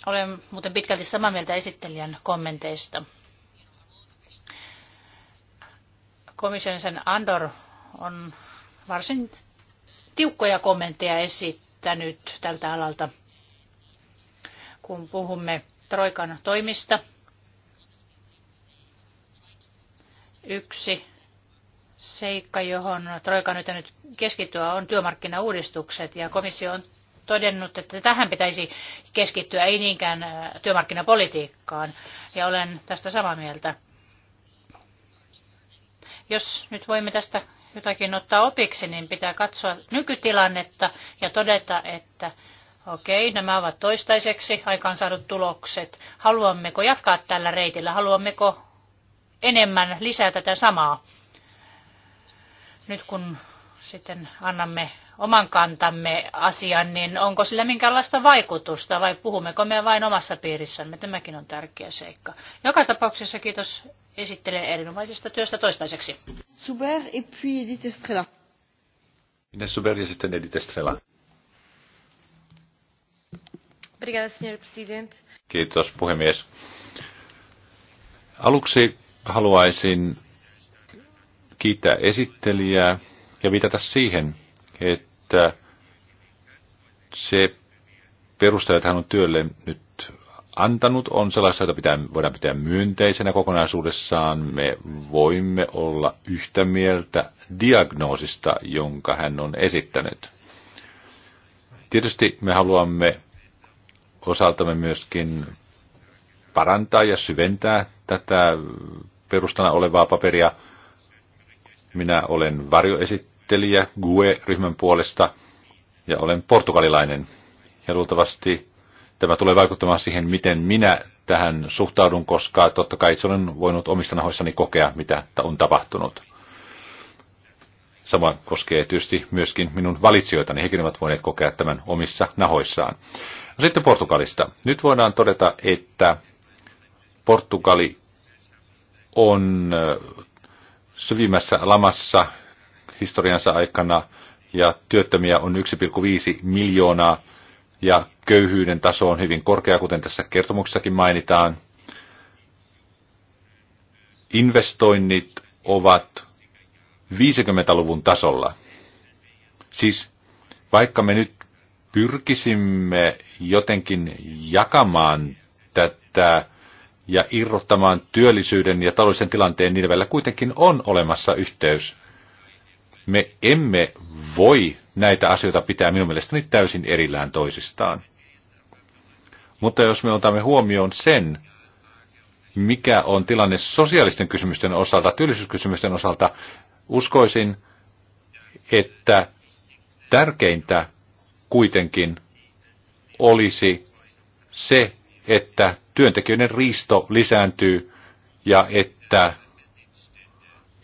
Olen muuten pitkälti samaa mieltä esittelijän kommenteista. Komission sen Andor on varsin tiukkoja kommentteja esittänyt tältä alalta, kun puhumme Troikan toimista. Yksi seikka, johon Troika nyt nyt keskittyä, on työmarkkinauudistukset. Ja komissio on todennut, että tähän pitäisi keskittyä, ei niinkään äh, työmarkkinapolitiikkaan. Ja olen tästä samaa mieltä. Jos nyt voimme tästä jotakin ottaa opiksi, niin pitää katsoa nykytilannetta ja todeta, että Okei, nämä ovat toistaiseksi aikaansaadut tulokset. Haluammeko jatkaa tällä reitillä? Haluammeko enemmän lisää tätä samaa? Nyt kun sitten annamme oman kantamme asian, niin onko sillä minkäänlaista vaikutusta vai puhummeko me vain omassa piirissämme? Tämäkin on tärkeä seikka. Joka tapauksessa kiitos esittelee erinomaisesta työstä toistaiseksi. Suber et puis Edith Estrella. Minä Suber ja sitten Edith Estrella. Kiitos puhemies. Aluksi haluaisin kiittää esittelijää ja viitata siihen, että se perusta, jota hän on työlle nyt antanut, on sellaista, jota pitää, voidaan pitää myönteisenä kokonaisuudessaan. Me voimme olla yhtä mieltä diagnoosista, jonka hän on esittänyt. Tietysti me haluamme osaltamme myöskin parantaa ja syventää tätä perustana olevaa paperia. Minä olen varjoesittelijä GUE-ryhmän puolesta ja olen portugalilainen. Ja luultavasti tämä tulee vaikuttamaan siihen, miten minä tähän suhtaudun, koska totta kai itse olen voinut omissa nahoissani kokea, mitä on tapahtunut. Sama koskee tietysti myöskin minun valitsijoitani. Hekin ovat voineet kokea tämän omissa nahoissaan. No sitten Portugalista. Nyt voidaan todeta, että Portugali on syvimmässä lamassa historiansa aikana ja työttömiä on 1,5 miljoonaa ja köyhyyden taso on hyvin korkea, kuten tässä kertomuksessakin mainitaan. Investoinnit ovat 50-luvun tasolla. Siis vaikka me nyt pyrkisimme jotenkin jakamaan tätä ja irrottamaan työllisyyden ja taloudellisen tilanteen, niin välillä kuitenkin on olemassa yhteys. Me emme voi näitä asioita pitää minun mielestäni täysin erillään toisistaan. Mutta jos me otamme huomioon sen, mikä on tilanne sosiaalisten kysymysten osalta, työllisyyskysymysten osalta, uskoisin, että tärkeintä kuitenkin olisi se, että työntekijöiden riisto lisääntyy ja että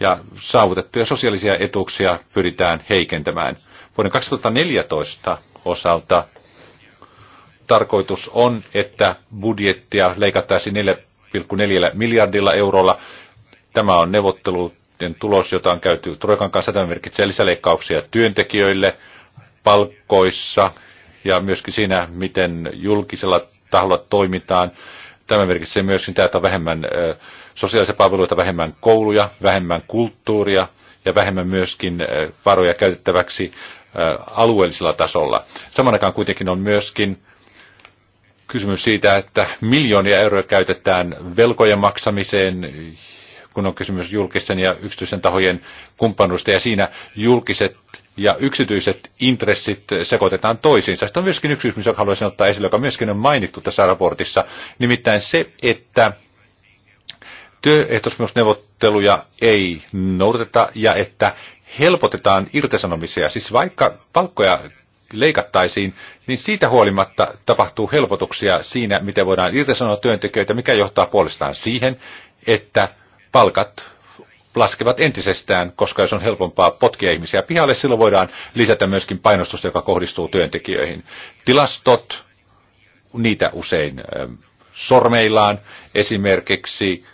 ja saavutettuja sosiaalisia etuuksia pyritään heikentämään. Vuoden 2014 osalta tarkoitus on, että budjettia leikattaisiin 4,4 miljardilla eurolla. Tämä on neuvottelujen tulos, jota on käyty Troikan kanssa. Tämä merkitsee lisäleikkauksia työntekijöille – palkkoissa ja myöskin siinä, miten julkisella taholla toimitaan. Tämä merkitsee myös sitä, että on vähemmän sosiaalisia palveluita, vähemmän kouluja, vähemmän kulttuuria ja vähemmän myöskin varoja käytettäväksi alueellisella tasolla. Saman kuitenkin on myöskin kysymys siitä, että miljoonia euroja käytetään velkojen maksamiseen, kun on kysymys julkisten ja yksityisen tahojen kumppanuudesta, ja siinä julkiset ja yksityiset intressit sekoitetaan toisiinsa. Sitten on myöskin yksi kysymys, joka haluaisin ottaa esille, joka myöskin on mainittu tässä raportissa, nimittäin se, että työehtosopimusneuvotteluja ei noudateta ja että helpotetaan irtisanomisia. Siis vaikka palkkoja leikattaisiin, niin siitä huolimatta tapahtuu helpotuksia siinä, miten voidaan irtisanoa työntekijöitä, mikä johtaa puolestaan siihen, että palkat laskevat entisestään, koska jos on helpompaa potkia ihmisiä pihalle, silloin voidaan lisätä myöskin painostusta, joka kohdistuu työntekijöihin. Tilastot, niitä usein ähm, sormeillaan. Esimerkiksi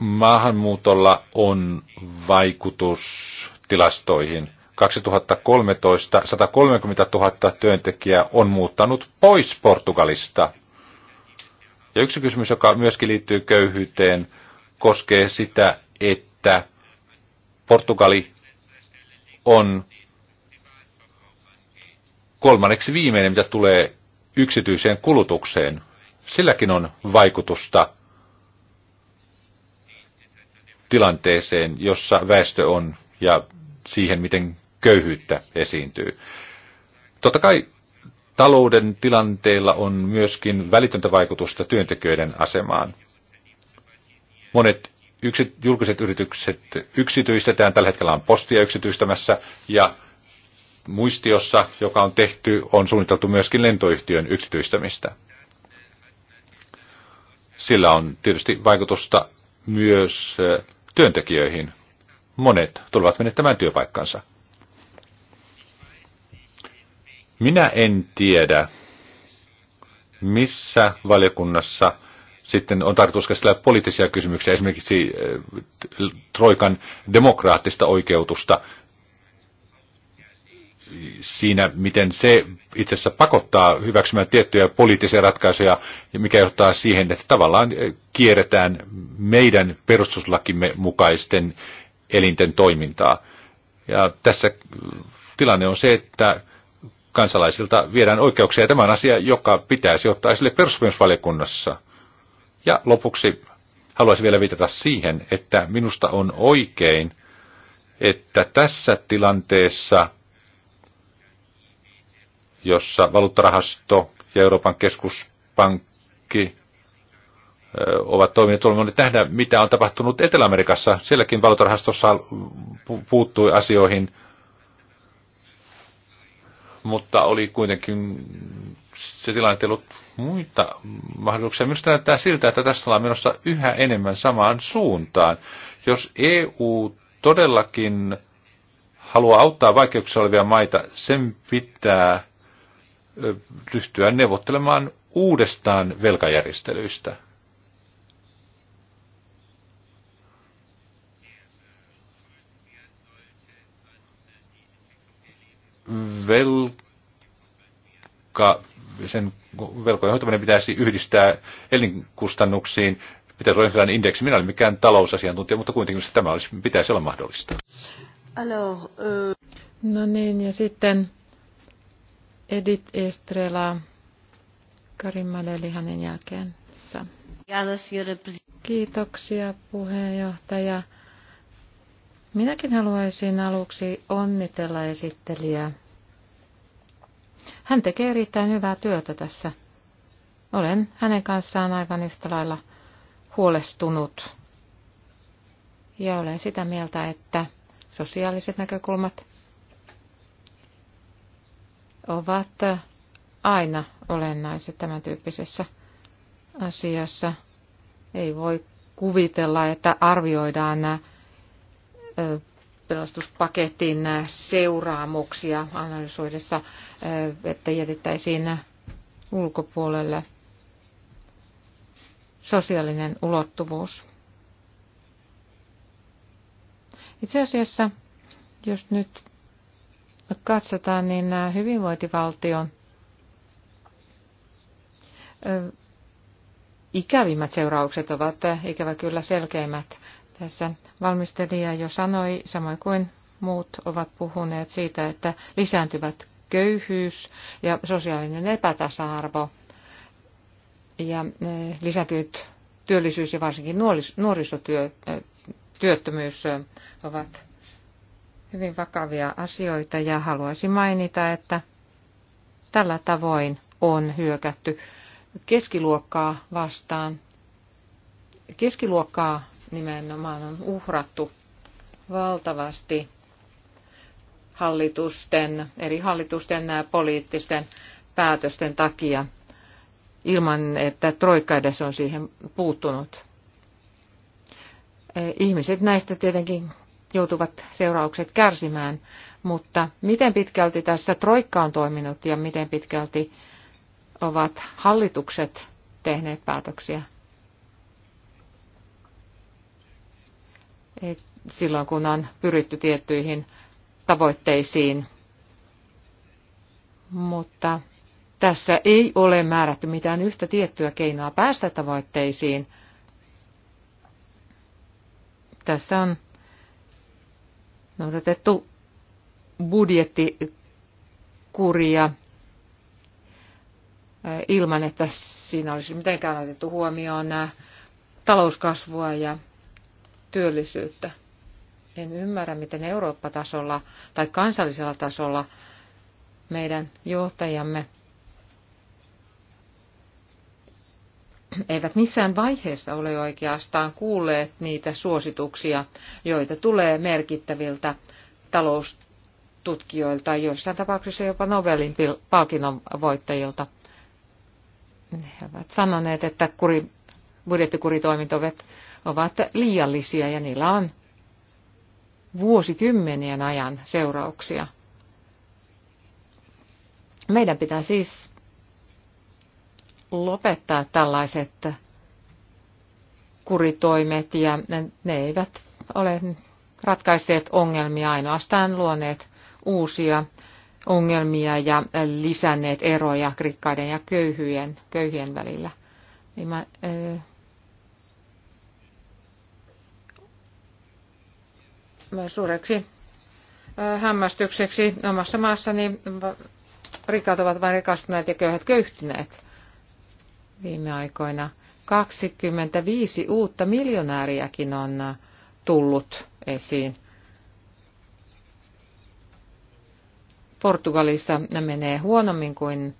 maahanmuutolla on vaikutus tilastoihin. 2013 130 000 työntekijää on muuttanut pois Portugalista ja yksi kysymys, joka myöskin liittyy köyhyyteen, koskee sitä, että Portugali on kolmanneksi viimeinen, mitä tulee yksityiseen kulutukseen. Silläkin on vaikutusta tilanteeseen, jossa väestö on ja siihen, miten köyhyyttä esiintyy. Totta kai talouden tilanteilla on myöskin välitöntä vaikutusta työntekijöiden asemaan. Monet yksit, julkiset yritykset yksityistetään, tällä hetkellä on postia yksityistämässä ja muistiossa, joka on tehty, on suunniteltu myöskin lentoyhtiön yksityistämistä. Sillä on tietysti vaikutusta myös työntekijöihin. Monet tulevat menettämään työpaikkansa. Minä en tiedä, missä valiokunnassa sitten on tarkoitus käsitellä poliittisia kysymyksiä, esimerkiksi eh, Troikan demokraattista oikeutusta siinä, miten se itse asiassa pakottaa hyväksymään tiettyjä poliittisia ratkaisuja, mikä johtaa siihen, että tavallaan eh, kierretään meidän perustuslakimme mukaisten elinten toimintaa. Ja tässä eh, tilanne on se, että kansalaisilta viedään oikeuksia. Tämä on asia, joka pitäisi ottaa esille perusopimusvaliokunnassa. Ja lopuksi haluaisin vielä viitata siihen, että minusta on oikein, että tässä tilanteessa, jossa valuuttarahasto ja Euroopan keskuspankki ovat toimineet tuolla. nähdä, mitä on tapahtunut Etelä-Amerikassa. Sielläkin valuuttarahastossa puuttui asioihin – mutta oli kuitenkin se tilanne, ollut muita mahdollisuuksia. Minusta näyttää siltä, että tässä ollaan menossa yhä enemmän samaan suuntaan. Jos EU todellakin haluaa auttaa vaikeuksissa olevia maita, sen pitää ryhtyä neuvottelemaan uudestaan velkajärjestelyistä. velka, sen velkojen hoitaminen pitäisi yhdistää elinkustannuksiin. Pitäisi olla jonkinlainen indeksi. Minä olen mikään talousasiantuntija, mutta kuitenkin se tämä olisi, pitäisi olla mahdollista. Alors, euh, No niin, ja sitten Edith Estrela Madeli hänen jälkeen. Kiitoksia puheenjohtaja. Minäkin haluaisin aluksi onnitella esittelijää hän tekee erittäin hyvää työtä tässä. Olen hänen kanssaan aivan yhtä lailla huolestunut. Ja olen sitä mieltä, että sosiaaliset näkökulmat ovat aina olennaiset tämän tyyppisessä asiassa. Ei voi kuvitella, että arvioidaan pelastuspaketin seuraamuksia analysoidessa, eh, että jätettäisiin ulkopuolelle sosiaalinen ulottuvuus. Itse asiassa, jos nyt katsotaan, niin hyvinvointivaltion eh, ikävimmät seuraukset ovat eh, ikävä kyllä selkeimmät tässä valmistelija jo sanoi, samoin kuin muut ovat puhuneet siitä, että lisääntyvät köyhyys ja sosiaalinen epätasa-arvo ja eh, lisääntynyt työllisyys ja varsinkin nuorisotyöttömyys eh, eh, ovat hyvin vakavia asioita ja haluaisin mainita, että tällä tavoin on hyökätty keskiluokkaa vastaan. Keskiluokkaa nimenomaan on uhrattu valtavasti hallitusten, eri hallitusten nämä poliittisten päätösten takia ilman, että Troikka edes on siihen puuttunut. Ihmiset näistä tietenkin joutuvat seuraukset kärsimään, mutta miten pitkälti tässä Troikka on toiminut ja miten pitkälti ovat hallitukset tehneet päätöksiä? silloin, kun on pyritty tiettyihin tavoitteisiin. Mutta tässä ei ole määrätty mitään yhtä tiettyä keinoa päästä tavoitteisiin. Tässä on noudatettu budjettikuria äh, ilman, että siinä olisi mitenkään otettu huomioon äh, talouskasvua ja työllisyyttä. En ymmärrä, miten Eurooppa-tasolla tai kansallisella tasolla meidän johtajamme eivät missään vaiheessa ole oikeastaan kuulleet niitä suosituksia, joita tulee merkittäviltä taloustutkijoilta, joissain tapauksissa jopa Nobelin palkinnon voittajilta. He ovat sanoneet, että kuri, budjettikuritoimit ovat ovat liiallisia ja niillä on vuosikymmenien ajan seurauksia. Meidän pitää siis lopettaa tällaiset kuritoimet ja ne eivät ole ratkaisseet ongelmia, ainoastaan luoneet uusia ongelmia ja lisänneet eroja rikkaiden ja köyhien, köyhien välillä. Niin mä, äh, suureksi hämmästykseksi omassa maassani rikkaat ovat vain rikastuneet ja köyhät köyhtyneet viime aikoina. 25 uutta miljonääriäkin on tullut esiin. Portugalissa menee huonommin kuin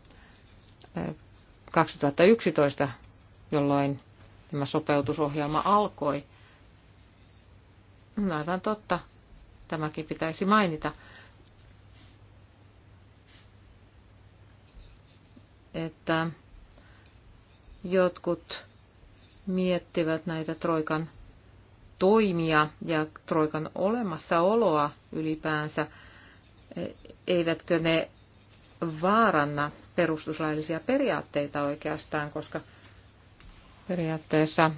2011, jolloin tämä sopeutusohjelma alkoi. No aivan totta. Tämäkin pitäisi mainita. Että jotkut miettivät näitä Troikan toimia ja Troikan olemassaoloa ylipäänsä, e, eivätkö ne vaaranna perustuslaillisia periaatteita oikeastaan, koska periaatteessa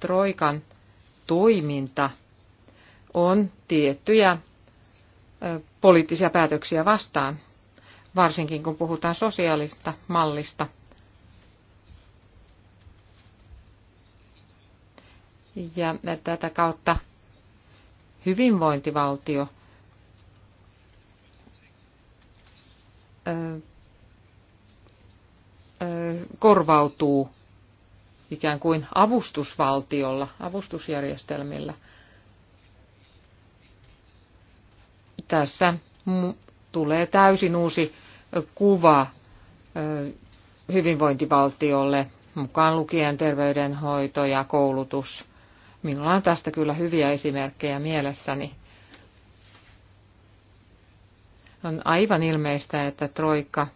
Troikan toiminta – on tiettyjä poliittisia päätöksiä vastaan, varsinkin kun puhutaan sosiaalista mallista. Ja tätä kautta hyvinvointivaltio korvautuu ikään kuin avustusvaltiolla, avustusjärjestelmillä – Tässä tulee täysin uusi kuva hyvinvointivaltiolle, mukaan lukien terveydenhoito ja koulutus. Minulla on tästä kyllä hyviä esimerkkejä mielessäni. On aivan ilmeistä, että Troika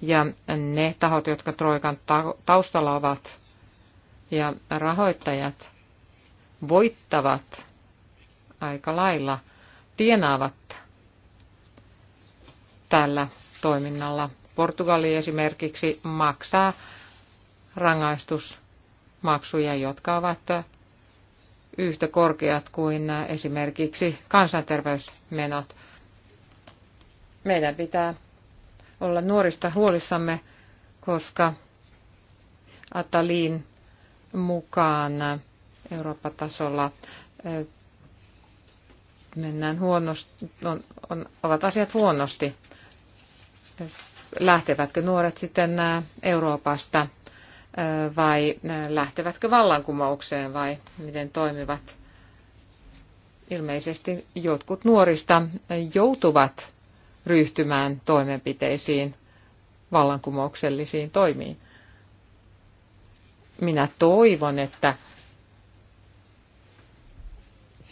ja ne tahot, jotka Troikan taustalla ovat ja rahoittajat voittavat aika lailla, tienaavat tällä toiminnalla. Portugali esimerkiksi maksaa rangaistusmaksuja, jotka ovat yhtä korkeat kuin esimerkiksi kansanterveysmenot. Meidän pitää olla nuorista huolissamme, koska Atalin mukaan eurooppa tasolla mennään huonosti, on, on, ovat asiat huonosti lähtevätkö nuoret sitten Euroopasta vai lähtevätkö vallankumoukseen vai miten toimivat. Ilmeisesti jotkut nuorista joutuvat ryhtymään toimenpiteisiin, vallankumouksellisiin toimiin. Minä toivon, että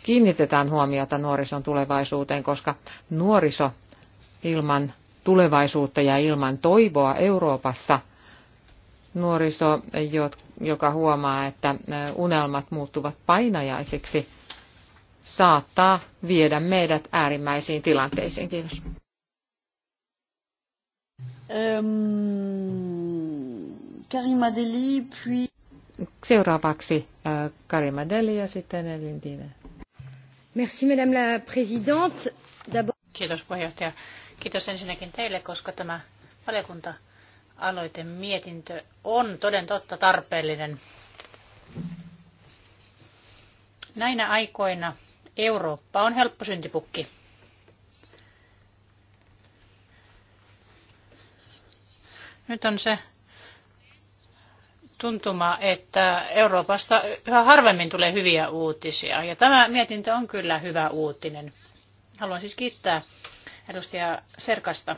kiinnitetään huomiota nuorison tulevaisuuteen, koska nuoriso ilman tulevaisuutta ja ilman toivoa Euroopassa. Nuoriso, joka huomaa, että unelmat muuttuvat painajaisiksi, saattaa viedä meidät äärimmäisiin tilanteisiin. Kiitos. Karima Deli, puis... Seuraavaksi Karima Deli ja sitten Elin Merci, Madame la Présidente. Kiitos puheenjohtaja. Kiitos ensinnäkin teille, koska tämä valiokunta aloite mietintö on toden totta tarpeellinen. Näinä aikoina Eurooppa on helppo syntipukki. Nyt on se tuntuma, että Euroopasta yhä harvemmin tulee hyviä uutisia. Ja tämä mietintö on kyllä hyvä uutinen. Haluan siis kiittää edustaja Serkasta.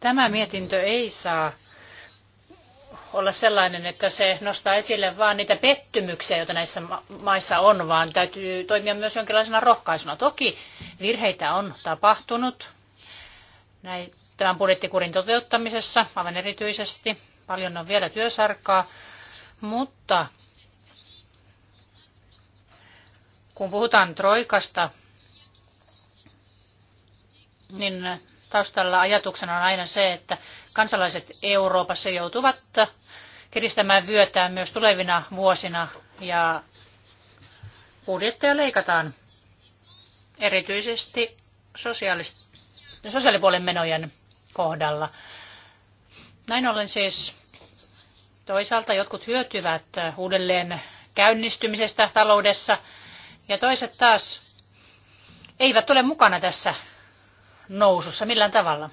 Tämä mietintö ei saa olla sellainen, että se nostaa esille vain niitä pettymyksiä, joita näissä maissa on, vaan täytyy toimia myös jonkinlaisena rohkaisuna. Toki virheitä on tapahtunut näin, tämän budjettikurin toteuttamisessa, aivan erityisesti. Paljon on vielä työsarkaa, mutta Kun puhutaan troikasta, niin taustalla ajatuksena on aina se, että kansalaiset Euroopassa joutuvat kiristämään vyötään myös tulevina vuosina ja budjetteja leikataan erityisesti sosiaalipuolen menojen kohdalla. Näin ollen siis toisaalta jotkut hyötyvät uudelleen käynnistymisestä taloudessa – ja toiset taas eivät ole mukana tässä nousussa millään tavalla.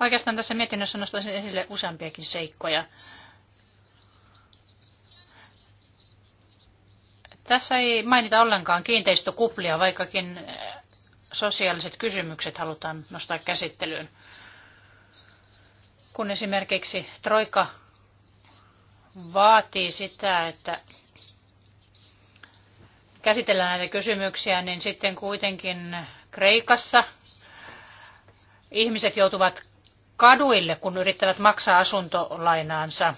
Oikeastaan tässä mietinnössä nostaisin esille useampiakin seikkoja. Tässä ei mainita ollenkaan kiinteistökuplia, vaikkakin eh, sosiaaliset kysymykset halutaan nostaa käsittelyyn. Kun esimerkiksi Troika vaatii sitä, että käsitellään näitä kysymyksiä, niin sitten kuitenkin Kreikassa ihmiset joutuvat kaduille, kun yrittävät maksaa asuntolainaansa,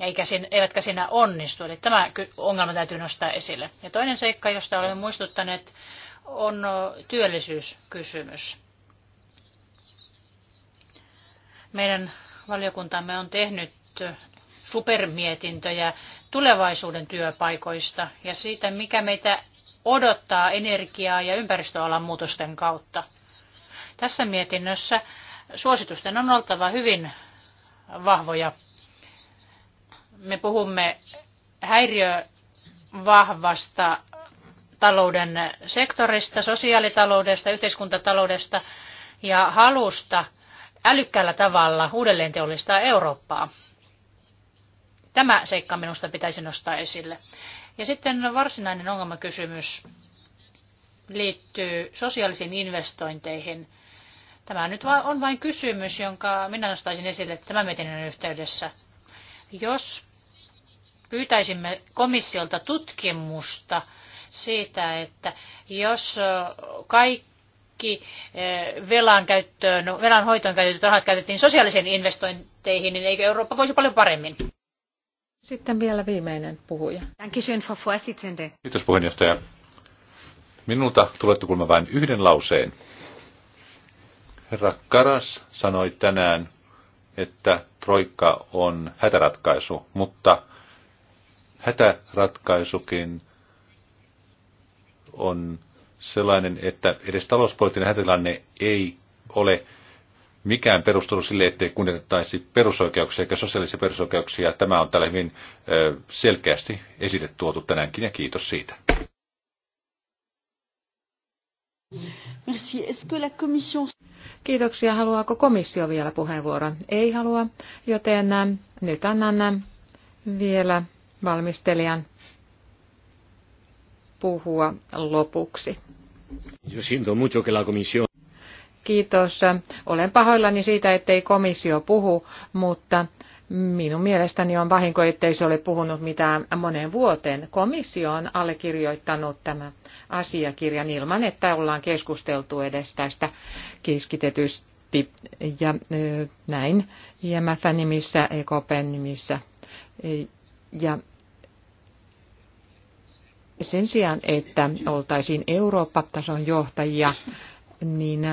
eikä siinä, eivätkä siinä onnistu. Eli tämä ongelma täytyy nostaa esille. Ja toinen seikka, josta olemme muistuttaneet, on työllisyyskysymys. Meidän valiokuntamme on tehnyt supermietintöjä tulevaisuuden työpaikoista ja siitä, mikä meitä odottaa energiaa ja ympäristöalan muutosten kautta. Tässä mietinnössä suositusten on oltava hyvin vahvoja. Me puhumme häiriö vahvasta talouden sektorista, sosiaalitaloudesta, yhteiskuntataloudesta ja halusta älykkäällä tavalla uudelleen teollistaa Eurooppaa. Tämä seikka minusta pitäisi nostaa esille. Ja sitten varsinainen ongelmakysymys liittyy sosiaalisiin investointeihin. Tämä nyt on vain kysymys, jonka minä nostaisin esille tämän mietinnön yhteydessä. Jos pyytäisimme komissiolta tutkimusta siitä, että jos kaikki velan, käyttöön, velan hoitoon käytetyt rahat käytettiin sosiaalisiin investointeihin, niin eikö Eurooppa voisi paljon paremmin? Sitten vielä viimeinen puhuja. Kiitos puheenjohtaja. Minulta tulette kulma vain yhden lauseen. Herra Karas sanoi tänään, että troikka on hätäratkaisu, mutta hätäratkaisukin on sellainen, että edes talouspoliittinen hätätilanne ei ole mikään perustelu sille, ettei kunnioitettaisi perusoikeuksia eikä sosiaalisia perusoikeuksia. Tämä on tällä hyvin selkeästi esille tuotu tänäänkin ja kiitos siitä. Kiitoksia. Haluaako komissio vielä puheenvuoron? Ei halua, joten nyt annan vielä valmistelijan puhua lopuksi. Yo siento mucho que la comisión Kiitos. Olen pahoillani siitä, ettei komissio puhu, mutta minun mielestäni on vahinko, ettei se ole puhunut mitään moneen vuoteen. Komissio on allekirjoittanut tämän asiakirjan ilman, että ollaan keskusteltu edes tästä keskitetysti ja näin IMF-nimissä, EKP-nimissä. Ja sen sijaan, että oltaisiin Eurooppa-tason johtajia, niin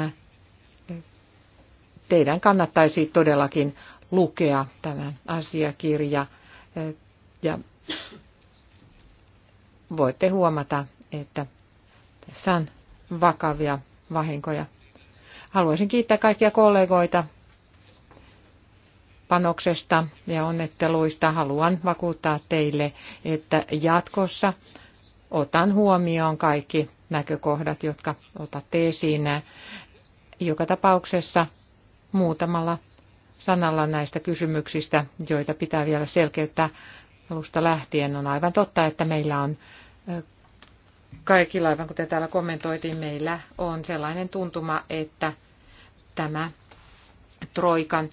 teidän kannattaisi todellakin lukea tämä asiakirja eh, ja voitte huomata, että tässä on vakavia vahinkoja. Haluaisin kiittää kaikkia kollegoita panoksesta ja onnetteluista. Haluan vakuuttaa teille, että jatkossa otan huomioon kaikki näkökohdat, jotka otatte esiin. Joka tapauksessa muutamalla sanalla näistä kysymyksistä, joita pitää vielä selkeyttää alusta lähtien. On aivan totta, että meillä on kaikilla, aivan kuten täällä kommentoitiin, meillä on sellainen tuntuma, että tämä Troikan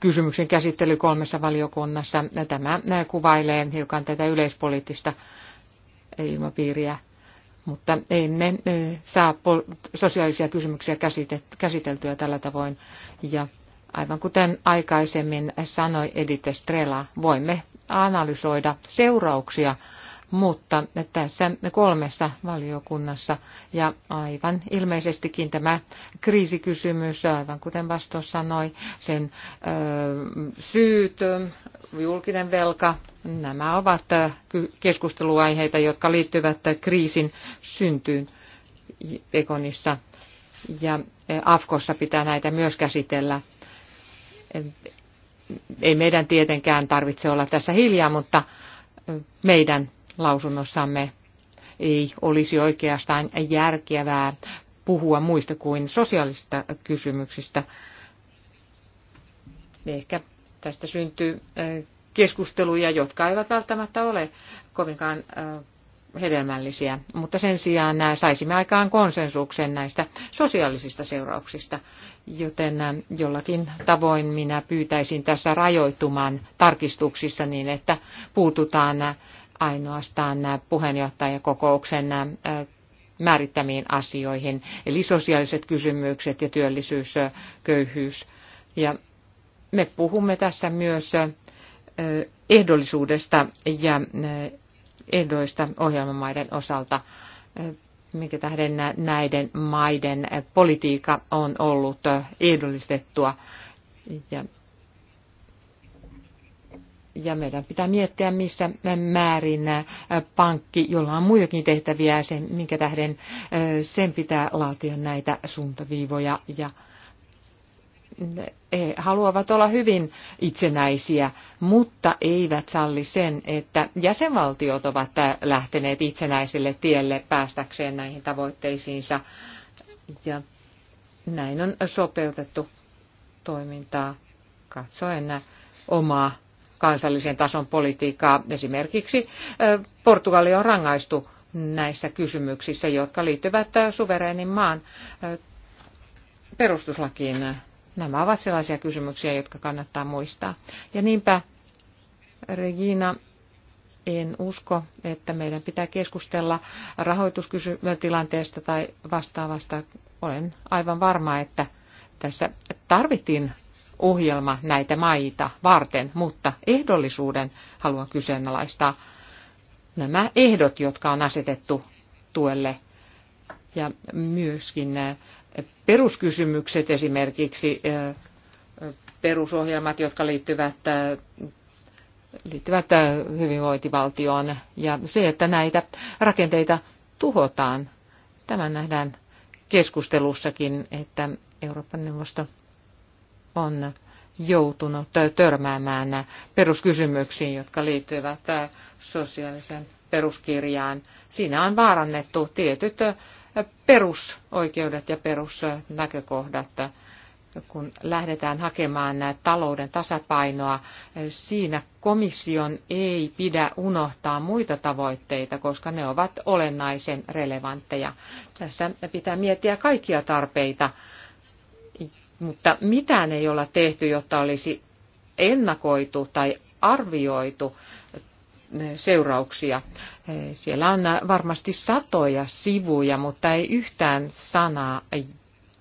kysymyksen käsittely kolmessa valiokunnassa, tämä kuvailee hiukan tätä yleispoliittista ilmapiiriä mutta emme saa sosiaalisia kysymyksiä käsiteltyä tällä tavoin. Ja aivan kuten aikaisemmin sanoi Edith Strela, voimme analysoida seurauksia mutta tässä kolmessa valiokunnassa ja aivan ilmeisestikin tämä kriisikysymys, aivan kuten vastaus sanoi, sen syyt, julkinen velka, nämä ovat keskusteluaiheita, jotka liittyvät kriisin syntyyn Ekonissa ja Afkossa pitää näitä myös käsitellä ei meidän tietenkään tarvitse olla tässä hiljaa, mutta meidän lausunnossamme ei olisi oikeastaan järkevää puhua muista kuin sosiaalisista kysymyksistä. Ehkä tästä syntyy keskusteluja, jotka eivät välttämättä ole kovinkaan hedelmällisiä, mutta sen sijaan saisimme aikaan konsensuksen näistä sosiaalisista seurauksista, joten jollakin tavoin minä pyytäisin tässä rajoittumaan tarkistuksissa niin, että puututaan ainoastaan puheenjohtajakokouksen äh, määrittämiin asioihin, eli sosiaaliset kysymykset ja työllisyys, äh, köyhyys. Ja me puhumme tässä myös äh, ehdollisuudesta ja ehdoista ohjelmamaiden osalta, minkä tähden näiden maiden politiikka on ollut ehdollistettua. Ja ja meidän pitää miettiä, missä määrin äh, pankki, jolla on muitakin tehtäviä, sen, minkä tähden äh, sen pitää laatia näitä suuntaviivoja ja he haluavat olla hyvin itsenäisiä, mutta eivät salli sen, että jäsenvaltiot ovat äh, lähteneet itsenäiselle tielle päästäkseen näihin tavoitteisiinsa. Ja näin on sopeutettu toimintaa katsoen omaa kansallisen tason politiikkaa. Esimerkiksi Portugali on rangaistu näissä kysymyksissä, jotka liittyvät suvereenin maan perustuslakiin. Nämä ovat sellaisia kysymyksiä, jotka kannattaa muistaa. Ja niinpä, Regina, en usko, että meidän pitää keskustella rahoitustilanteesta tai vastaavasta. Olen aivan varma, että tässä tarvittiin ohjelma näitä maita varten, mutta ehdollisuuden haluan kyseenalaistaa nämä ehdot, jotka on asetettu tuelle ja myöskin eh, peruskysymykset esimerkiksi eh, perusohjelmat, jotka liittyvät, eh, liittyvät hyvinvointivaltioon ja se, että näitä rakenteita tuhotaan. Tämä nähdään keskustelussakin, että Euroopan neuvosto on joutunut törmäämään peruskysymyksiin, jotka liittyvät sosiaalisen peruskirjaan. Siinä on vaarannettu tietyt perusoikeudet ja perusnäkökohdat, kun lähdetään hakemaan talouden tasapainoa. Siinä komission ei pidä unohtaa muita tavoitteita, koska ne ovat olennaisen relevantteja. Tässä pitää miettiä kaikkia tarpeita mutta mitään ei olla tehty, jotta olisi ennakoitu tai arvioitu eh, seurauksia. Eh, siellä on eh, varmasti satoja sivuja, mutta ei yhtään sanaa,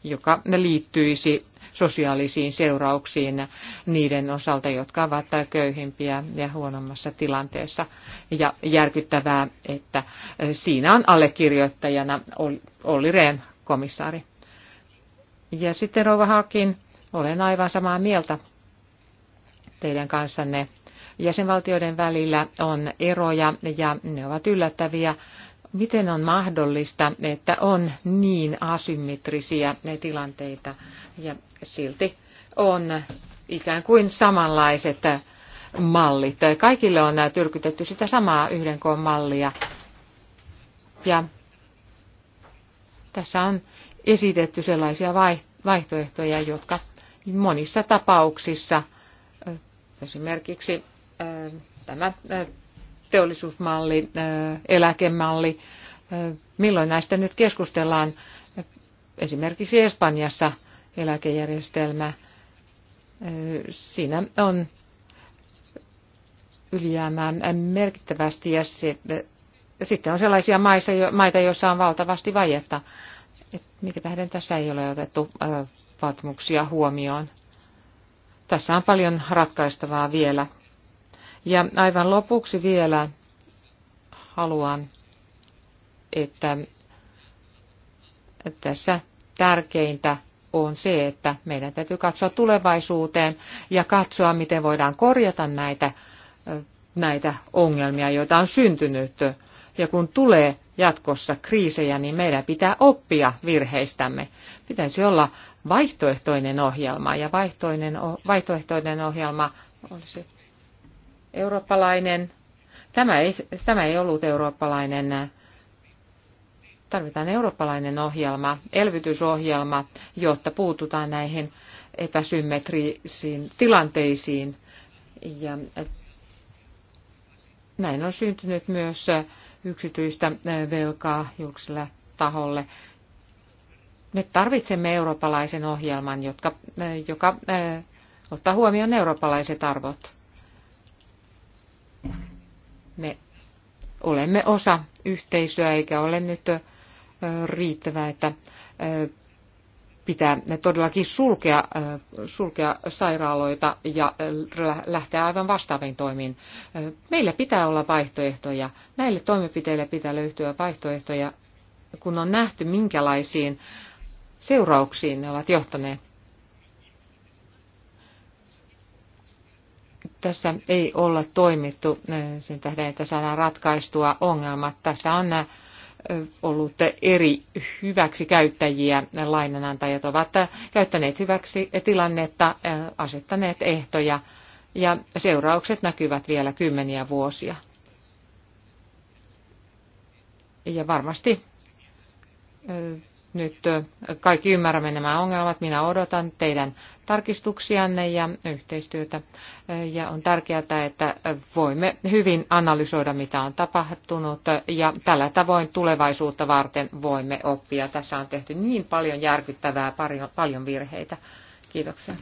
joka liittyisi sosiaalisiin seurauksiin niiden osalta, jotka ovat köyhimpiä ja huonommassa tilanteessa. Ja järkyttävää, että siinä on allekirjoittajana Olli Rehn, komissaari. Ja sitten Rova Hakin, olen aivan samaa mieltä teidän kanssanne. Jäsenvaltioiden välillä on eroja ja ne ovat yllättäviä. Miten on mahdollista, että on niin asymmetrisiä ne tilanteita ja silti on ikään kuin samanlaiset mallit. Kaikille on tyrkytetty sitä samaa yhden koon mallia. Ja tässä on esitetty sellaisia vaihtoehtoja, jotka monissa tapauksissa esimerkiksi tämä teollisuusmalli, eläkemalli, milloin näistä nyt keskustellaan, esimerkiksi Espanjassa eläkejärjestelmä, siinä on ylijäämää merkittävästi ja sitten on sellaisia maita, joissa on valtavasti vajetta mikä tähden tässä ei ole otettu vaatimuksia huomioon. Tässä on paljon ratkaistavaa vielä. Ja aivan lopuksi vielä haluan, että tässä tärkeintä on se, että meidän täytyy katsoa tulevaisuuteen ja katsoa, miten voidaan korjata näitä, näitä ongelmia, joita on syntynyt. Ja kun tulee jatkossa kriisejä, niin meidän pitää oppia virheistämme. Pitäisi olla vaihtoehtoinen ohjelma, ja vaihtoinen, vaihtoehtoinen ohjelma olisi eurooppalainen. Tämä ei, tämä ei ollut eurooppalainen tarvitaan eurooppalainen ohjelma, elvytysohjelma, jotta puututaan näihin epäsymmetrisiin tilanteisiin. Ja näin on syntynyt myös yksityistä velkaa julkiselle taholle. Me tarvitsemme eurooppalaisen ohjelman, jotka, joka ottaa huomioon eurooppalaiset arvot. Me olemme osa yhteisöä, eikä ole nyt riittävää, että pitää todellakin sulkea, sulkea sairaaloita ja lähteä aivan vastaaviin toimiin. Meillä pitää olla vaihtoehtoja. Näille toimenpiteille pitää löytyä vaihtoehtoja, kun on nähty, minkälaisiin seurauksiin ne ovat johtaneet. Tässä ei olla toimittu sen tähden, että saadaan ratkaistua ongelmat. Tässä on nämä ollut eri hyväksi käyttäjiä. Lainanantajat ovat käyttäneet hyväksi tilannetta, asettaneet ehtoja ja seuraukset näkyvät vielä kymmeniä vuosia. Ja varmasti nyt kaikki ymmärrämme nämä ongelmat. Minä odotan teidän tarkistuksianne ja yhteistyötä. Ja on tärkeää, että voimme hyvin analysoida, mitä on tapahtunut. Ja tällä tavoin tulevaisuutta varten voimme oppia. Tässä on tehty niin paljon järkyttävää, paljon virheitä. Kiitoksia.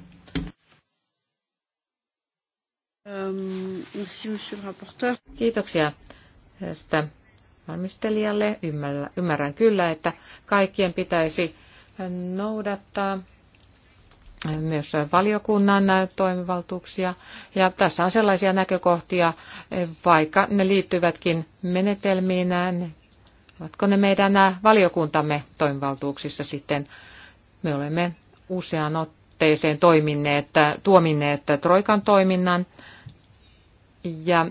Ähm, Kiitoksia tästä valmistelijalle. Ymmärrän kyllä, että kaikkien pitäisi noudattaa myös valiokunnan toimivaltuuksia. Ja tässä on sellaisia näkökohtia, vaikka ne liittyvätkin menetelmiin, ovatko ne meidän valiokuntamme toimivaltuuksissa sitten. Me olemme useaan otteeseen toimineet, tuomineet Troikan toiminnan ja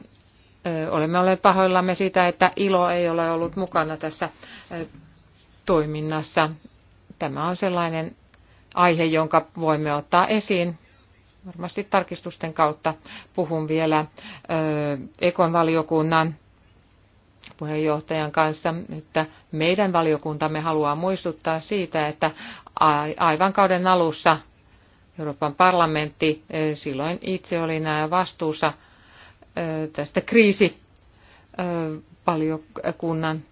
olemme olleet pahoillamme siitä, että ilo ei ole ollut mukana tässä toiminnassa. Tämä on sellainen aihe, jonka voimme ottaa esiin varmasti tarkistusten kautta. Puhun vielä Ekon valiokunnan puheenjohtajan kanssa, että meidän valiokuntamme haluaa muistuttaa siitä, että aivan kauden alussa Euroopan parlamentti, silloin itse olin vastuussa tästä kriisipaljokunnan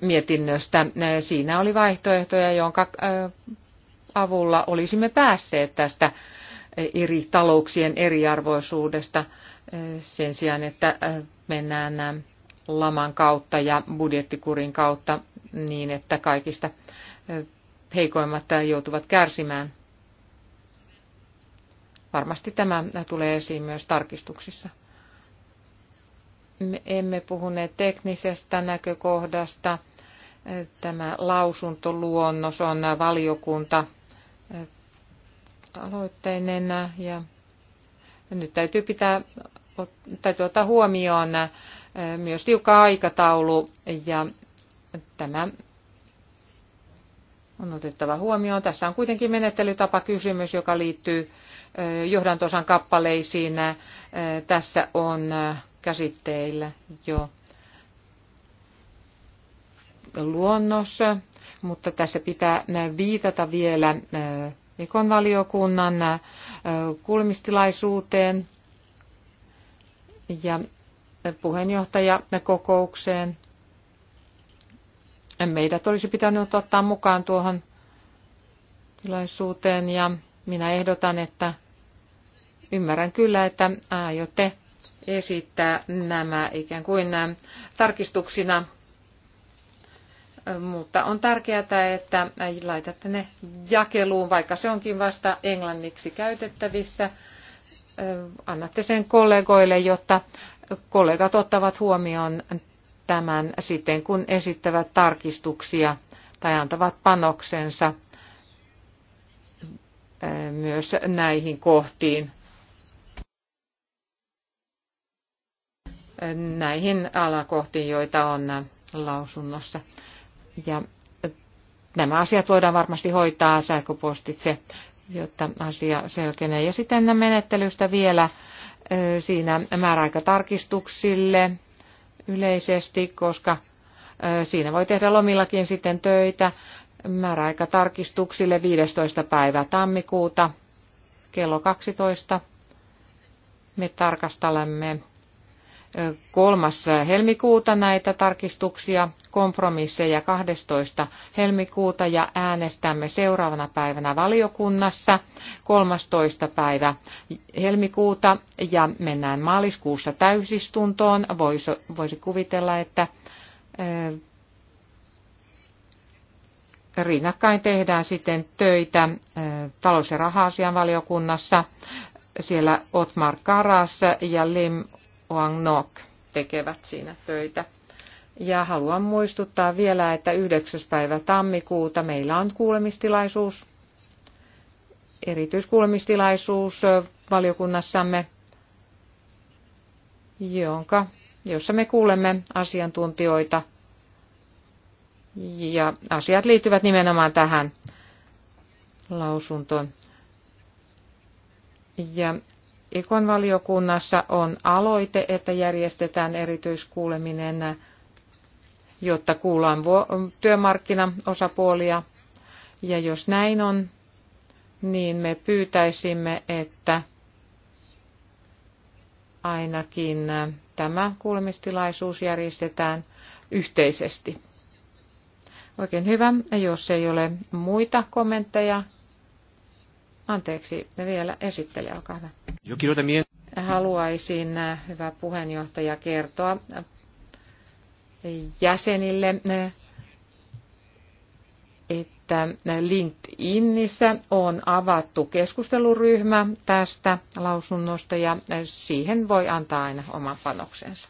mietinnöstä. Siinä oli vaihtoehtoja, jonka avulla olisimme päässeet tästä eri talouksien eriarvoisuudesta sen sijaan, että mennään laman kautta ja budjettikurin kautta niin, että kaikista heikoimmat joutuvat kärsimään. Varmasti tämä tulee esiin myös tarkistuksissa. Me emme puhuneet teknisestä näkökohdasta. Tämä lausuntoluonnos on valiokunta aloitteinen ja nyt täytyy, pitää, täytyy ottaa huomioon myös tiukka aikataulu ja tämä on otettava huomioon. Tässä on kuitenkin menettelytapa kysymys, joka liittyy johdantosan kappaleisiin. Tässä on käsitteillä jo luonnos, mutta tässä pitää viitata vielä Ekon valiokunnan kuulemistilaisuuteen ja puheenjohtajakokoukseen. Meidät olisi pitänyt ottaa mukaan tuohon tilaisuuteen ja minä ehdotan, että Ymmärrän kyllä, että aiotte esittää nämä ikään kuin äh, tarkistuksina, äh, mutta on tärkeää, että äh, laitatte ne jakeluun, vaikka se onkin vasta englanniksi käytettävissä. Annatte sen kollegoille, jotta kollegat ottavat huomioon tämän sitten, kun esittävät tarkistuksia tai antavat panoksensa myös näihin kohtiin. näihin alakohtiin, joita on lausunnossa. Ja nämä asiat voidaan varmasti hoitaa sähköpostitse, jotta asia selkenee. Ja sitten menettelystä vielä siinä määräaikatarkistuksille yleisesti, koska siinä voi tehdä lomillakin sitten töitä määräaikatarkistuksille 15. päivä tammikuuta kello 12. Me tarkastelemme kolmas helmikuuta näitä tarkistuksia, kompromisseja 12. helmikuuta ja äänestämme seuraavana päivänä valiokunnassa 13. päivä helmikuuta ja mennään maaliskuussa täysistuntoon. Voisi, voisi kuvitella, että rinnakkain tehdään sitten töitä talous- ja raha-asian valiokunnassa. Siellä Otmar Karas ja Lim Oang Nok tekevät siinä töitä. Ja haluan muistuttaa vielä, että 9. päivä tammikuuta meillä on kuulemistilaisuus, erityiskuulemistilaisuus valiokunnassamme, jonka, jossa me kuulemme asiantuntijoita. Ja asiat liittyvät nimenomaan tähän lausuntoon. Ja Ekon valiokunnassa on aloite, että järjestetään erityiskuuleminen, jotta kuullaan työmarkkinaosapuolia. Ja jos näin on, niin me pyytäisimme, että ainakin tämä kuulemistilaisuus järjestetään yhteisesti. Oikein hyvä. Jos ei ole muita kommentteja Anteeksi, vielä esittely, olkaa hyvä. Haluaisin, äh, hyvä puheenjohtaja, kertoa jäsenille, äh, että LinkedInissä on avattu keskusteluryhmä tästä lausunnosta ja äh, siihen voi antaa aina oman panoksensa.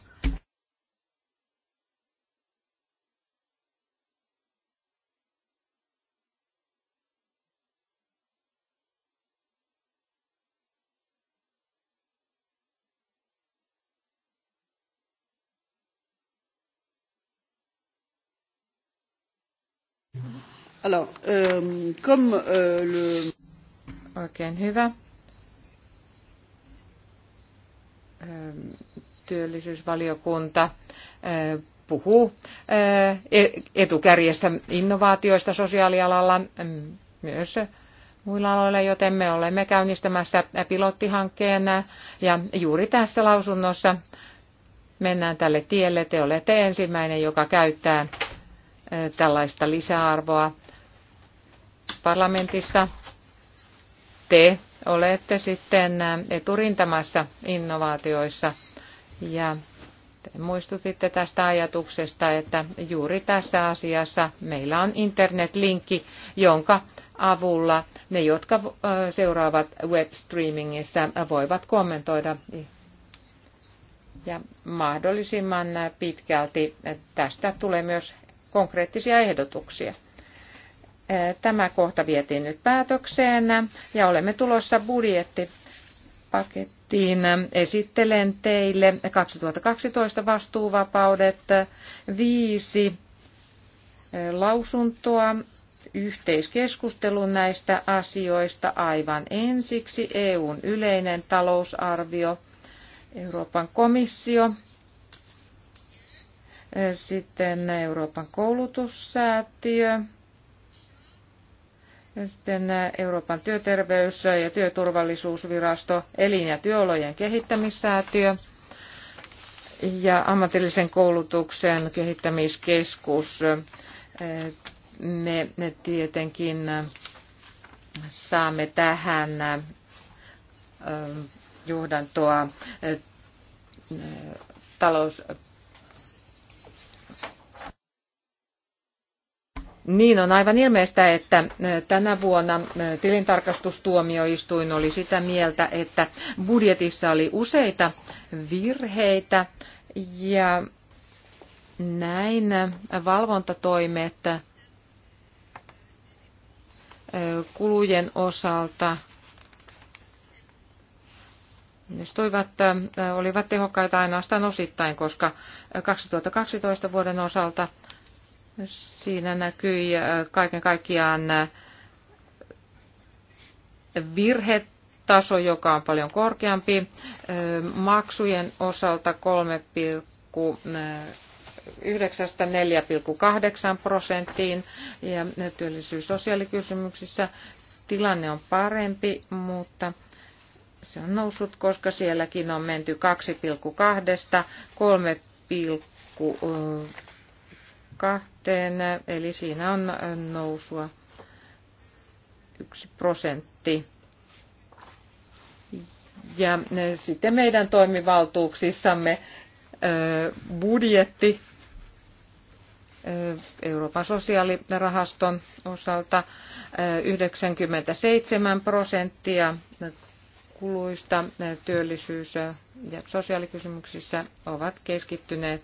Alors, euh, comme, euh, le... Oikein hyvä. Työllisyysvaliokunta puhuu e-, etukärjessä innovaatioista sosiaalialalla myös muilla aloilla, joten me olemme käynnistämässä pilottihankkeen ja juuri tässä lausunnossa mennään tälle tielle. Te olette ensimmäinen, joka käyttää tällaista lisäarvoa parlamentissa te olette sitten eturintamassa innovaatioissa ja te muistutitte tästä ajatuksesta, että juuri tässä asiassa meillä on internetlinkki, jonka avulla ne, jotka seuraavat webstreamingissä, voivat kommentoida ja mahdollisimman pitkälti tästä tulee myös konkreettisia ehdotuksia. Tämä kohta vietiin nyt päätökseen ja olemme tulossa budjettipakettiin. Esittelen teille 2012 vastuuvapaudet viisi lausuntoa yhteiskeskustelun näistä asioista aivan ensiksi EUn yleinen talousarvio, Euroopan komissio, sitten Euroopan koulutussäätiö, sitten Euroopan työterveys- ja työturvallisuusvirasto, elin- ja työolojen kehittämissäätiö ja ammatillisen koulutuksen kehittämiskeskus. Me tietenkin saamme tähän johdantoa talous Niin on aivan ilmeistä, että tänä vuonna tilintarkastustuomioistuin oli sitä mieltä, että budjetissa oli useita virheitä ja näin valvontatoimet kulujen osalta onnistuivat, olivat tehokkaita ainoastaan osittain, koska 2012 vuoden osalta – Siinä näkyi äh, kaiken kaikkiaan äh, virhetaso, joka on paljon korkeampi. Äh, maksujen osalta 3, 48 prosenttiin ja työllisyys- sosiaalikysymyksissä tilanne on parempi, mutta se on noussut, koska sielläkin on menty 2,2 3,5 kahteen, eli siinä on nousua yksi prosentti. Ja sitten meidän toimivaltuuksissamme budjetti Euroopan sosiaalirahaston osalta 97 prosenttia kuluista työllisyys- ja sosiaalikysymyksissä ovat keskittyneet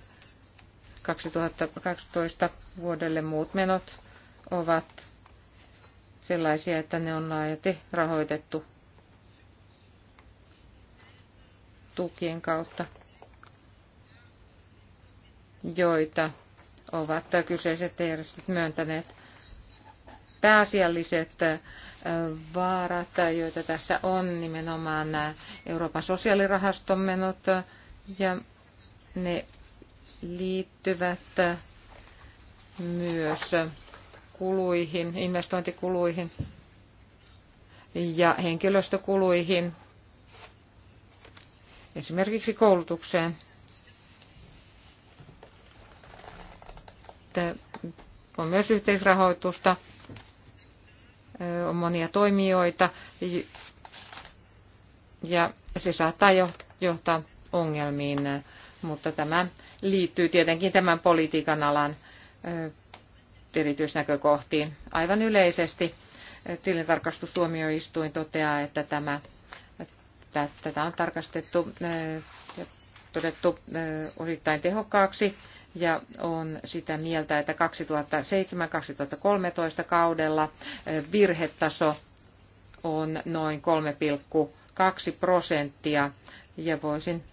2012 vuodelle muut menot ovat sellaisia, että ne on laajalti rahoitettu tukien kautta, joita ovat kyseiset järjestöt myöntäneet. Pääasialliset vaarat, joita tässä on, nimenomaan nämä Euroopan sosiaalirahaston menot, ja ne liittyvät myös kuluihin, investointikuluihin ja henkilöstökuluihin, esimerkiksi koulutukseen. On myös yhteisrahoitusta, on monia toimijoita ja se saattaa johtaa ongelmiin, mutta tämä liittyy tietenkin tämän politiikan alan erityisnäkökohtiin. Aivan yleisesti tilintarkastustuomioistuin toteaa, että tämä, tätä on tarkastettu ja todettu osittain tehokkaaksi ja on sitä mieltä, että 2007-2013 kaudella virhetaso on noin 3,2 prosenttia ja voisin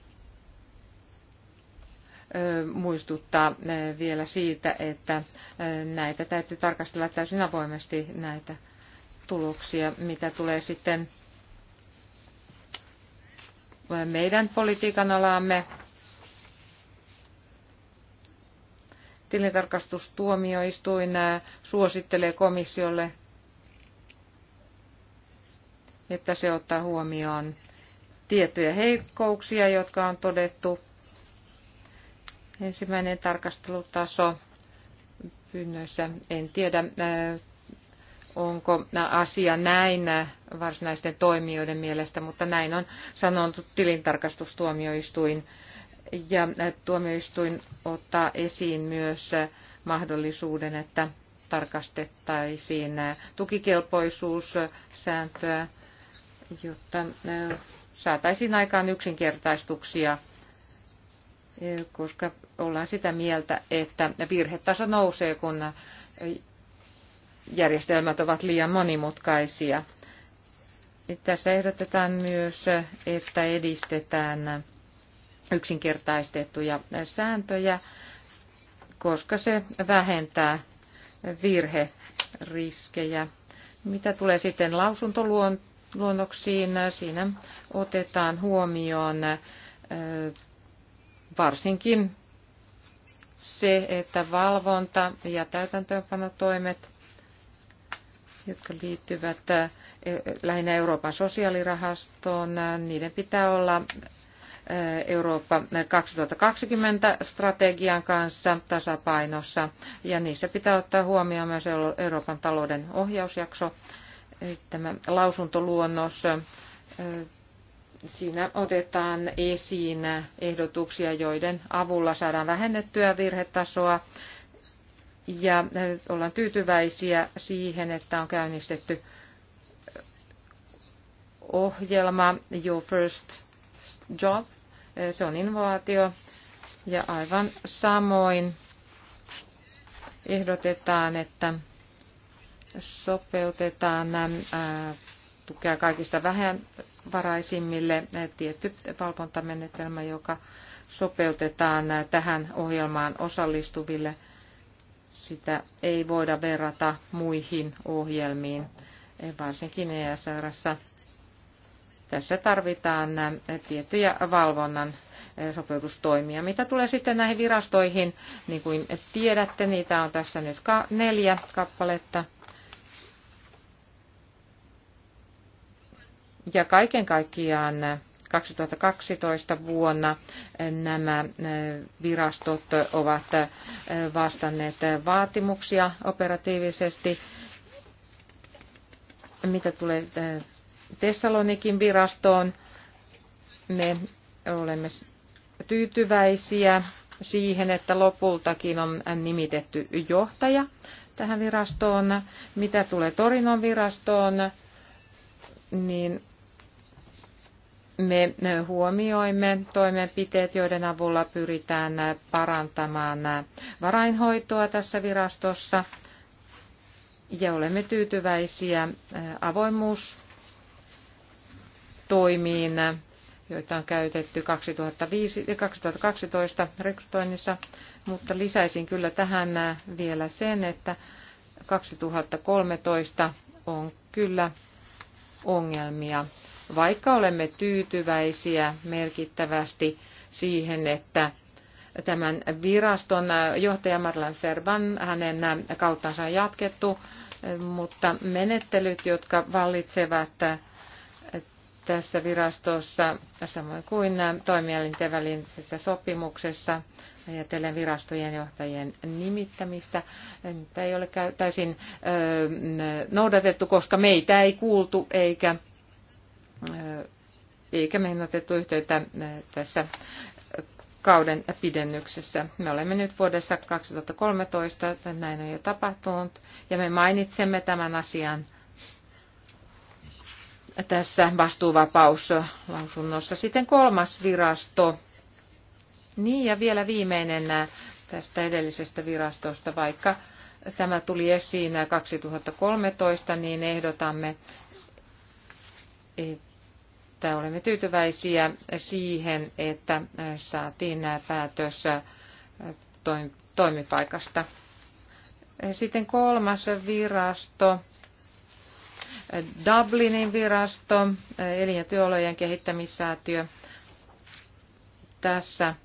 muistuttaa vielä siitä, että näitä täytyy tarkastella täysin avoimesti näitä tuloksia, mitä tulee sitten meidän politiikan alaamme. Tilintarkastustuomioistuin suosittelee komissiolle, että se ottaa huomioon tiettyjä heikkouksia, jotka on todettu ensimmäinen tarkastelutaso pyynnöissä. En tiedä, äh, onko asia näin varsinaisten toimijoiden mielestä, mutta näin on sanonut tilintarkastustuomioistuin. Ja äh, tuomioistuin ottaa esiin myös äh, mahdollisuuden, että tarkastettaisiin tukikelpoisuussääntöä, jotta saataisiin aikaan yksinkertaistuksia koska ollaan sitä mieltä, että virhetaso nousee, kun järjestelmät ovat liian monimutkaisia. Tässä ehdotetaan myös, että edistetään yksinkertaistettuja sääntöjä, koska se vähentää virheriskejä. Mitä tulee sitten lausuntoluonnoksiin, siinä otetaan huomioon varsinkin se, että valvonta ja täytäntöönpanotoimet, jotka liittyvät e, lähinnä Euroopan sosiaalirahastoon, niiden pitää olla Eurooppa 2020 strategian kanssa tasapainossa ja niissä pitää ottaa huomioon myös Euroopan talouden ohjausjakso. Tämä lausuntoluonnos Siinä otetaan esiin ehdotuksia, joiden avulla saadaan vähennettyä virhetasoa ja eh, ollaan tyytyväisiä siihen, että on käynnistetty eh, ohjelma Your First Job. Eh, se on innovaatio ja aivan samoin ehdotetaan, että sopeutetaan tukea kaikista vähän vähävaraisimmille eh, tietty valvontamenetelmä, joka sopeutetaan eh, tähän ohjelmaan osallistuville. Sitä ei voida verrata muihin ohjelmiin, eh, varsinkin ESRssä. Tässä tarvitaan tiettyjä valvonnan sopeutustoimia. Mitä tulee sitten näihin virastoihin, niin kuin tiedätte, niitä on tässä nyt neljä kappaletta – Ja kaiken kaikkiaan 2012 vuonna nämä äh, virastot ovat äh, vastanneet vaatimuksia operatiivisesti. Mitä tulee äh, Tessalonikin virastoon, me olemme tyytyväisiä siihen, että lopultakin on nimitetty johtaja tähän virastoon. Mitä tulee Torinon virastoon, niin me eh, huomioimme toimenpiteet, joiden avulla pyritään eh, parantamaan eh, varainhoitoa tässä virastossa ja olemme tyytyväisiä avoimuustoimiin, joita on käytetty 2005, 2012 rekrytoinnissa, mutta lisäisin kyllä tähän vielä sen, että 2013 on kyllä ongelmia vaikka olemme tyytyväisiä merkittävästi siihen, että tämän viraston johtaja Marlan Servan, hänen kauttansa on jatkettu, mutta menettelyt, jotka vallitsevat tässä virastossa, samoin kuin toimielinten välisessä sopimuksessa, ajatellen virastojen johtajien nimittämistä. ei ole täysin noudatettu, koska meitä ei kuultu eikä eikä meihin otettu yhteyttä tässä kauden pidennyksessä. Me olemme nyt vuodessa 2013, että näin on jo tapahtunut, ja me mainitsemme tämän asian tässä vastuuvapauslausunnossa. Sitten kolmas virasto. Niin, ja vielä viimeinen tästä edellisestä virastosta, vaikka tämä tuli esiin 2013, niin ehdotamme, että olemme tyytyväisiä siihen, että saatiin päätös toimipaikasta. Sitten kolmas virasto, Dublinin virasto, eli ja työolojen kehittämissäätiö. Tässä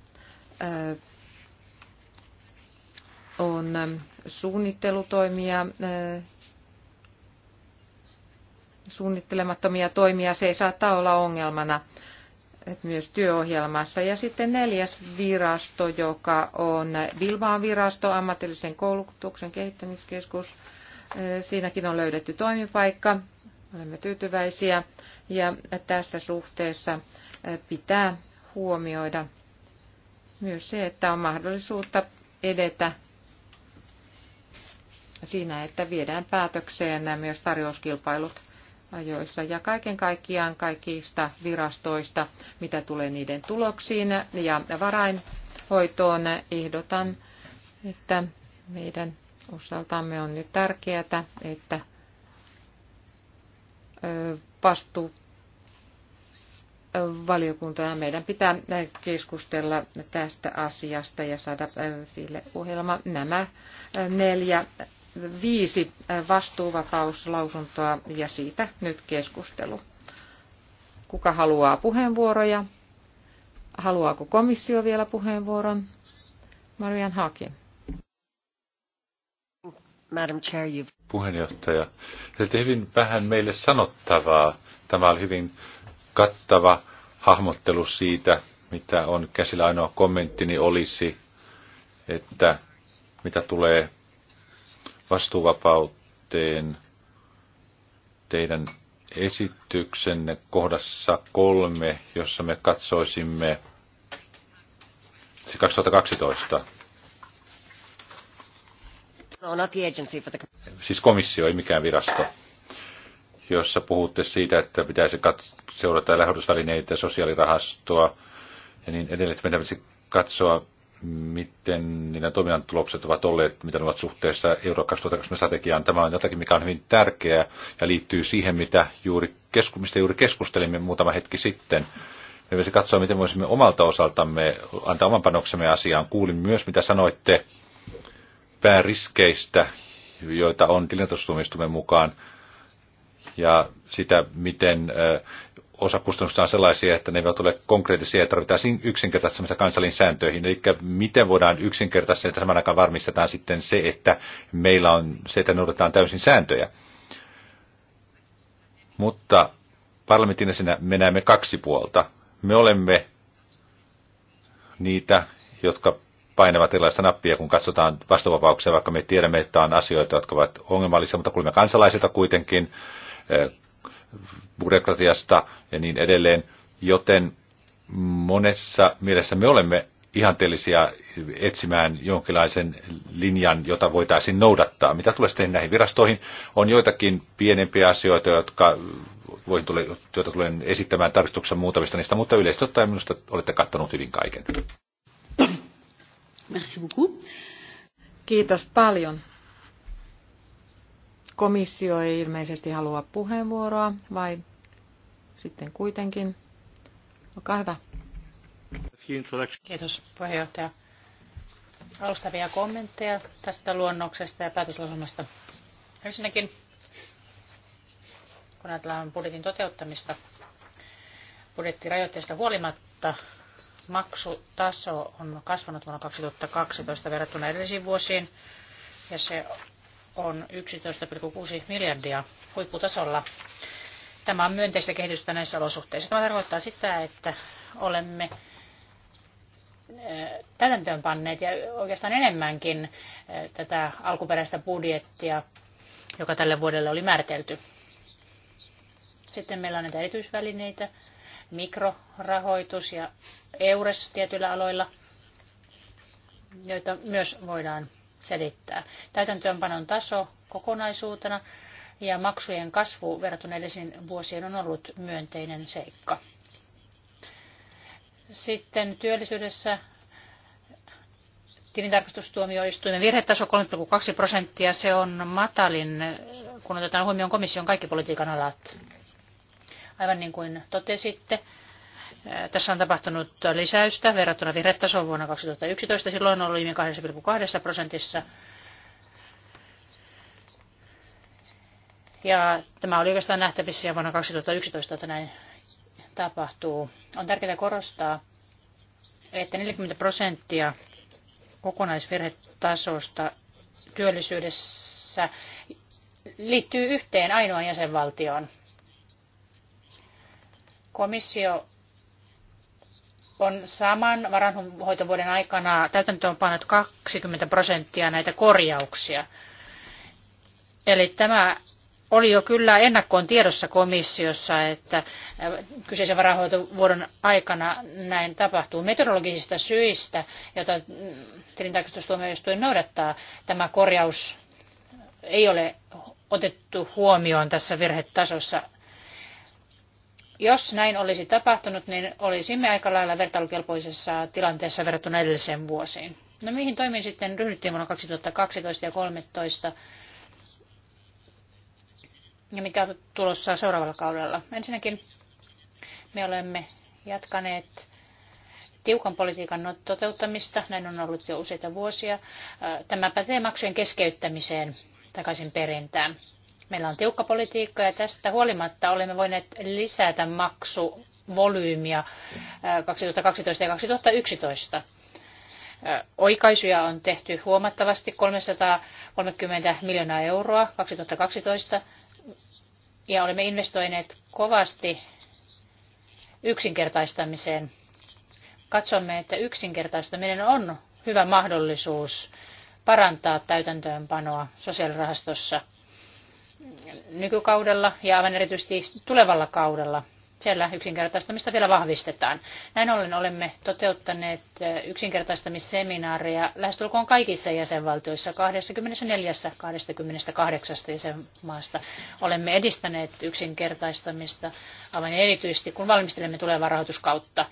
on suunnittelutoimia suunnittelemattomia toimia, se ei saattaa olla ongelmana myös työohjelmassa. Ja sitten neljäs virasto, joka on Vilmaan virasto, ammatillisen koulutuksen kehittämiskeskus. Siinäkin on löydetty toimipaikka. Olemme tyytyväisiä ja tässä suhteessa pitää huomioida myös se, että on mahdollisuutta edetä siinä, että viedään päätökseen myös tarjouskilpailut ajoissa ja kaiken kaikkiaan kaikista virastoista, mitä tulee niiden tuloksiin ja varainhoitoon, ehdotan, että meidän osaltamme on nyt tärkeää, että vastuu ja meidän pitää keskustella tästä asiasta ja saada sille ohjelma. Nämä neljä viisi vastuuvapauslausuntoa ja siitä nyt keskustelu. Kuka haluaa puheenvuoroja? Haluaako komissio vielä puheenvuoron? Marian Haakin. Madam Chair, you've... Puheenjohtaja, te hyvin vähän meille sanottavaa. Tämä oli hyvin kattava hahmottelu siitä, mitä on käsillä. Ainoa kommenttini olisi, että mitä tulee vastuuvapauteen teidän esityksenne kohdassa kolme, jossa me katsoisimme se 2012. No, not the agency the... Siis komissio, ei mikään virasto, jossa puhutte siitä, että pitäisi kat- seurata lähdösvälineitä sosiaalirahastoa ja niin edelleen, että meidän pitäisi katsoa, miten niiden toiminnan tulokset ovat olleet, mitä ne ovat suhteessa Euro 2020 strategiaan. Tämä on jotakin, mikä on hyvin tärkeää ja liittyy siihen, mitä juuri kesku, mistä juuri keskustelimme muutama hetki sitten. Me voisimme katsoa, miten voisimme omalta osaltamme antaa oman panoksemme asiaan. Kuulin myös, mitä sanoitte pääriskeistä, joita on tilintasustumistumen mukaan, ja sitä, miten osa kustannuksista on sellaisia, että ne eivät ole konkreettisia ja tarvitaan yksinkertaisemmista kansallin sääntöihin. Eli miten voidaan yksinkertaisesti, että saman aikaan varmistetaan sitten se, että meillä on se, että noudatetaan täysin sääntöjä. Mutta parlamentin me näemme kaksi puolta. Me olemme niitä, jotka painavat erilaista nappia, kun katsotaan vastuvapauksia, vaikka me tiedämme, että on asioita, jotka ovat ongelmallisia, mutta kuulemme kansalaisilta kuitenkin byrokratiasta ja niin edelleen, joten monessa mielessä me olemme ihanteellisia etsimään jonkinlaisen linjan, jota voitaisiin noudattaa. Mitä tulee sitten näihin virastoihin, on joitakin pienempiä asioita, jotka voin tule, joita tulen esittämään tarkistuksessa muutamista niistä, mutta yleisesti ottaen minusta olette kattanut hyvin kaiken. Merci beaucoup. Kiitos paljon. Komissio ei ilmeisesti halua puheenvuoroa, vai sitten kuitenkin? Olkaa hyvä. Kiitos puheenjohtaja. Alustavia kommentteja tästä luonnoksesta ja päätöslausumasta. Ensinnäkin, kun ajatellaan budjetin toteuttamista, budjettirajoitteista huolimatta maksutaso on kasvanut vuonna 2012 verrattuna edellisiin vuosiin ja se on 11,6 miljardia huipputasolla. Tämä on myönteistä kehitystä näissä olosuhteissa. Tämä tarkoittaa sitä, että olemme eh, täytäntöönpanneet ja oikeastaan enemmänkin eh, tätä alkuperäistä budjettia, joka tälle vuodelle oli määritelty. Sitten meillä on näitä erityisvälineitä, mikrorahoitus ja EURES tietyillä aloilla, joita myös voidaan selittää. Täytäntöönpanon taso kokonaisuutena ja maksujen kasvu verrattuna edellisiin vuosiin on ollut myönteinen seikka. Sitten työllisyydessä tilintarkastustuomioistuimen virhetaso 3,2 prosenttia. Se on matalin, kun otetaan huomioon komission kaikki politiikan alat. Aivan niin kuin totesitte, tässä on tapahtunut lisäystä verrattuna virhetasoon vuonna 2011. Silloin olimme 2,2 prosentissa. Ja tämä oli oikeastaan nähtävissä jo vuonna 2011, että näin tapahtuu. On tärkeää korostaa, että 40 prosenttia kokonaisvirhetasosta työllisyydessä liittyy yhteen ainoan jäsenvaltioon. Komissio on saman varanhoitovuoden aikana täytäntöön pannut 20 prosenttia näitä korjauksia. Eli tämä oli jo kyllä ennakkoon tiedossa komissiossa, että äh, kyseisen varahoitovuoden aikana näin tapahtuu. Meteorologisista syistä, joita mm, tilintarkastustuomioistuin noudattaa, tämä korjaus ei ole otettu huomioon tässä virhetasossa. Jos näin olisi tapahtunut, niin olisimme aika lailla vertailukelpoisessa tilanteessa verrattuna edelliseen vuosiin. No mihin toimiin sitten ryhdyttiin vuonna 2012 ja 2013? Ja mikä on tulossa seuraavalla kaudella? Ensinnäkin me olemme jatkaneet tiukan politiikan toteuttamista. Näin on ollut jo useita vuosia. Tämä pätee maksujen keskeyttämiseen takaisin perintään. Meillä on tiukka politiikka ja tästä huolimatta olemme voineet lisätä maksuvolyymia 2012 ja 2011. Oikaisuja on tehty huomattavasti 330 miljoonaa euroa 2012 ja olemme investoineet kovasti yksinkertaistamiseen. Katsomme, että yksinkertaistaminen on hyvä mahdollisuus parantaa täytäntöönpanoa sosiaalirahastossa – nykykaudella ja aivan erityisesti tulevalla kaudella. Siellä yksinkertaistamista vielä vahvistetaan. Näin ollen olemme toteuttaneet yksinkertaistamisseminaareja lähestulkoon kaikissa jäsenvaltioissa, 24 28 jäsenmaasta. Olemme edistäneet yksinkertaistamista aivan erityisesti, kun valmistelemme tulevaa rahoituskautta.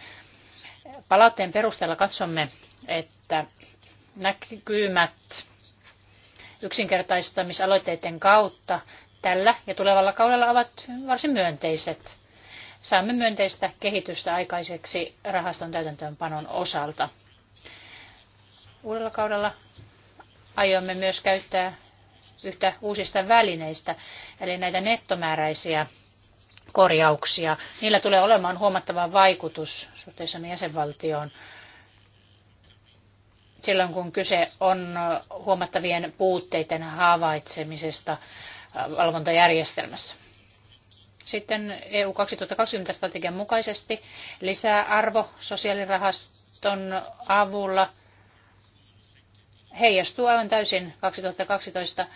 Palautteen perusteella katsomme, että näkymät yksinkertaistamisaloitteiden kautta tällä ja tulevalla kaudella ovat varsin myönteiset. Saamme myönteistä kehitystä aikaiseksi rahaston täytäntöönpanon osalta. Uudella kaudella aiomme myös käyttää yhtä uusista välineistä, eli näitä nettomääräisiä korjauksia. Niillä tulee olemaan huomattava vaikutus suhteessa jäsenvaltioon silloin, kun kyse on huomattavien puutteiden havaitsemisesta äh, valvontajärjestelmässä. Sitten EU 2020-strategian mukaisesti lisää arvo sosiaalirahaston avulla heijastuu aivan täysin 2012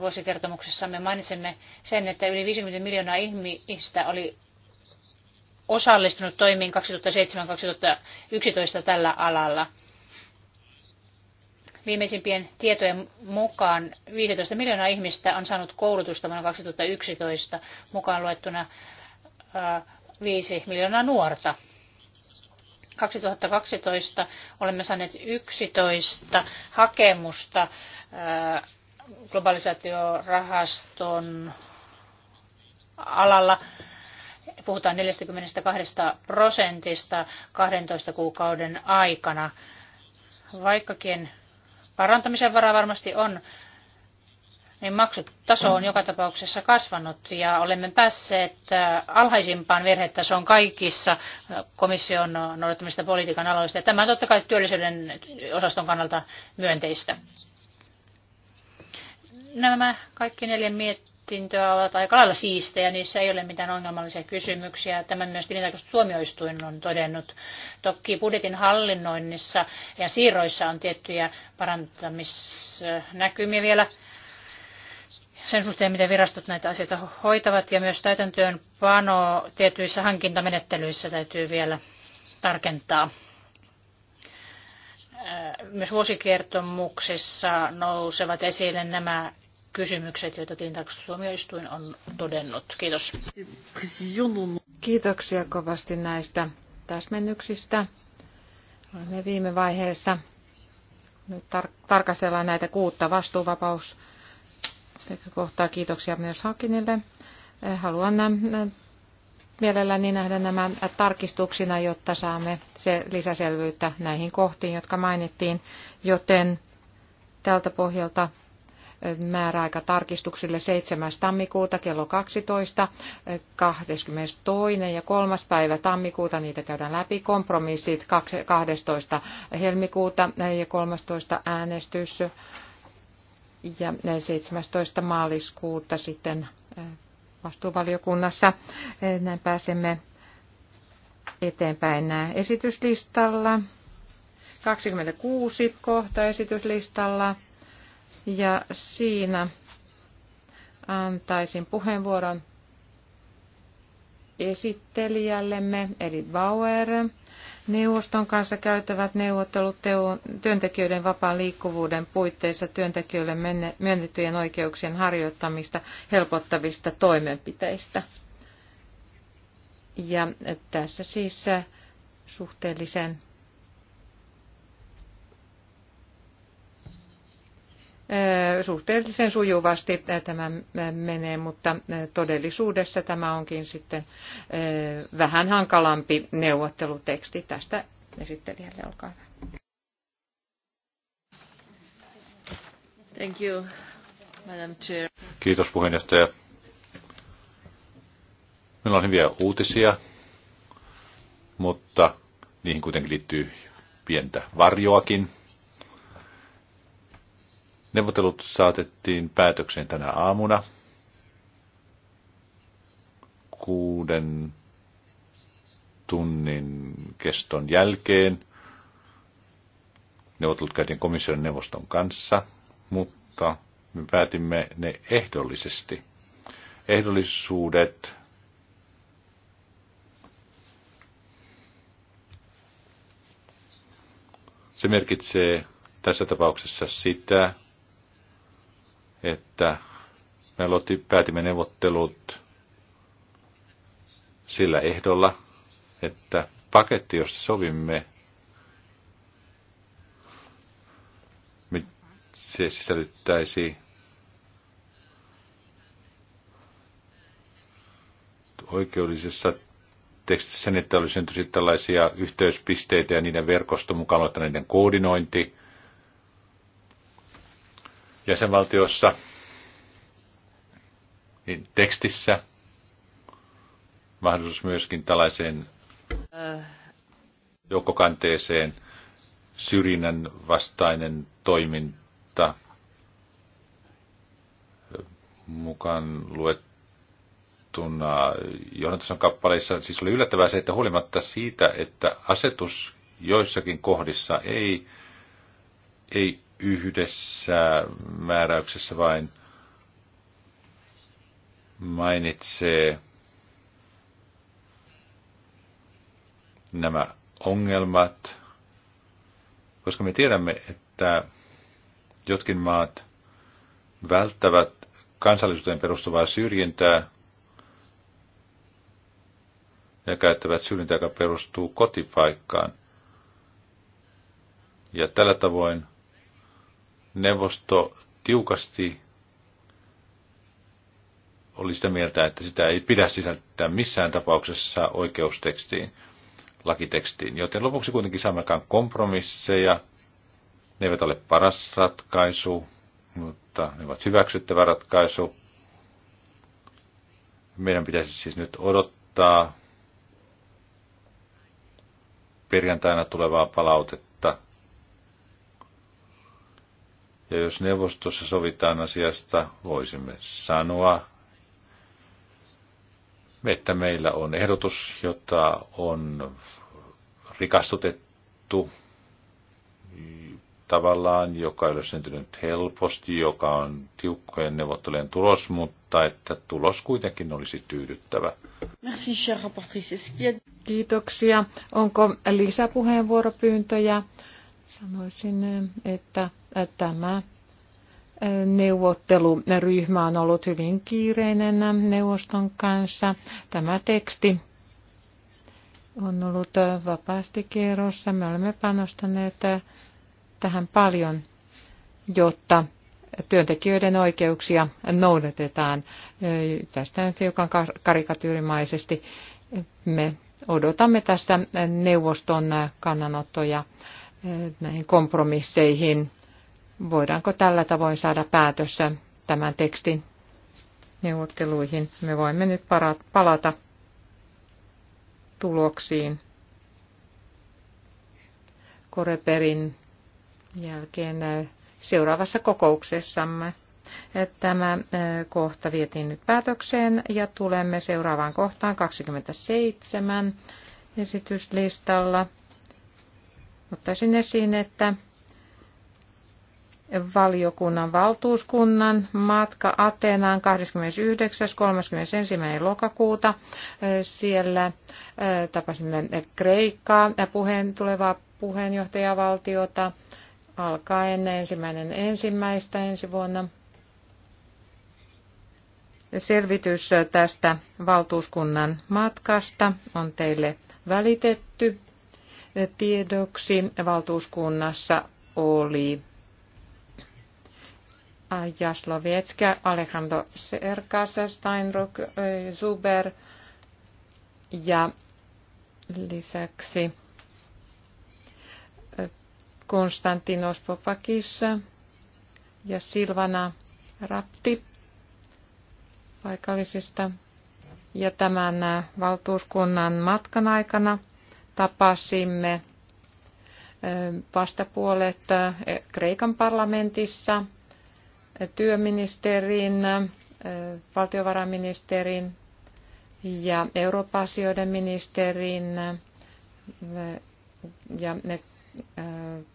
vuosikertomuksessamme mainitsemme sen, että yli 50 miljoonaa ihmistä oli osallistunut toimiin 2007-2011 tällä alalla. Viimeisimpien tietojen mukaan 15 miljoonaa ihmistä on saanut koulutusta vuonna 2011 mukaan luettuna 5 äh, miljoonaa nuorta. 2012 olemme saaneet 11 hakemusta äh, globalisaatiorahaston alalla. Puhutaan 42 prosentista 12 kuukauden aikana. Vaikkakin parantamisen varaa varmasti on, niin maksutaso on joka tapauksessa kasvanut ja olemme päässeet äh, alhaisimpaan virhetasoon kaikissa äh, komission noudattamista politiikan aloista. Ja tämä on totta kai työllisyyden osaston kannalta myönteistä. Nämä kaikki neljä miet- mietintöä ovat aika lailla siistejä, niissä ei ole mitään ongelmallisia kysymyksiä. Tämän myös tuomioistuin on todennut. Toki budjetin hallinnoinnissa ja siirroissa on tiettyjä parantamisnäkymiä vielä sen suhteen, miten virastot näitä asioita hoitavat ja myös täytäntöön pano tietyissä hankintamenettelyissä täytyy vielä tarkentaa äh, myös vuosikertomuksissa nousevat esille nämä kysymykset, joita tilintarkastustuomioistuin on todennut. Kiitos. Kiitoksia kovasti näistä täsmennyksistä. Olemme viime vaiheessa. Nyt tar- tarkastellaan näitä kuutta vastuuvapaus kohtaa. Kiitoksia myös Hakinille. Eh, haluan eh, mielelläni nähdä nämä tarkistuksina, jotta saamme se lisäselvyyttä näihin kohtiin, jotka mainittiin, joten tältä pohjalta määräaika tarkistuksille 7. tammikuuta kello 12, 22. ja 3. päivä tammikuuta niitä käydään läpi. Kompromissit 12. helmikuuta ja 13. äänestys ja 17. maaliskuuta sitten eh, vastuuvaliokunnassa. Eh, näin pääsemme eteenpäin esityslistalla. 26 kohta esityslistalla. Ja siinä antaisin puheenvuoron esittelijällemme, eli Bauer. Neuvoston kanssa käytävät neuvottelut työntekijöiden vapaan liikkuvuuden puitteissa työntekijöille myönnettyjen oikeuksien harjoittamista helpottavista toimenpiteistä. Ja tässä siis suhteellisen suhteellisen sujuvasti tämä menee, mutta todellisuudessa tämä onkin sitten vähän hankalampi neuvotteluteksti. Tästä esittelijälle olkaa hyvä. Thank you, Madam Chair. Kiitos puheenjohtaja. Meillä on hyviä uutisia, mutta niihin kuitenkin liittyy pientä varjoakin. Neuvottelut saatettiin päätökseen tänä aamuna kuuden tunnin keston jälkeen. Neuvottelut käytiin komission neuvoston kanssa, mutta me päätimme ne ehdollisesti. Ehdollisuudet Se merkitsee tässä tapauksessa sitä, että me aloitti, päätimme neuvottelut sillä ehdolla, että paketti, josta sovimme, se sisällyttäisi oikeudellisessa tekstissä, että olisi tällaisia yhteyspisteitä ja niiden verkosto mukaan niiden koordinointi – jäsenvaltiossa, niin tekstissä mahdollisuus myöskin tällaiseen äh. joukkokanteeseen syrjinnän vastainen toiminta äh, mukaan luettuna johdantason kappaleissa. Siis oli yllättävää se, että huolimatta siitä, että asetus joissakin kohdissa ei, ei yhdessä määräyksessä vain mainitsee nämä ongelmat, koska me tiedämme, että jotkin maat välttävät kansallisuuteen perustuvaa syrjintää ja käyttävät syrjintää, joka perustuu kotipaikkaan. Ja tällä tavoin neuvosto tiukasti oli sitä mieltä, että sitä ei pidä sisältää missään tapauksessa oikeustekstiin, lakitekstiin. Joten lopuksi kuitenkin aikaan kompromisseja. Ne eivät ole paras ratkaisu, mutta ne ovat hyväksyttävä ratkaisu. Meidän pitäisi siis nyt odottaa perjantaina tulevaa palautetta Ja jos neuvostossa sovitaan asiasta, voisimme sanoa, että meillä on ehdotus, jota on rikastutettu tavallaan, joka ei ole syntynyt helposti, joka on tiukkojen neuvottelujen tulos, mutta että tulos kuitenkin olisi tyydyttävä. Kiitoksia. Onko lisäpuheenvuoropyyntöjä? Sanoisin, että tämä neuvotteluryhmä on ollut hyvin kiireinen neuvoston kanssa. Tämä teksti on ollut vapaasti kierrossa. Me olemme panostaneet tähän paljon, jotta työntekijöiden oikeuksia noudatetaan. Tästä on hiukan karikatyyrimaisesti me odotamme tästä neuvoston kannanottoja Eh, näihin kompromisseihin. Voidaanko tällä tavoin saada päätössä tämän tekstin neuvotteluihin? Me voimme nyt palata tuloksiin Koreperin jälkeen eh, seuraavassa kokouksessamme. Eh, tämä kohta vietiin nyt päätökseen ja tulemme seuraavaan kohtaan 27 esityslistalla ottaisin esiin, että valiokunnan valtuuskunnan matka Ateenaan 29.31. lokakuuta. Siellä eh, tapasimme Kreikkaa puheen, tulevaa puheenjohtajavaltiota alkaen ensimmäinen ensimmäistä ensi vuonna. Selvitys tästä valtuuskunnan matkasta on teille välitetty tiedoksi valtuuskunnassa oli Jaslovetska, Alejandro Serkas, Steinrock, Zuber ja lisäksi Konstantinos Popakis ja Silvana Rapti paikallisista. Ja tämän valtuuskunnan matkan aikana – tapasimme vastapuolet Kreikan parlamentissa, työministerin, valtiovarainministerin ja Eurooppa-asioiden ministerin ja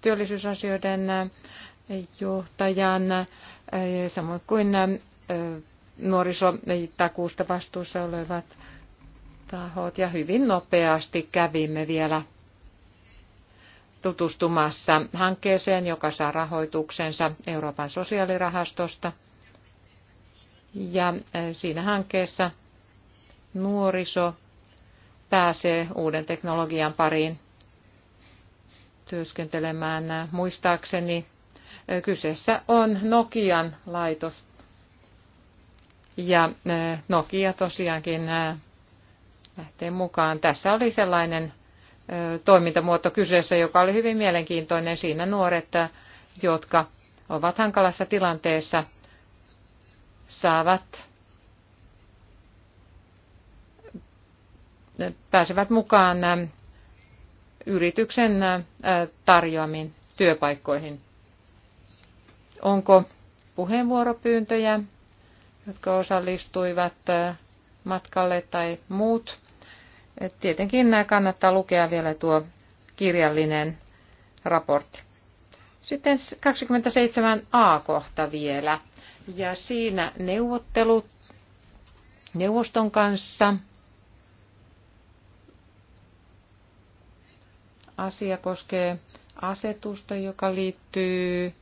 työllisyysasioiden johtajan, samoin kuin nuorisotakuusta vastuussa olevat tahot ja hyvin nopeasti kävimme vielä tutustumassa hankkeeseen, joka saa rahoituksensa Euroopan sosiaalirahastosta. Ja eh, siinä hankkeessa nuoriso pääsee uuden teknologian pariin työskentelemään. Muistaakseni eh, kyseessä on Nokian laitos. Ja eh, Nokia tosiaankin lähtee mukaan. Tässä oli sellainen toimintamuoto kyseessä, joka oli hyvin mielenkiintoinen. Siinä nuoret, jotka ovat hankalassa tilanteessa, saavat, pääsevät mukaan yrityksen tarjoamiin työpaikkoihin. Onko puheenvuoropyyntöjä, jotka osallistuivat matkalle tai muut? Et tietenkin kannattaa lukea vielä tuo kirjallinen raportti. Sitten 27a-kohta vielä. Ja siinä neuvottelut neuvoston kanssa. Asia koskee asetusta, joka liittyy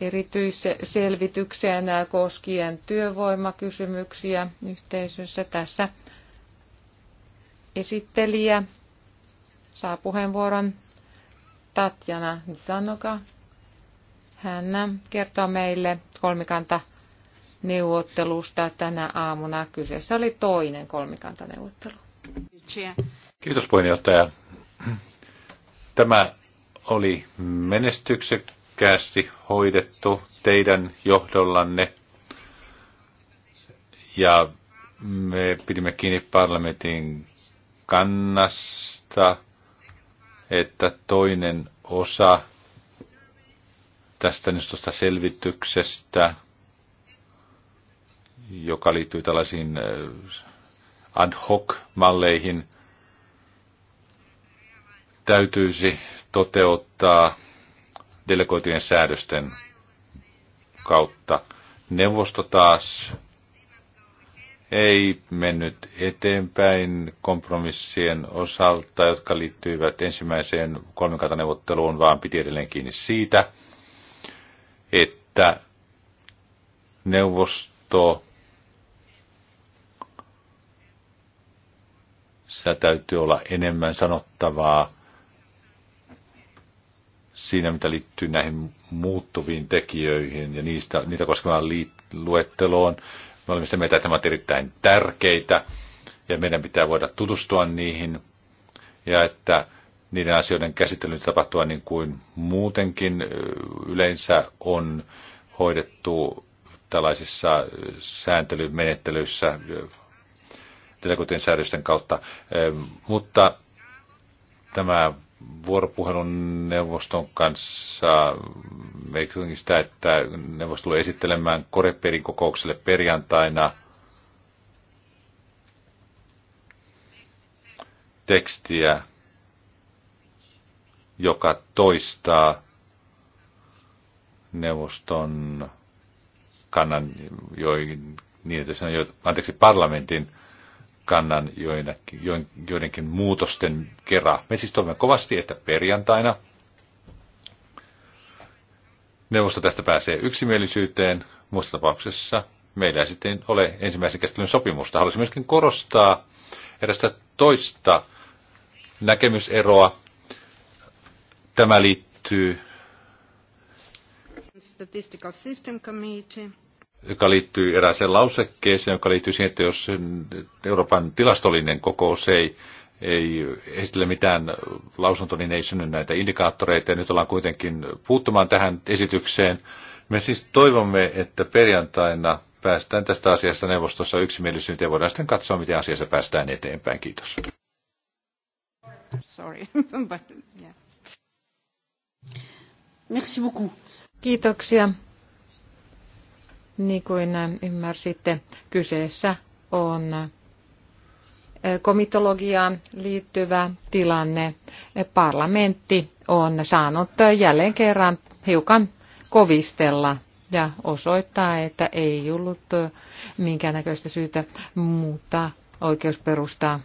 erityisselvitykseen koskien työvoimakysymyksiä yhteisössä. Tässä esittelijä saa puheenvuoron Tatjana Zanoka. Hän kertoo meille kolmikanta neuvottelusta tänä aamuna. Kyseessä oli toinen kolmikantaneuvottelu. Kiitos puheenjohtaja. Tämä oli menestyksekkäästi hoidettu teidän johdollanne ja me pidimme kiinni parlamentin kannasta, että toinen osa tästä nyt tuosta selvityksestä, joka liittyy tällaisiin ad hoc-malleihin, täytyisi toteuttaa delegoitujen säädösten kautta. Neuvosto taas ei mennyt eteenpäin kompromissien osalta, jotka liittyivät ensimmäiseen kolmikantaneuvotteluun, vaan piti edelleen kiinni siitä, että neuvosto Sä täytyy olla enemmän sanottavaa siinä, mitä liittyy näihin muuttuviin tekijöihin ja niistä, niitä koskevaan luetteloon me olemme sitä mieltä, että nämä ovat erittäin tärkeitä ja meidän pitää voida tutustua niihin ja että niiden asioiden käsittely tapahtua niin kuin muutenkin yleensä on hoidettu tällaisissa sääntelymenettelyissä telekotien säädösten kautta. Mutta tämä vuoropuhelun neuvoston kanssa merkitsenkin sitä, että neuvosto tulee esittelemään Koreperin kokoukselle perjantaina tekstiä, joka toistaa neuvoston kannan, joihin, niin että se on jo, anteeksi, parlamentin kannan joidenkin muutosten kerran. Me siis toivomme kovasti, että perjantaina neuvosto tästä pääsee yksimielisyyteen. Muussa tapauksessa meillä ei sitten ole ensimmäisen käsittelyn sopimusta. Haluaisin myöskin korostaa erästä toista näkemyseroa. Tämä liittyy joka liittyy erääseen lausekkeeseen, joka liittyy siihen, että jos Euroopan tilastollinen kokous ei, ei esitellä mitään lausunto, niin ei synny näitä indikaattoreita. Ja nyt ollaan kuitenkin puuttumaan tähän esitykseen. Me siis toivomme, että perjantaina päästään tästä asiasta neuvostossa yksimielisyyteen ja voidaan sitten katsoa, miten asiassa päästään eteenpäin. Kiitos. Sorry, but, yeah. Merci beaucoup. Kiitoksia. Niin kuin ymmärsitte, kyseessä on komitologiaan liittyvä tilanne. Parlamentti on saanut jälleen kerran hiukan kovistella ja osoittaa, että ei ollut minkäännäköistä syytä muuttaa oikeusperustaa.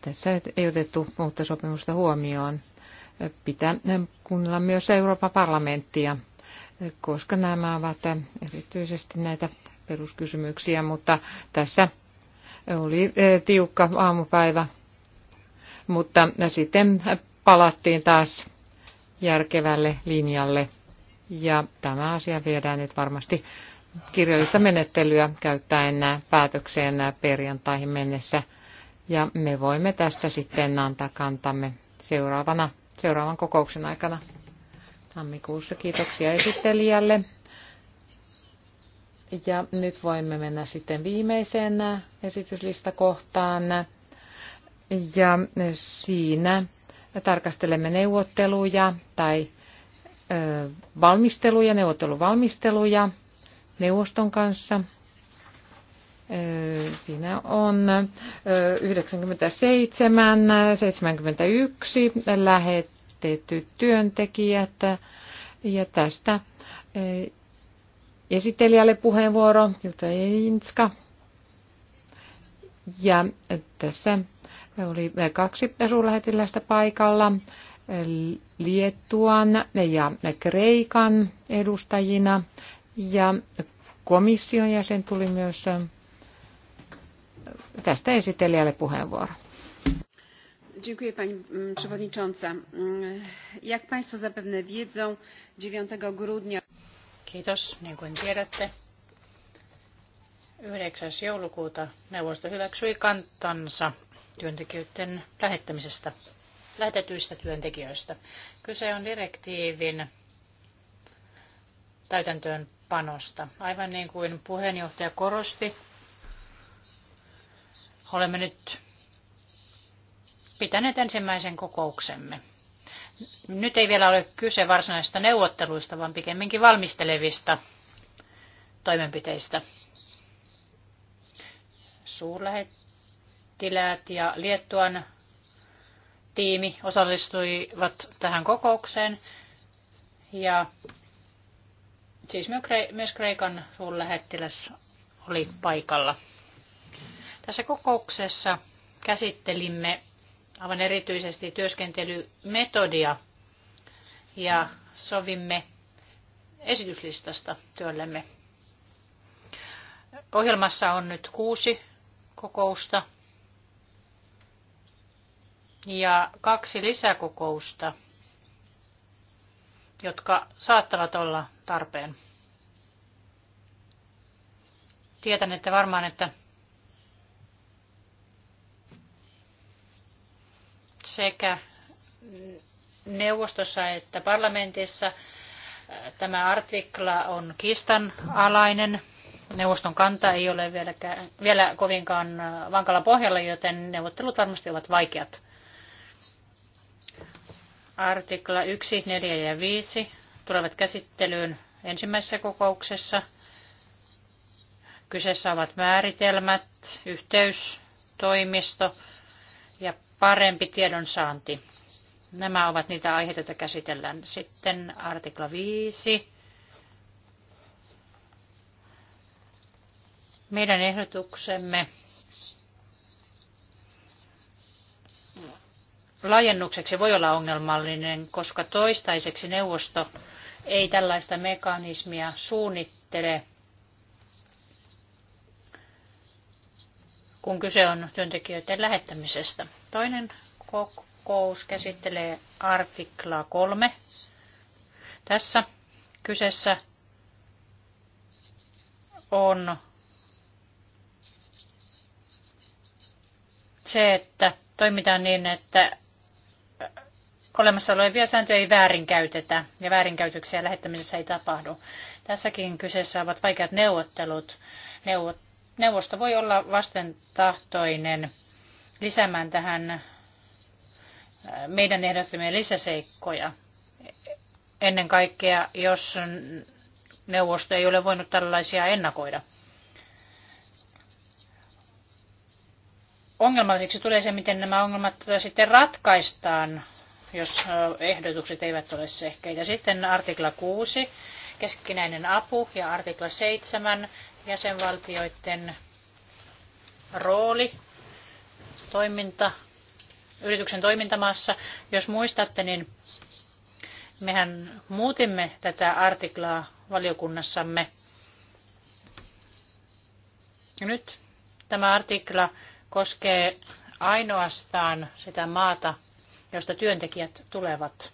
Tässä ei otettu muutta sopimusta huomioon pitää kuunnella myös Euroopan parlamenttia, koska nämä ovat erityisesti näitä peruskysymyksiä, mutta tässä oli eh, tiukka aamupäivä, mutta sitten palattiin taas järkevälle linjalle ja tämä asia viedään nyt varmasti kirjallista menettelyä käyttäen päätökseen perjantaihin mennessä. Ja me voimme tästä sitten antaa kantamme seuraavana seuraavan kokouksen aikana tammikuussa. Kiitoksia esittelijälle. Ja nyt voimme mennä sitten viimeiseen esityslistakohtaan. Ja siinä tarkastelemme neuvotteluja tai valmisteluja, neuvotteluvalmisteluja neuvoston kanssa Siinä on 97, 71 lähetetty työntekijät ja tästä esittelijälle puheenvuoro Jutta Einska. Ja tässä oli kaksi suurlähetiläistä paikalla Liettuan ja Kreikan edustajina ja komission jäsen tuli myös tästä esittelijälle puheenvuoro. Dziękuję Pani mm, Przewodnicząca. Mm, jak Państwo zapewne wiedzą, 9 grudnia... Kiitos, niin kuin tiedätte. 9. joulukuuta neuvosto hyväksyi kantansa työntekijöiden lähettämisestä, lähetetyistä työntekijöistä. Kyse on direktiivin täytäntöönpanosta. Aivan niin kuin puheenjohtaja korosti, Olemme nyt pitäneet ensimmäisen kokouksemme. Nyt ei vielä ole kyse varsinaisista neuvotteluista, vaan pikemminkin valmistelevista toimenpiteistä. Suurlähettiläät ja Liettuan tiimi osallistuivat tähän kokoukseen ja siis myös Kreikan suurlähettiläs oli paikalla. Tässä kokouksessa käsittelimme aivan erityisesti työskentelymetodia ja sovimme esityslistasta työllemme. Ohjelmassa on nyt kuusi kokousta ja kaksi lisäkokousta, jotka saattavat olla tarpeen. Tiedän, että varmaan, että sekä neuvostossa että parlamentissa tämä artikla on kiistanalainen. Neuvoston kanta ei ole vieläkään, vielä kovinkaan vankalla pohjalla, joten neuvottelut varmasti ovat vaikeat. Artikla 1, 4 ja 5 tulevat käsittelyyn ensimmäisessä kokouksessa. Kyseessä ovat määritelmät, yhteystoimisto parempi tiedonsaanti. Nämä ovat niitä aiheita, joita käsitellään. Sitten artikla 5. Meidän ehdotuksemme laajennukseksi voi olla ongelmallinen, koska toistaiseksi neuvosto ei tällaista mekanismia suunnittele, kun kyse on työntekijöiden lähettämisestä. Toinen kokous käsittelee artiklaa kolme. Tässä kyseessä on se, että toimitaan niin, että olemassa olevia sääntöjä ei väärinkäytetä ja väärinkäytöksiä lähettämisessä ei tapahdu. Tässäkin kyseessä ovat vaikeat neuvottelut. Neuvo- neuvosto voi olla vastentahtoinen lisäämään tähän äh, meidän ehdottamia lisäseikkoja. Ennen kaikkea, jos neuvosto ei ole voinut tällaisia ennakoida. Ongelmalliseksi tulee se, miten nämä ongelmat sitten ratkaistaan, jos äh, ehdotukset eivät ole sehkeitä. Sitten artikla 6, keskinäinen apu, ja artikla 7, jäsenvaltioiden rooli toiminta, yrityksen toimintamaassa. Jos muistatte, niin mehän muutimme tätä artiklaa valiokunnassamme. Nyt tämä artikla koskee ainoastaan sitä maata, josta työntekijät tulevat.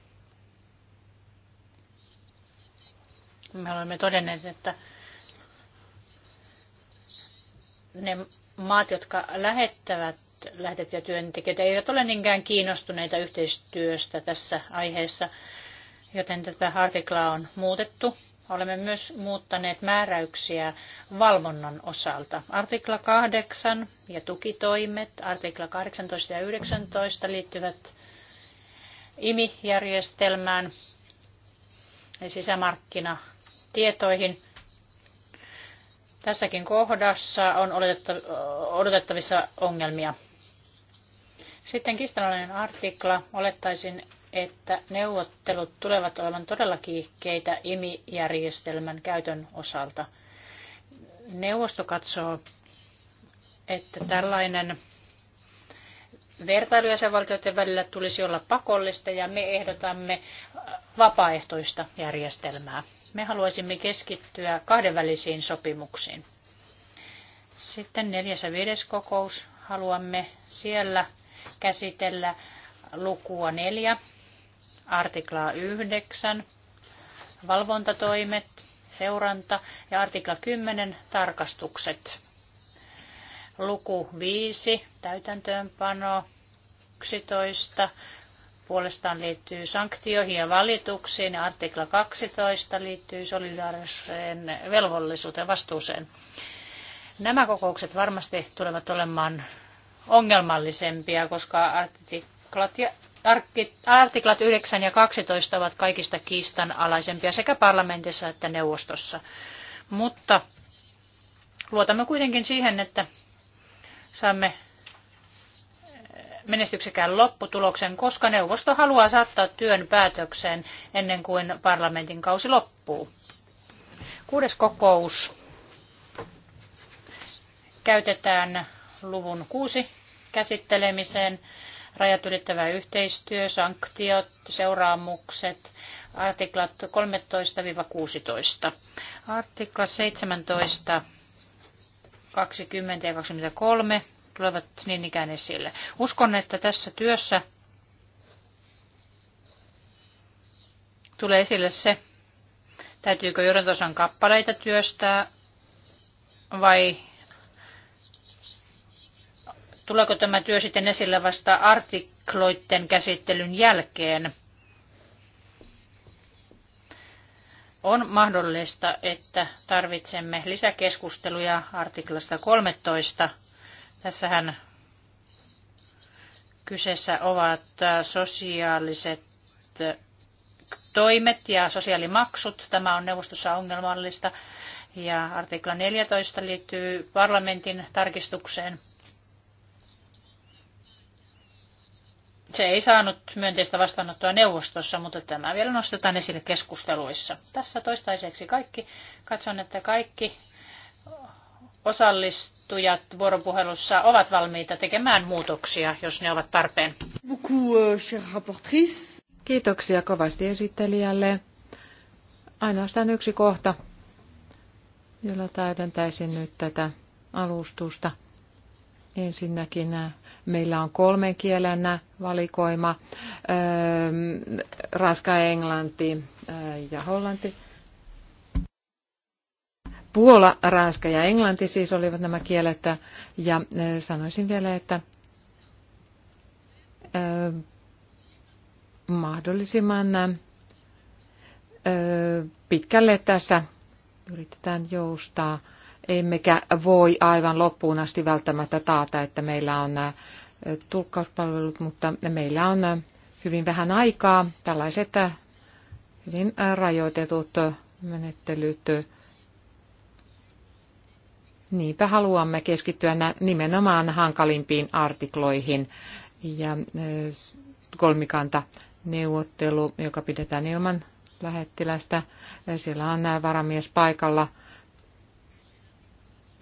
Me olemme todenneet, että ne maat, jotka lähettävät ja työntekijöitä eivät ole niinkään kiinnostuneita yhteistyöstä tässä aiheessa, joten tätä artiklaa on muutettu. Olemme myös muuttaneet määräyksiä valvonnan osalta. Artikla 8 ja tukitoimet, artikla 18 ja 19 liittyvät IMI-järjestelmään, eli sisämarkkinatietoihin. Tässäkin kohdassa on odotettavissa ongelmia. Sitten kiistanalainen artikla. Olettaisin, että neuvottelut tulevat olemaan todella kiihkeitä IMI-järjestelmän käytön osalta. Neuvosto katsoo, että tällainen vertailu jäsenvaltioiden välillä tulisi olla pakollista ja me ehdotamme vapaaehtoista järjestelmää. Me haluaisimme keskittyä kahdenvälisiin sopimuksiin. Sitten neljäs ja viides kokous haluamme siellä käsitellä lukua 4, artiklaa 9, valvontatoimet, seuranta ja artikla 10, tarkastukset. Luku 5, täytäntöönpano, 11, puolestaan liittyy sanktioihin ja valituksiin, artikla 12 liittyy solidaariseen velvollisuuteen vastuuseen. Nämä kokoukset varmasti tulevat olemaan ongelmallisempia, koska artiklat, ja, artiklat 9 ja 12 ovat kaikista kiistanalaisempia sekä parlamentissa että neuvostossa. Mutta luotamme kuitenkin siihen, että saamme eh, menestyksekään lopputuloksen, koska neuvosto haluaa saattaa työn päätökseen ennen kuin parlamentin kausi loppuu. Kuudes kokous käytetään luvun 6 käsittelemiseen. Rajat ylittävä yhteistyö, sanktiot, seuraamukset, artiklat 13-16. Artikla 17, 20 ja 23 tulevat niin ikään esille. Uskon, että tässä työssä tulee esille se, täytyykö Jorantosan kappaleita työstää vai Tuleeko tämä työ sitten esille vasta artikloiden käsittelyn jälkeen? On mahdollista, että tarvitsemme lisäkeskusteluja artiklasta 13. Tässähän kyseessä ovat sosiaaliset toimet ja sosiaalimaksut. Tämä on neuvostossa ongelmallista. Ja artikla 14 liittyy parlamentin tarkistukseen. se ei saanut myönteistä vastaanottoa neuvostossa, mutta tämä vielä nostetaan esille keskusteluissa. Tässä toistaiseksi kaikki. Katson, että kaikki osallistujat vuoropuhelussa ovat valmiita tekemään muutoksia, jos ne ovat tarpeen. Euh, Kiitoksia kovasti esittelijälle. Ainoastaan yksi kohta, jolla täydentäisin nyt tätä alustusta. Ensinnäkin äh, meillä on kolmen kielenä äh, valikoima, ähm, ranska, englanti äh, ja hollanti. Puola, ranska ja englanti siis olivat nämä kielet. Ja sanoisin vielä, että mahdollisimman pitkälle tässä yritetään joustaa emmekä voi aivan loppuun asti välttämättä taata, että meillä on äh, tulkkauspalvelut, mutta meillä on äh, hyvin vähän aikaa. Tällaiset äh, hyvin rajoitetut menettelyt. Niinpä haluamme keskittyä nimenomaan hankalimpiin artikloihin ja kolmikanta neuvottelu, joka pidetään ilman lähettilästä. Siellä on nämä varamies paikalla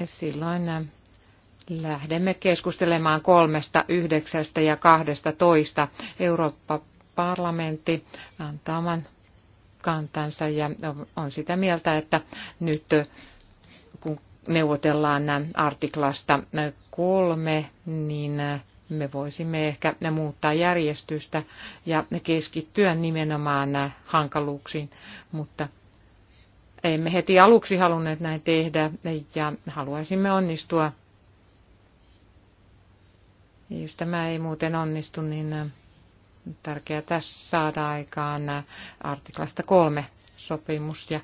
silloin äh, lähdemme keskustelemaan kolmesta, yhdeksästä ja kahdesta toista. Eurooppa-parlamentti antaa oman kantansa ja on sitä mieltä, että nyt äh, kun neuvotellaan äh, artiklasta kolme, niin me voisimme ehkä muuttaa järjestystä ja keskittyä nimenomaan hankaluuksiin, mutta emme heti aluksi halunneet näin tehdä ja haluaisimme onnistua. Ja jos tämä ei muuten onnistu, niin äh, tärkeää tässä saada aikaan äh, artiklasta kolme sopimus. Ja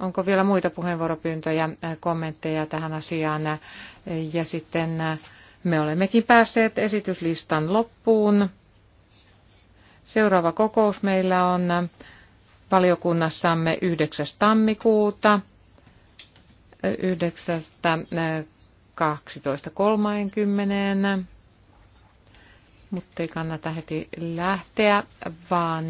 onko vielä muita puheenvuoropyyntöjä, äh, kommentteja tähän asiaan? Ja sitten me olemmekin päässeet esityslistan loppuun. Seuraava kokous meillä on valiokunnassamme 9. tammikuuta 9.12.30, eh, mutta ei kannata heti lähteä, vaan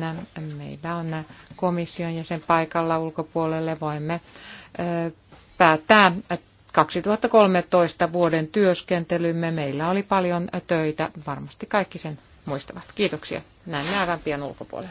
meillä on komission jäsen paikalla ulkopuolelle. Voimme eh, päättää 2013 vuoden työskentelymme. Meillä oli paljon töitä, varmasti kaikki sen muistavat. Kiitoksia. Näemme aivan pian ulkopuolella.